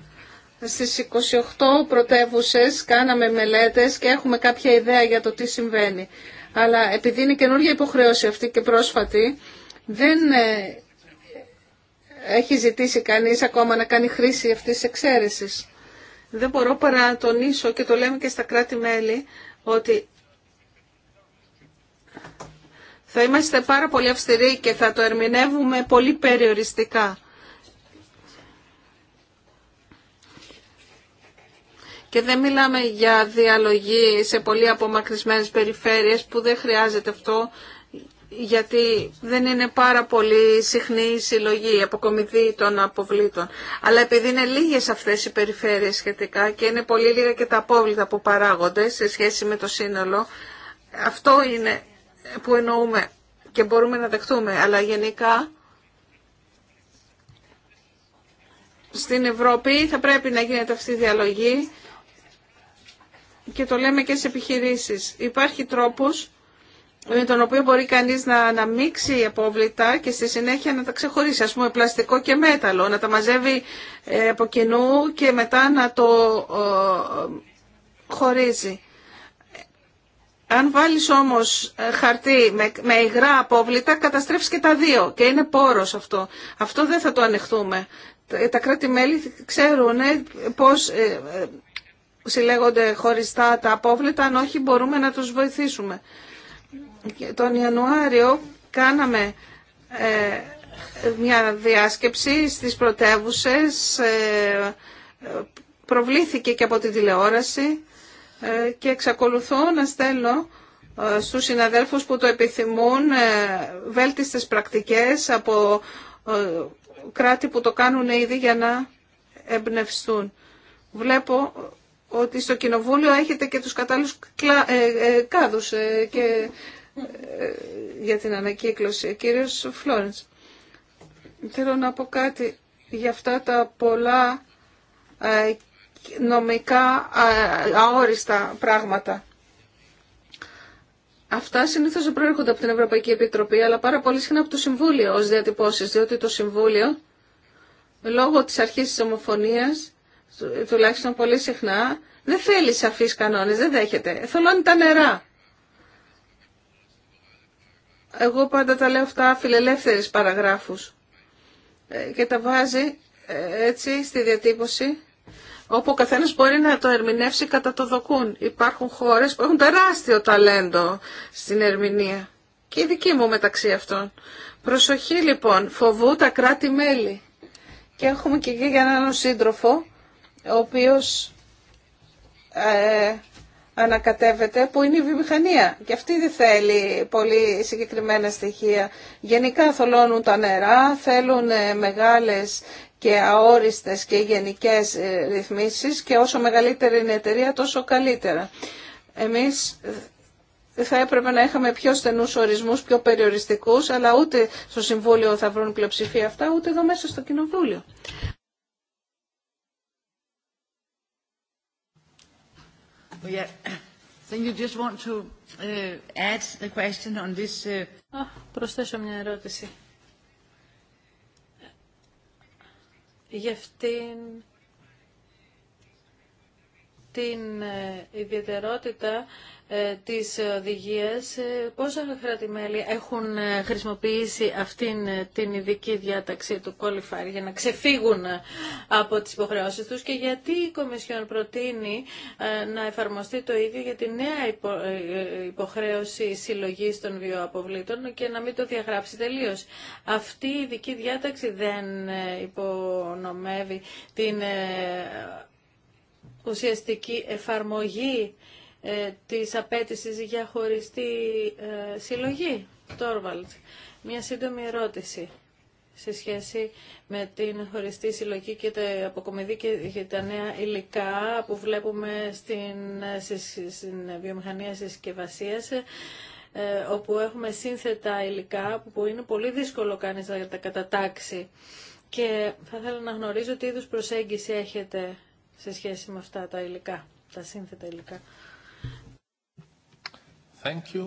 Στις 28 πρωτεύουσες κάναμε μελέτες και έχουμε κάποια ιδέα για το τι συμβαίνει. Αλλά επειδή είναι καινούργια υποχρέωση αυτή και πρόσφατη, δεν ε, έχει ζητήσει κανείς ακόμα να κάνει χρήση αυτής της εξαίρεσης. Δεν μπορώ παρά να τονίσω και το λέμε και στα κράτη-μέλη ότι θα είμαστε πάρα πολύ αυστηροί και θα το ερμηνεύουμε πολύ περιοριστικά. Και δεν μιλάμε για διαλογή σε πολύ απομακρυσμένες περιφέρειες που δεν χρειάζεται αυτό γιατί δεν είναι πάρα πολύ συχνή η συλλογή, η αποκομιδή των αποβλήτων. Αλλά επειδή είναι λίγες αυτές οι περιφέρειες σχετικά και είναι πολύ λίγα και τα απόβλητα που παράγονται σε σχέση με το σύνολο, αυτό είναι που εννοούμε και μπορούμε να δεχτούμε. Αλλά γενικά στην Ευρώπη θα πρέπει να γίνεται αυτή η διαλογή και το λέμε και στις επιχειρήσεις. Υπάρχει τρόπος με τον οποίο μπορεί κανείς να αναμίξει απόβλητα και στη συνέχεια να τα ξεχωρίσει, ας πούμε πλαστικό και μέταλλο, να τα μαζεύει ε, από κοινού και μετά να το ε, χωρίζει. Αν βάλεις όμως ε, χαρτί με υγρά απόβλητα, καταστρέφεις και τα δύο και είναι πόρος αυτό. Αυτό δεν θα το ανεχτούμε. Τα κράτη-μέλη ξέρουν πώς συλλέγονται χωριστά τα απόβλητα, αν όχι μπορούμε να τους βοηθήσουμε. Τον Ιανουάριο κάναμε ε, μια διάσκεψη στις πρωτεύουσες, ε, προβλήθηκε και από την τηλεόραση ε, και εξακολουθώ να στέλνω στους συναδέλφους που το επιθυμούν βέλτιστες πρακτικές από κράτη που το κάνουν ήδη για να εμπνευστούν. Βλέπω ότι στο Κοινοβούλιο έχετε και τους κατάλληλους ε, ε, κάδους ε, και για την ανακύκλωση. Κύριος Φλόρενς, θέλω να πω κάτι για αυτά τα πολλά νομικά αόριστα πράγματα. Αυτά συνήθω δεν προέρχονται από την Ευρωπαϊκή Επιτροπή, αλλά πάρα πολύ συχνά από το Συμβούλιο ω διατυπώσει, διότι το Συμβούλιο, λόγω τη αρχή τη ομοφωνία, τουλάχιστον πολύ συχνά, δεν θέλει σαφεί κανόνε. δεν δέχεται. Θολώνει τα νερά. Εγώ πάντα τα λέω αυτά φιλελεύθερες παραγράφους ε, και τα βάζει ε, έτσι στη διατύπωση όπου ο καθένας μπορεί να το ερμηνεύσει κατά το δοκούν. Υπάρχουν χώρες που έχουν τεράστιο ταλέντο στην ερμηνεία και η δική μου μεταξύ αυτών. Προσοχή λοιπόν, φοβού τα κράτη-μέλη. Και έχουμε και εκεί για έναν σύντροφο ο οποίος ε, ανακατεύεται, που είναι η βιομηχανία. Και αυτή δεν θέλει πολύ συγκεκριμένα στοιχεία. Γενικά θολώνουν τα νερά, θέλουν ε, μεγάλες και αόριστες και γενικές ε, ρυθμίσεις και όσο μεγαλύτερη είναι η εταιρεία τόσο καλύτερα. Εμείς θα έπρεπε να είχαμε πιο στενούς ορισμούς, πιο περιοριστικούς, αλλά ούτε στο Συμβούλιο θα βρουν πλειοψηφία αυτά, ούτε εδώ μέσα στο Κοινοβούλιο. Yeah. Then you just want to add the question on this. Oh, προσθέσω μια ερώτηση. Για αυτήν την ε, ιδιαιτερότητα ε, της οδηγίας, ε, πόσα έχουν χρησιμοποιήσει αυτήν την ειδική διάταξη του Qualifier για να ξεφύγουν από τις υποχρεώσεις τους και γιατί η Κομισιόν προτείνει να εφαρμοστεί το ίδιο για τη νέα υποχρέωση συλλογής των βιοαποβλήτων και να μην το διαγράψει τελείως. Αυτή η ειδική διάταξη δεν υπονομεύει την ουσιαστική εφαρμογή ε, της απέτηση για χωριστή ε, συλλογή. Τόρβαλτ, μια σύντομη ερώτηση σε σχέση με την χωριστή συλλογή και τα αποκομιδή και τα νέα υλικά που βλέπουμε στην, στην βιομηχανία συσκευασία ε, όπου έχουμε σύνθετα υλικά που είναι πολύ δύσκολο κανείς να τα κατατάξει. Και θα ήθελα να γνωρίζω τι είδους προσέγγιση έχετε σε σχέση με αυτά τα υλικά, τα σύνθετα υλικά. Thank you.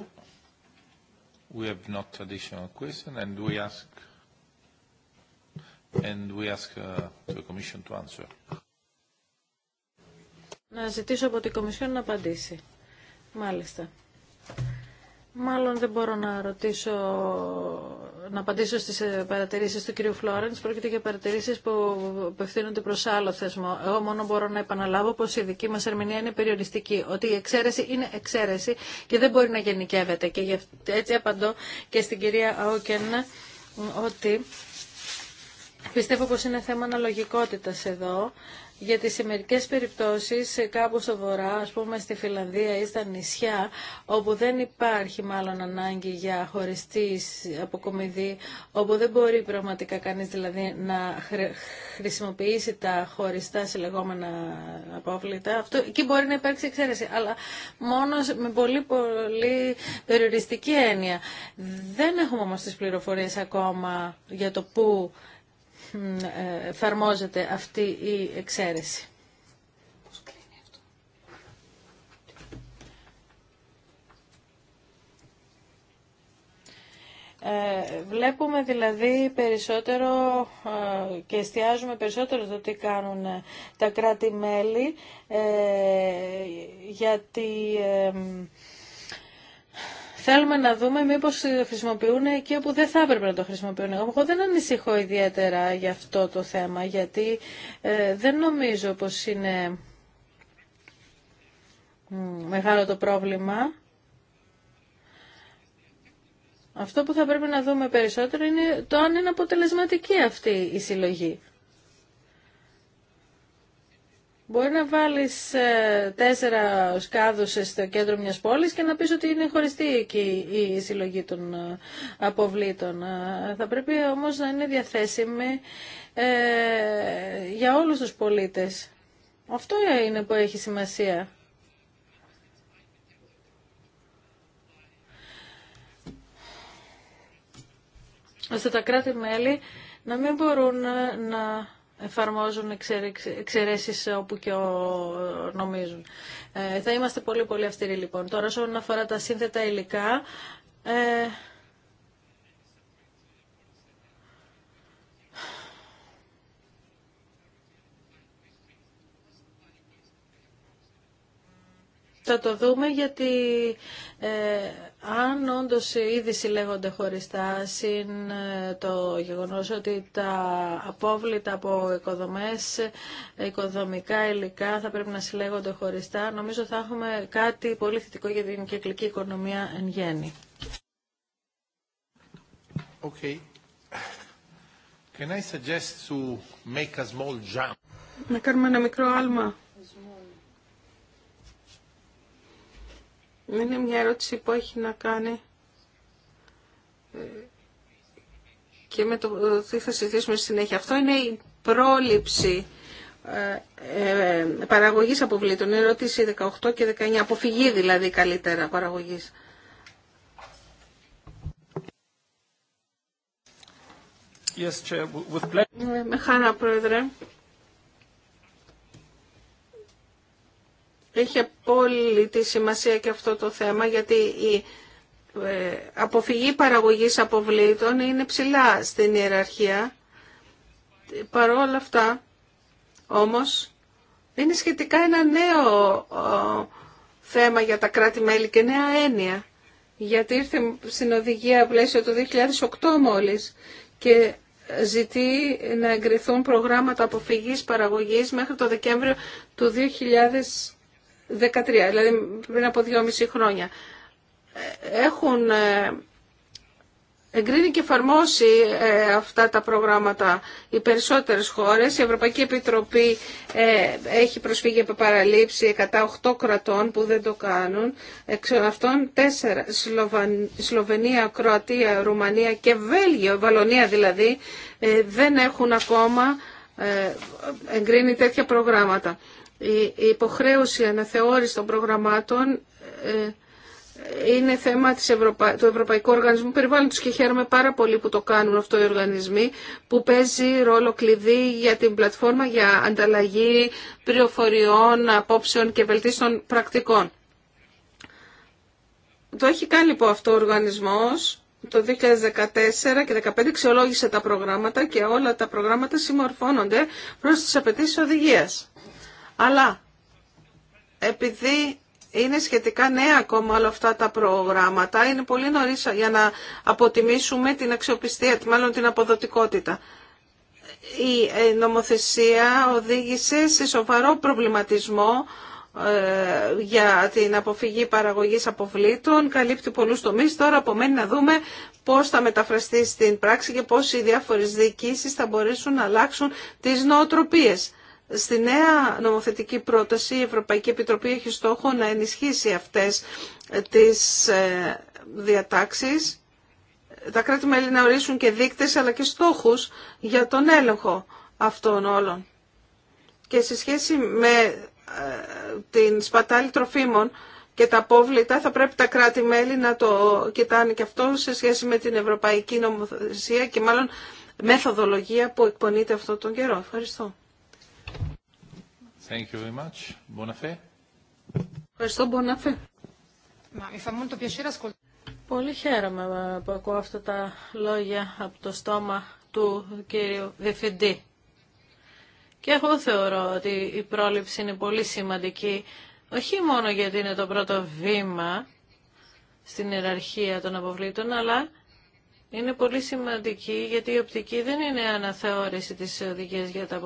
We have not additional question and we ask and we ask uh, the Commission to answer. Να ζητήσω από την Κομισιόν να απαντήσει. Μάλιστα. Μάλλον δεν μπορώ να ρωτήσω να απαντήσω στις ε, παρατηρήσεις του κ. Φλόρενς. Πρόκειται για παρατηρήσεις που απευθύνονται προς άλλο θεσμό. Εγώ μόνο μπορώ να επαναλάβω πως η δική μας ερμηνεία είναι περιοριστική, ότι η εξαίρεση είναι εξαίρεση και δεν μπορεί να γενικεύεται. Και έτσι απαντώ και στην κυρία Άοκεν ότι Πιστεύω πως είναι θέμα αναλογικότητας εδώ, γιατί σε μερικές περιπτώσεις κάπου στο βορρά, ας πούμε στη Φιλανδία ή στα νησιά, όπου δεν υπάρχει μάλλον ανάγκη για χωριστή αποκομιδή, όπου δεν μπορεί πραγματικά κανείς δηλαδή να χρησιμοποιήσει τα χωριστά συλλεγόμενα απόβλητα, αυτό, εκεί μπορεί να υπάρξει εξαίρεση, αλλά μόνο με πολύ πολύ περιοριστική έννοια. Δεν έχουμε όμως τις πληροφορίες ακόμα για το πού εφαρμόζεται αυτή η εξαίρεση. Ε, βλέπουμε δηλαδή περισσότερο ε, και εστιάζουμε περισσότερο το τι κάνουν ε, τα κράτη-μέλη γιατί Θέλουμε να δούμε μήπως ε, χρησιμοποιούν εκεί όπου δεν θα έπρεπε να το χρησιμοποιούν. Εγώ δεν ανησυχώ ιδιαίτερα για αυτό το θέμα, γιατί ε, δεν νομίζω πως είναι μεγάλο το πρόβλημα. Αυτό που θα πρέπει να δούμε περισσότερο είναι το αν είναι αποτελεσματική αυτή η συλλογή. Μπορεί να βάλεις ε, τέσσερα σκάδου στο κέντρο μιας πόλης και να πει ότι είναι χωριστή εκεί η συλλογή των ε, αποβλήτων. Ε, θα πρέπει όμως να είναι διαθέσιμη για όλους τους πολίτες. Αυτό είναι που έχει σημασία. Ώστε τα κράτη-μέλη να μην μπορούν να εφαρμόζουν εξαιρέσεις όπου και νομίζουν. Ε, θα είμαστε πολύ πολύ αυστηροί λοιπόν. Τώρα όσον αφορά τα σύνθετα υλικά, ε, θα το δούμε γιατί ε, αν όντως ήδη συλλέγονται χωριστά, συν ε, το γεγονός ότι τα απόβλητα από οικοδομές, οικοδομικά υλικά θα πρέπει να συλλέγονται χωριστά, νομίζω θα έχουμε κάτι πολύ θετικό για την κυκλική οικονομία εν γέννη. Okay. Can I suggest to make a small jump? Να κάνουμε ένα μικρό άλμα. Είναι μια ερώτηση που έχει να κάνει ε, και με το τι θα συζητήσουμε συνέχεια. Αυτό είναι η πρόληψη ε, ε, παραγωγής αποβλήτων. Είναι ερώτηση 18 και 19. Αποφυγή δηλαδή καλύτερα παραγωγής. Yes, Chair. With... Με χαρά, Πρόεδρε. Έχει απόλυτη σημασία και αυτό το θέμα γιατί η ε, αποφυγή παραγωγής αποβλήτων είναι ψηλά στην ιεραρχία. Παρόλα αυτά όμως είναι σχετικά ένα νέο θέμα για τα κράτη-μέλη και νέα έννοια. Γιατί ήρθε στην οδηγία πλαίσιο το 2008 μόλις και ζητεί να εγκριθούν προγράμματα αποφυγής παραγωγής μέχρι το Δεκέμβριο του 13, δηλαδή πριν από 2,5 χρόνια, έχουν ε, εγκρίνει και εφαρμόσει ε, αυτά τα προγράμματα οι περισσότερες χώρες. Η Ευρωπαϊκή Επιτροπή ε, έχει προσφύγει από παραλήψη 108 κρατών που δεν το κάνουν. Εξ αυτών τέσσερα, Σλοβενία, Κροατία, Ρουμανία και Βέλγιο, Βαλονία δηλαδή, δεν έχουν ακόμα εγκρίνει τέτοια προγράμματα. Η υποχρέωση αναθεώρηση των προγραμμάτων ε, είναι θέμα του Ευρωπαϊκού Οργανισμού Περιβάλλοντος και χαίρομαι πάρα πολύ που το κάνουν αυτό οι οργανισμοί που παίζει ρόλο κλειδί για την πλατφόρμα για ανταλλαγή πληροφοριών, απόψεων και βελτίστων πρακτικών. Το έχει κάνει λοιπόν αυτό ο οργανισμός το 2014 και 2015 ξεολόγησε τα προγράμματα και όλα τα προγράμματα συμμορφώνονται προς τις απαιτήσεις οδηγίας. Αλλά επειδή είναι σχετικά νέα ακόμα όλα αυτά τα προγράμματα, είναι πολύ νωρίς για να αποτιμήσουμε την αξιοπιστία, μάλλον την αποδοτικότητα. Η ε, νομοθεσία οδήγησε σε σοβαρό προβληματισμό ε, για την αποφυγή παραγωγής αποβλήτων, καλύπτει πολλούς τομείς. Τώρα απομένει να δούμε πώς θα μεταφραστεί στην πράξη και πώς οι διάφορες διοικήσεις θα μπορέσουν να αλλάξουν τις νοοτροπίες. Στη νέα νομοθετική πρόταση η Ευρωπαϊκή Επιτροπή έχει στόχο να ενισχύσει αυτές τις ε, διατάξεις, τα κράτη-μέλη να ορίσουν και δείκτες αλλά και στόχους για τον έλεγχο αυτών όλων. Και σε σχέση με ε, την σπατάλη τροφίμων και τα απόβλητα θα πρέπει τα κράτη-μέλη να το κοιτάνε και αυτό σε σχέση με την ευρωπαϊκή νομοθεσία και μάλλον μεθοδολογία που εκπονείται αυτόν τον καιρό. Ευχαριστώ. Thank you very much. Ευχαριστώ, Μποναφέ. Πολύ χαίρομαι που ακούω αυτά τα λόγια από το στόμα του κύριου Διευθυντή. Και εγώ θεωρώ ότι η πρόληψη είναι πολύ σημαντική, όχι μόνο γιατί είναι το πρώτο βήμα στην ιεραρχία των αποβλήτων, αλλά είναι πολύ σημαντική γιατί η οπτική δεν είναι αναθεώρηση της οδηγίας για τα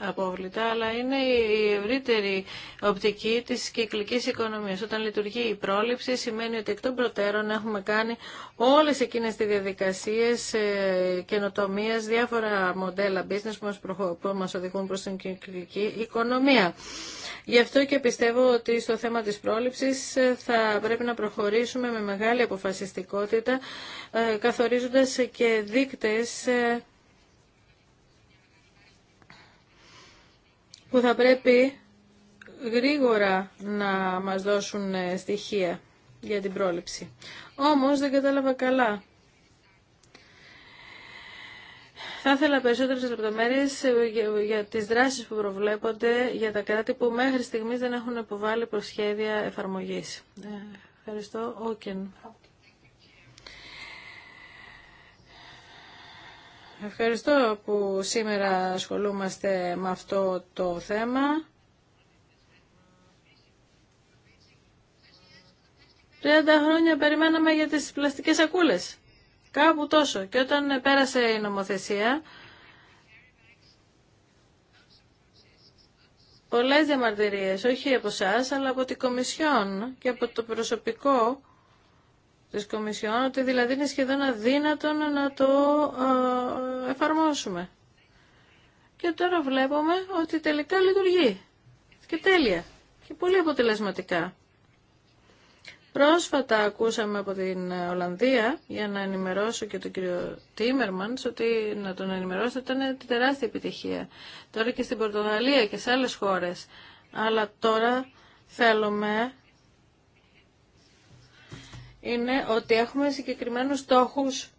αποβλητά αλλά είναι η ευρύτερη οπτική της κυκλικής οικονομίας. Όταν λειτουργεί η πρόληψη σημαίνει ότι εκ των προτέρων έχουμε κάνει όλες εκείνες τις διαδικασίες ε, καινοτομίας, διάφορα μοντέλα business που μας οδηγούν προς την κυκλική οικονομία. Γι' αυτό και πιστεύω ότι στο θέμα της πρόληψης ε, θα πρέπει να προχωρήσουμε με μεγάλη αποφασιστικότητα, ε, καθορίζοντας και δείκτες ε, που θα πρέπει γρήγορα να μας δώσουν στοιχεία για την πρόληψη. Όμως δεν κατάλαβα καλά Θα ήθελα περισσότερες λεπτομέρειες ε, για τις δράσεις που προβλέπονται για τα κράτη που μέχρι στιγμής δεν έχουν υποβάλει προσχέδια εφαρμογής. Ε, ευχαριστώ. Όκεν. Ευχαριστώ που σήμερα ασχολούμαστε με αυτό το θέμα. Τριάντα χρόνια περιμέναμε για τις πλαστικές σακούλες. Κάπου τόσο. Και όταν πέρασε η νομοθεσία, πολλές διαμαρτυρίες, όχι από εσά, αλλά από την Κομισιόν και από το προσωπικό της Κομισιόν, ότι δηλαδή είναι σχεδόν αδύνατο να το εφαρμόσουμε. Και τώρα βλέπουμε ότι τελικά λειτουργεί. Και τέλεια. Και πολύ αποτελεσματικά. Πρόσφατα ακούσαμε από την Ολλανδία, για να ενημερώσω και τον κύριο Τίμερμαν, ότι να τον ενημερώσω ήταν τεράστια επιτυχία. Τώρα και στην Πορτογαλία και σε άλλες χώρες. Αλλά τώρα θέλουμε είναι ότι έχουμε συγκεκριμένους στόχους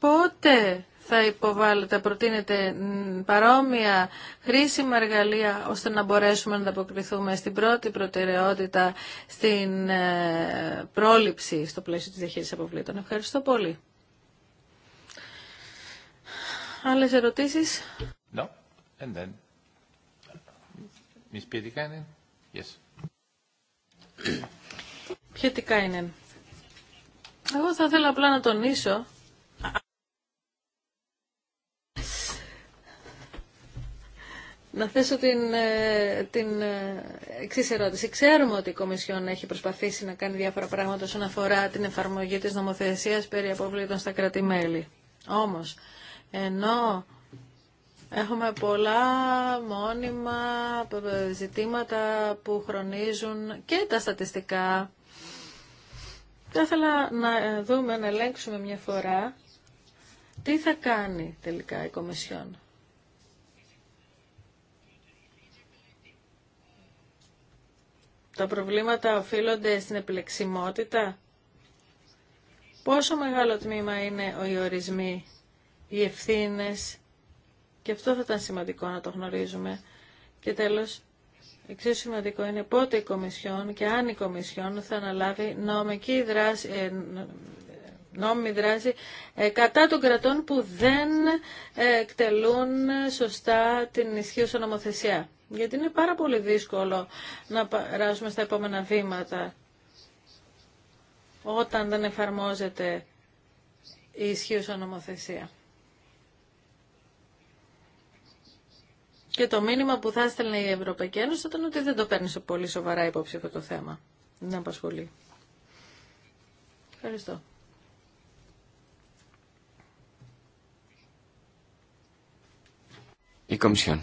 Πότε θα υποβάλλετε, προτείνετε παρόμοια χρήσιμα εργαλεία ώστε να μπορέσουμε να ανταποκριθούμε στην πρώτη προτεραιότητα στην ε, πρόληψη στο πλαίσιο της διαχείρισης αποβλήτων. Ευχαριστώ πολύ. Άλλες ερωτήσεις? No. And then... Miss Yes. Εγώ θα ήθελα απλά να τονίσω να θέσω την, ε, την ε, εξή ερώτηση. Ξέρουμε ότι η Κομισιόν έχει προσπαθήσει να κάνει διάφορα πράγματα όσον αφορά την εφαρμογή της νομοθεσίας περί αποβλήτων στα κρατημέλη. Όμω. Όμως, ενώ Έχουμε πολλά μόνιμα ζητήματα που χρονίζουν και τα στατιστικά. Θα ήθελα να δούμε, να ελέγξουμε μια φορά τι θα κάνει τελικά η Κομισιόν. τα προβλήματα οφείλονται στην επιλεξιμότητα. Πόσο μεγάλο τμήμα είναι οι ορισμοί, οι ευθύνε και αυτό θα ήταν σημαντικό να το γνωρίζουμε. Και τέλος, εξίσου σημαντικό είναι πότε η Κομισιόν και αν η Κομισιόν θα αναλάβει νομική δράση, ε, νόμιμη δράση ε, κατά των κρατών που δεν ε, εκτελούν σωστά την ισχύουσα νομοθεσία γιατί είναι πάρα πολύ δύσκολο να περάσουμε στα επόμενα βήματα όταν δεν εφαρμόζεται η ισχύουσα νομοθεσία. Και το μήνυμα που θα έστελνε η Ευρωπαϊκή Ένωση ήταν ότι δεν το παίρνει πολύ σοβαρά υπόψη αυτό το θέμα. Δεν απασχολεί. Ευχαριστώ. Η Κομισιόν.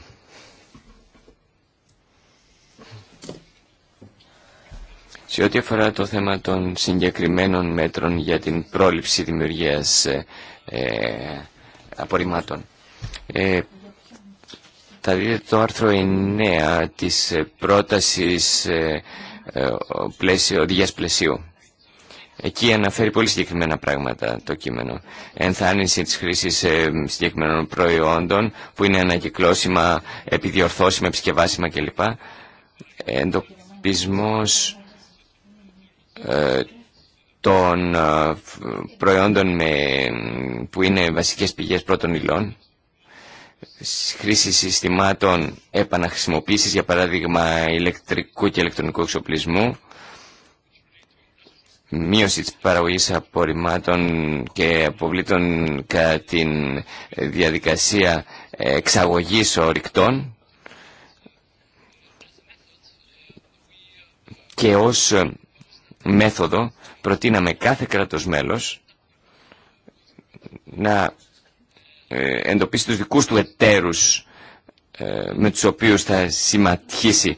Σε ό,τι αφορά το θέμα των συγκεκριμένων μέτρων για την πρόληψη δημιουργίας ε, ε απορριμμάτων. Ε, θα δείτε το άρθρο 9 της πρότασης ε, ε, πλαίσιο, οδηγίας πλαισίου. Εκεί αναφέρει πολύ συγκεκριμένα πράγματα το κείμενο. Ενθάνιση της χρήσης ε, συγκεκριμένων προϊόντων που είναι ανακυκλώσιμα, επιδιορθώσιμα, επισκευάσιμα κλπ. Εντοπισμός ε, των ε, προϊόντων με, που είναι βασικές πηγές πρώτων υλών, χρήση συστημάτων επαναχρησιμοποίησης, για παράδειγμα ηλεκτρικού και ηλεκτρονικού εξοπλισμού, μείωση της παραγωγής απορριμμάτων και αποβλήτων κατά τη διαδικασία εξαγωγής ορυκτών και ως μέθοδο προτείναμε κάθε κράτος μέλος να ε, εντοπίσει τους δικούς του εταίρους ε, με τους οποίους θα συμματχίσει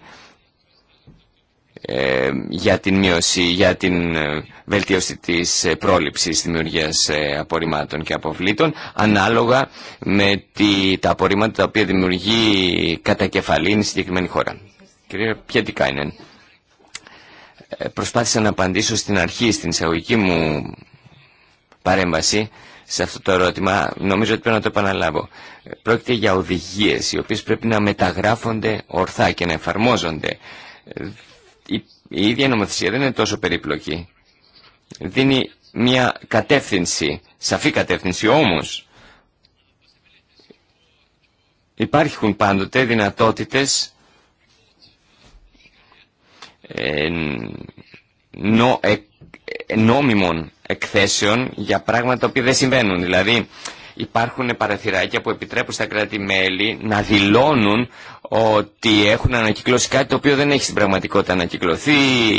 ε, για την μείωση, για την βελτίωση της πρόληψης δημιουργίας απορριμμάτων και αποβλήτων ανάλογα με τα απορρίμματα τα οποία δημιουργεί κατά κεφαλήν η συγκεκριμένη χώρα. Κυρία είναι. Ε, προσπάθησα να απαντήσω στην αρχή, στην εισαγωγική μου παρέμβαση σε αυτό το ερώτημα. Νομίζω ότι πρέπει να το επαναλάβω. Ε, πρόκειται για οδηγίες οι οποίες πρέπει να μεταγράφονται ορθά και να εφαρμόζονται. Ε, η ίδια νομοθεσία δεν είναι τόσο περίπλοκη. Δίνει μια κατεύθυνση, σαφή κατεύθυνση όμως. Υπάρχουν πάντοτε δυνατότητες νο, νόμιμων εκθέσεων για πράγματα που δεν συμβαίνουν. Δηλαδή υπάρχουν παραθυράκια που επιτρέπουν στα κράτη-μέλη να δηλώνουν ότι έχουν ανακυκλώσει κάτι το οποίο δεν έχει στην πραγματικότητα ανακυκλωθεί,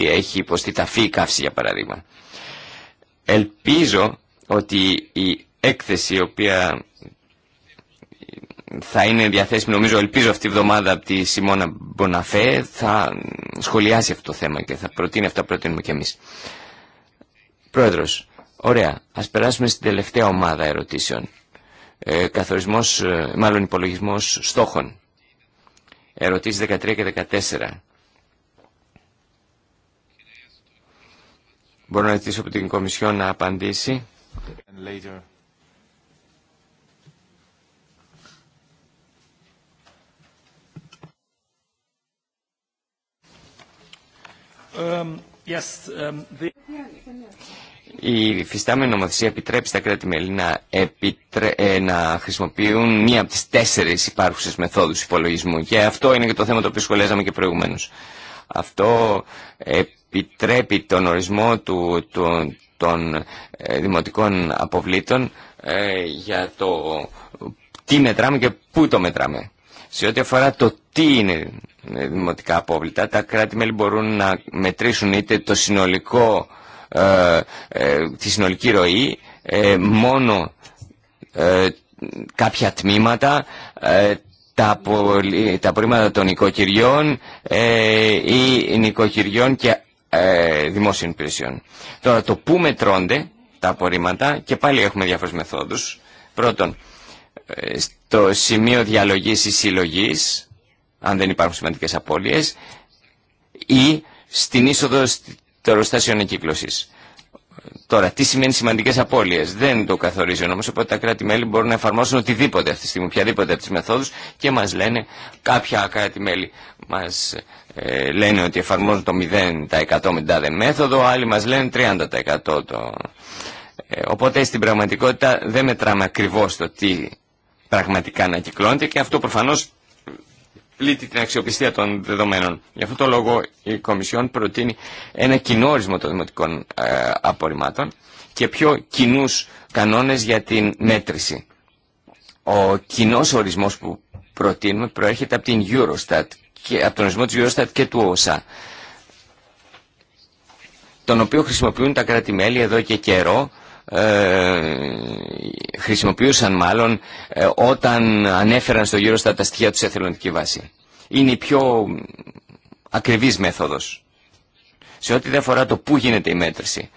έχει υποστεί ταφή ή καύση για παράδειγμα. Ελπίζω ότι η έκθεση η οποία θα είναι διαθέσιμη νομίζω ελπίζω αυτή τη βδομάδα από τη Σιμώνα Μποναφέ θα σχολιάσει αυτό το θέμα και θα προτείνει αυτά που προτείνουμε κι εμείς Πρόεδρος, ωραία ας περάσουμε στην τελευταία ομάδα ερωτήσεων ε, καθορισμός, ε, μάλλον υπολογισμός στόχων ερωτήσεις 13 και 14 Μπορώ να ζητήσω από την Κομισιόν να απαντήσει. Um, um, Η φυστάμενη νομοθεσία επιτρέπει στα κράτη-μέλη να, ε, να χρησιμοποιούν μία από τις τέσσερις υπάρχουσες μεθόδους υπολογισμού και αυτό είναι και το θέμα το οποίο σχολέζαμε και προηγουμένως. Αυτό επιτρέπει τον ορισμό του, του των ε, δημοτικών αποβλήτων ε, για το τι μετράμε και πού το μετράμε. Σε ό,τι αφορά το τι είναι ε, δημοτικά απόβλητα, τα κράτη-μέλη μπορούν να μετρήσουν είτε το συνολικό, ε, ε τη συνολική ροή, ε, μόνο κάποια τμήματα, τα, πολυ, τα των οικοκυριών ή νοικοκυριών και δημόσιων υπηρεσιών. Τώρα το πού μετρώνται τα απορρίμματα και πάλι έχουμε διάφορες μεθόδους. Πρώτον, στο σημείο διαλογής ή συλλογής, αν δεν υπάρχουν σημαντικές απώλειες, ή στην είσοδο των αεροστάσεων εκκύκλωσης. Τώρα, τι σημαίνει σημαντικέ απώλειε. Δεν το καθορίζει ο νόμο, οπότε τα κράτη-μέλη μπορούν να εφαρμόσουν οτιδήποτε αυτή τη στιγμή, οποιαδήποτε από τι μεθόδου και μα λένε, κάποια κράτη-μέλη μα ε, λένε ότι εφαρμόζουν το 0% με την τάδε μέθοδο, άλλοι μα λένε 30%. Το... Ε, οπότε στην πραγματικότητα δεν μετράμε ακριβώ το τι πραγματικά να κυκλώνεται και αυτό προφανώς πλήττει την αξιοπιστία των δεδομένων. Γι' αυτό το λόγο η Κομισιόν προτείνει ένα κοινό ορισμό των δημοτικών ε, απορριμμάτων και πιο κοινού κανόνες για την μέτρηση. Ο κοινό ορισμός που προτείνουμε προέρχεται από την Eurostat και από τον ορισμό της Eurostat και του ΟΣΑ τον οποίο χρησιμοποιούν τα κράτη-μέλη εδώ και καιρό ε, χρησιμοποιούσαν μάλλον ε, όταν ανέφεραν στο γύρο στα τα στοιχεία τους σε εθελοντική βάση. Είναι η πιο ακριβής μέθοδος. Σε ό,τι δεν αφορά το πού γίνεται η μέτρηση,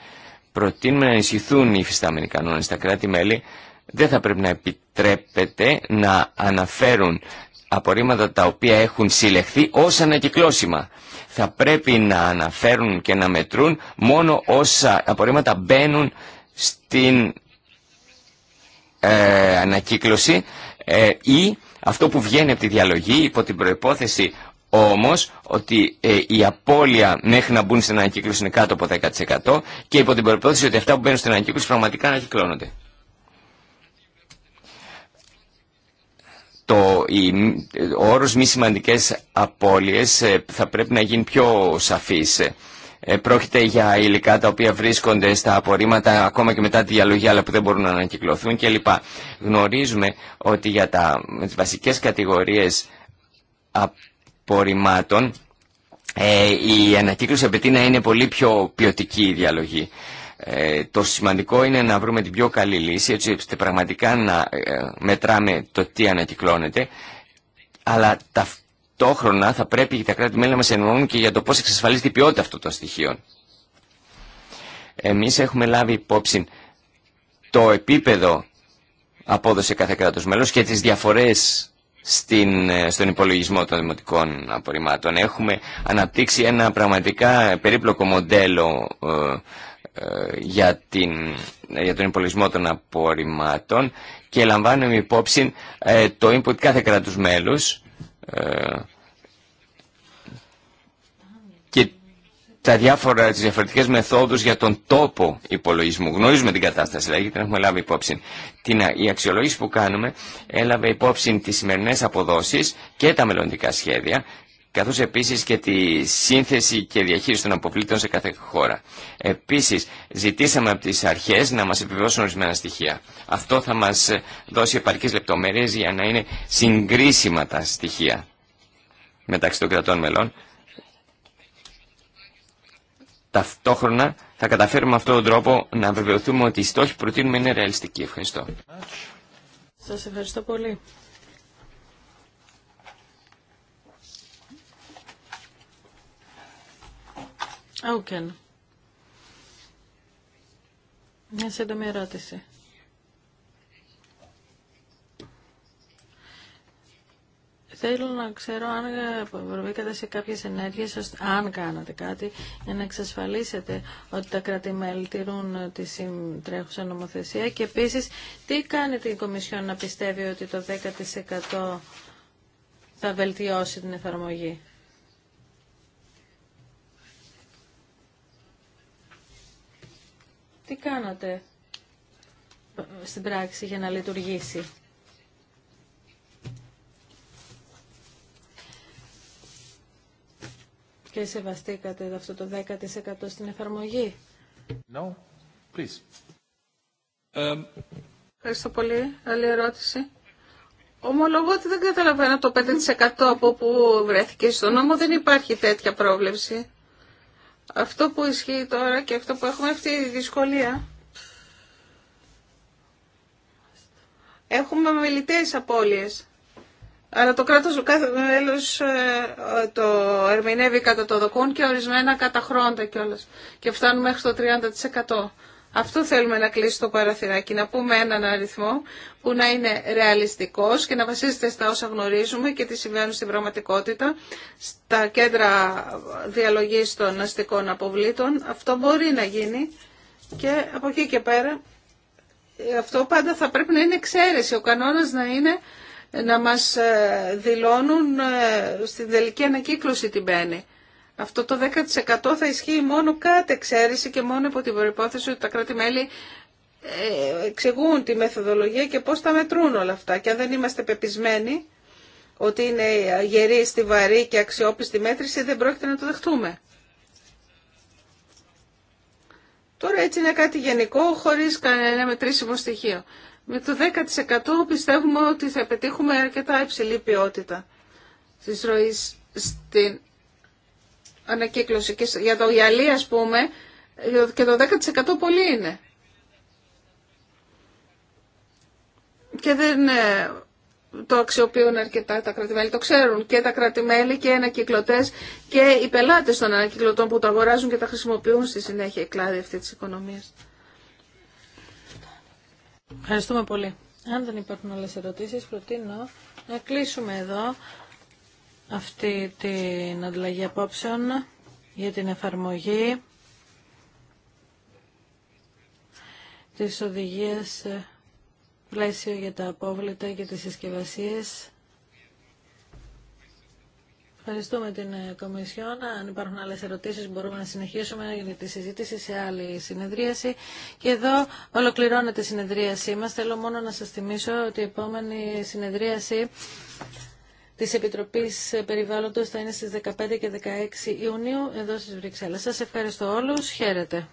προτείνουμε να ενισχυθούν οι υφιστάμενοι κανόνες. στα κράτη-μέλη δεν θα πρέπει να επιτρέπεται να αναφέρουν απορρίμματα τα οποία έχουν συλλεχθεί ως ανακυκλώσιμα. Θα πρέπει να αναφέρουν και να μετρούν μόνο όσα απορρίμματα μπαίνουν στην ε, ανακύκλωση ε, ή αυτό που βγαίνει από τη διαλογή υπό την προϋπόθεση όμως ότι ε, η απώλεια μέχρι να μπουν στην ανακύκλωση είναι κάτω από 10% και υπό την προϋπόθεση ότι αυτά που μπαίνουν στην ανακύκλωση πραγματικά ανακυκλώνονται. Το, η, ο όρος μη σημαντικές απώλειες ε, θα πρέπει να γίνει πιο σαφής. Ε, πρόκειται για υλικά τα οποία βρίσκονται στα απορρίμματα ακόμα και μετά τη διαλογή αλλά που δεν μπορούν να ανακυκλωθούν κλπ. Γνωρίζουμε ότι για τα, τις βασικές κατηγορίες απορριμμάτων ε, η ανακύκλωση απαιτεί να είναι πολύ πιο ποιοτική η διαλογή. Ε, το σημαντικό είναι να βρούμε την πιο καλή λύση έτσι ώστε πραγματικά να μετράμε το τι ανακυκλώνεται αλλά ταυτόχρονα θα πρέπει και τα κράτη-μέλη να μας εννοούν και για το πώς εξασφαλίζεται η ποιότητα αυτών των στοιχείων. Εμείς έχουμε λάβει υπόψη το επίπεδο απόδοση κάθε κράτο μέλο και τις διαφορές στην, ε, στον υπολογισμό των δημοτικών απορριμμάτων. Έχουμε αναπτύξει ένα πραγματικά περίπλοκο μοντέλο ε, ε, για, την, για τον υπολογισμό των απορριμμάτων και λαμβάνουμε υπόψη το input κάθε κράτους μέλους ε, και τα διάφορα, τις διαφορετικές μεθόδους για τον τόπο υπολογισμού. Γνωρίζουμε την κατάσταση, δηλαδή, την έχουμε λάβει υπόψη. Την, η αξιολόγηση που κάνουμε έλαβε υπόψη τις σημερινές αποδόσεις και τα μελλοντικά σχέδια καθώς επίσης και τη σύνθεση και διαχείριση των αποβλήτων σε κάθε χώρα. Επίσης, ζητήσαμε από τις αρχές να μας επιβεβαιώσουν ορισμένα στοιχεία. Αυτό θα μας δώσει επαρκείς λεπτομέρειες για να είναι συγκρίσιμα τα στοιχεία μεταξύ των κρατών μελών. Ταυτόχρονα θα καταφέρουμε αυτόν τον τρόπο να βεβαιωθούμε ότι οι στόχοι που προτείνουμε είναι ρεαλιστικοί. Ευχαριστώ. Σας ευχαριστώ πολύ. Όκεν. Μια σύντομη ερώτηση. Θέλω να ξέρω αν προβήκατε σε κάποιες ενέργειες, αν κάνατε κάτι, για να εξασφαλίσετε ότι τα κράτη-μέλη τηρούν τη τρέχουσα νομοθεσία και επίσης τι κάνει την Κομισιόν να πιστεύει ότι το 10% θα βελτιώσει την εφαρμογή. Τι κάνατε στην πράξη για να λειτουργήσει. Και σεβαστήκατε αυτό το 10% στην εφαρμογή. No, please. Um... Ευχαριστώ πολύ. Άλλη ερώτηση. Ομολογώ ότι δεν καταλαβαίνω το 5% από που βρέθηκε στο νόμο. Δεν υπάρχει τέτοια πρόβλεψη. Αυτό που ισχύει τώρα και αυτό που έχουμε αυτή τη δυσκολία. Έχουμε μελιτές απώλειες. Αλλά το κράτος κάθε μέλος ε, το ερμηνεύει κατά το δοκούν και ορισμένα κατά χρόνια κιόλας. Και φτάνουμε μέχρι το 30%. Αυτό θέλουμε να κλείσει το παραθυράκι, να πούμε έναν αριθμό που να είναι ρεαλιστικός και να βασίζεται στα όσα γνωρίζουμε και τι συμβαίνουν στην πραγματικότητα, στα κέντρα διαλογής των αστικών αποβλήτων. Αυτό μπορεί να γίνει και από εκεί και πέρα αυτό πάντα θα πρέπει να είναι εξαίρεση. Ο κανόνας να είναι να μας ε, δηλώνουν ε, στην τελική ανακύκλωση την μπαίνει. Αυτό το 10% θα ισχύει μόνο κάτι εξαίρεση και μόνο υπό την προπόθεση ότι τα κράτη-μέλη ε, εξηγούν τη μεθοδολογία και πώς τα μετρούν όλα αυτά. Και αν δεν είμαστε πεπισμένοι ότι είναι γερή, στιβαρή και αξιόπιστη μέτρηση, δεν πρόκειται να το δεχτούμε. Τώρα έτσι είναι κάτι γενικό, χωρίς κανένα μετρήσιμο στοιχείο. Με το 10% πιστεύουμε ότι θα πετύχουμε αρκετά υψηλή ποιότητα της ροής στην ανακύκλωση. Και για το γυαλί, ας πούμε, ε, και το 10% πολύ είναι. Και δεν ε, το αξιοποιούν αρκετά τα κρατημέλη. Το ξέρουν και τα κρατημέλη και οι ανακυκλωτές και οι πελάτες των ανακυκλωτών που το αγοράζουν και τα χρησιμοποιούν στη συνέχεια η κλάδη αυτή της οικονομίας. Ευχαριστούμε πολύ. Αν δεν υπάρχουν άλλες ερωτήσεις, προτείνω να κλείσουμε εδώ αυτή την ανταλλαγή απόψεων για την εφαρμογή της οδηγίας ε, πλαίσιο για τα απόβλητα και τις συσκευασίες. Ευχαριστούμε την ε, Κομισιόν. Αν υπάρχουν άλλες ερωτήσεις μπορούμε να συνεχίσουμε για τη συζήτηση σε άλλη συνεδρίαση. Και εδώ ολοκληρώνεται η συνεδρίασή μας. Θέλω μόνο να σας θυμίσω ότι η επόμενη συνεδρίαση Τη Επιτροπή Περιβάλλοντο θα είναι στι 15 και 16 Ιουνίου εδώ στι Βρυξέλλε. Σα ευχαριστώ όλου. Χαίρετε.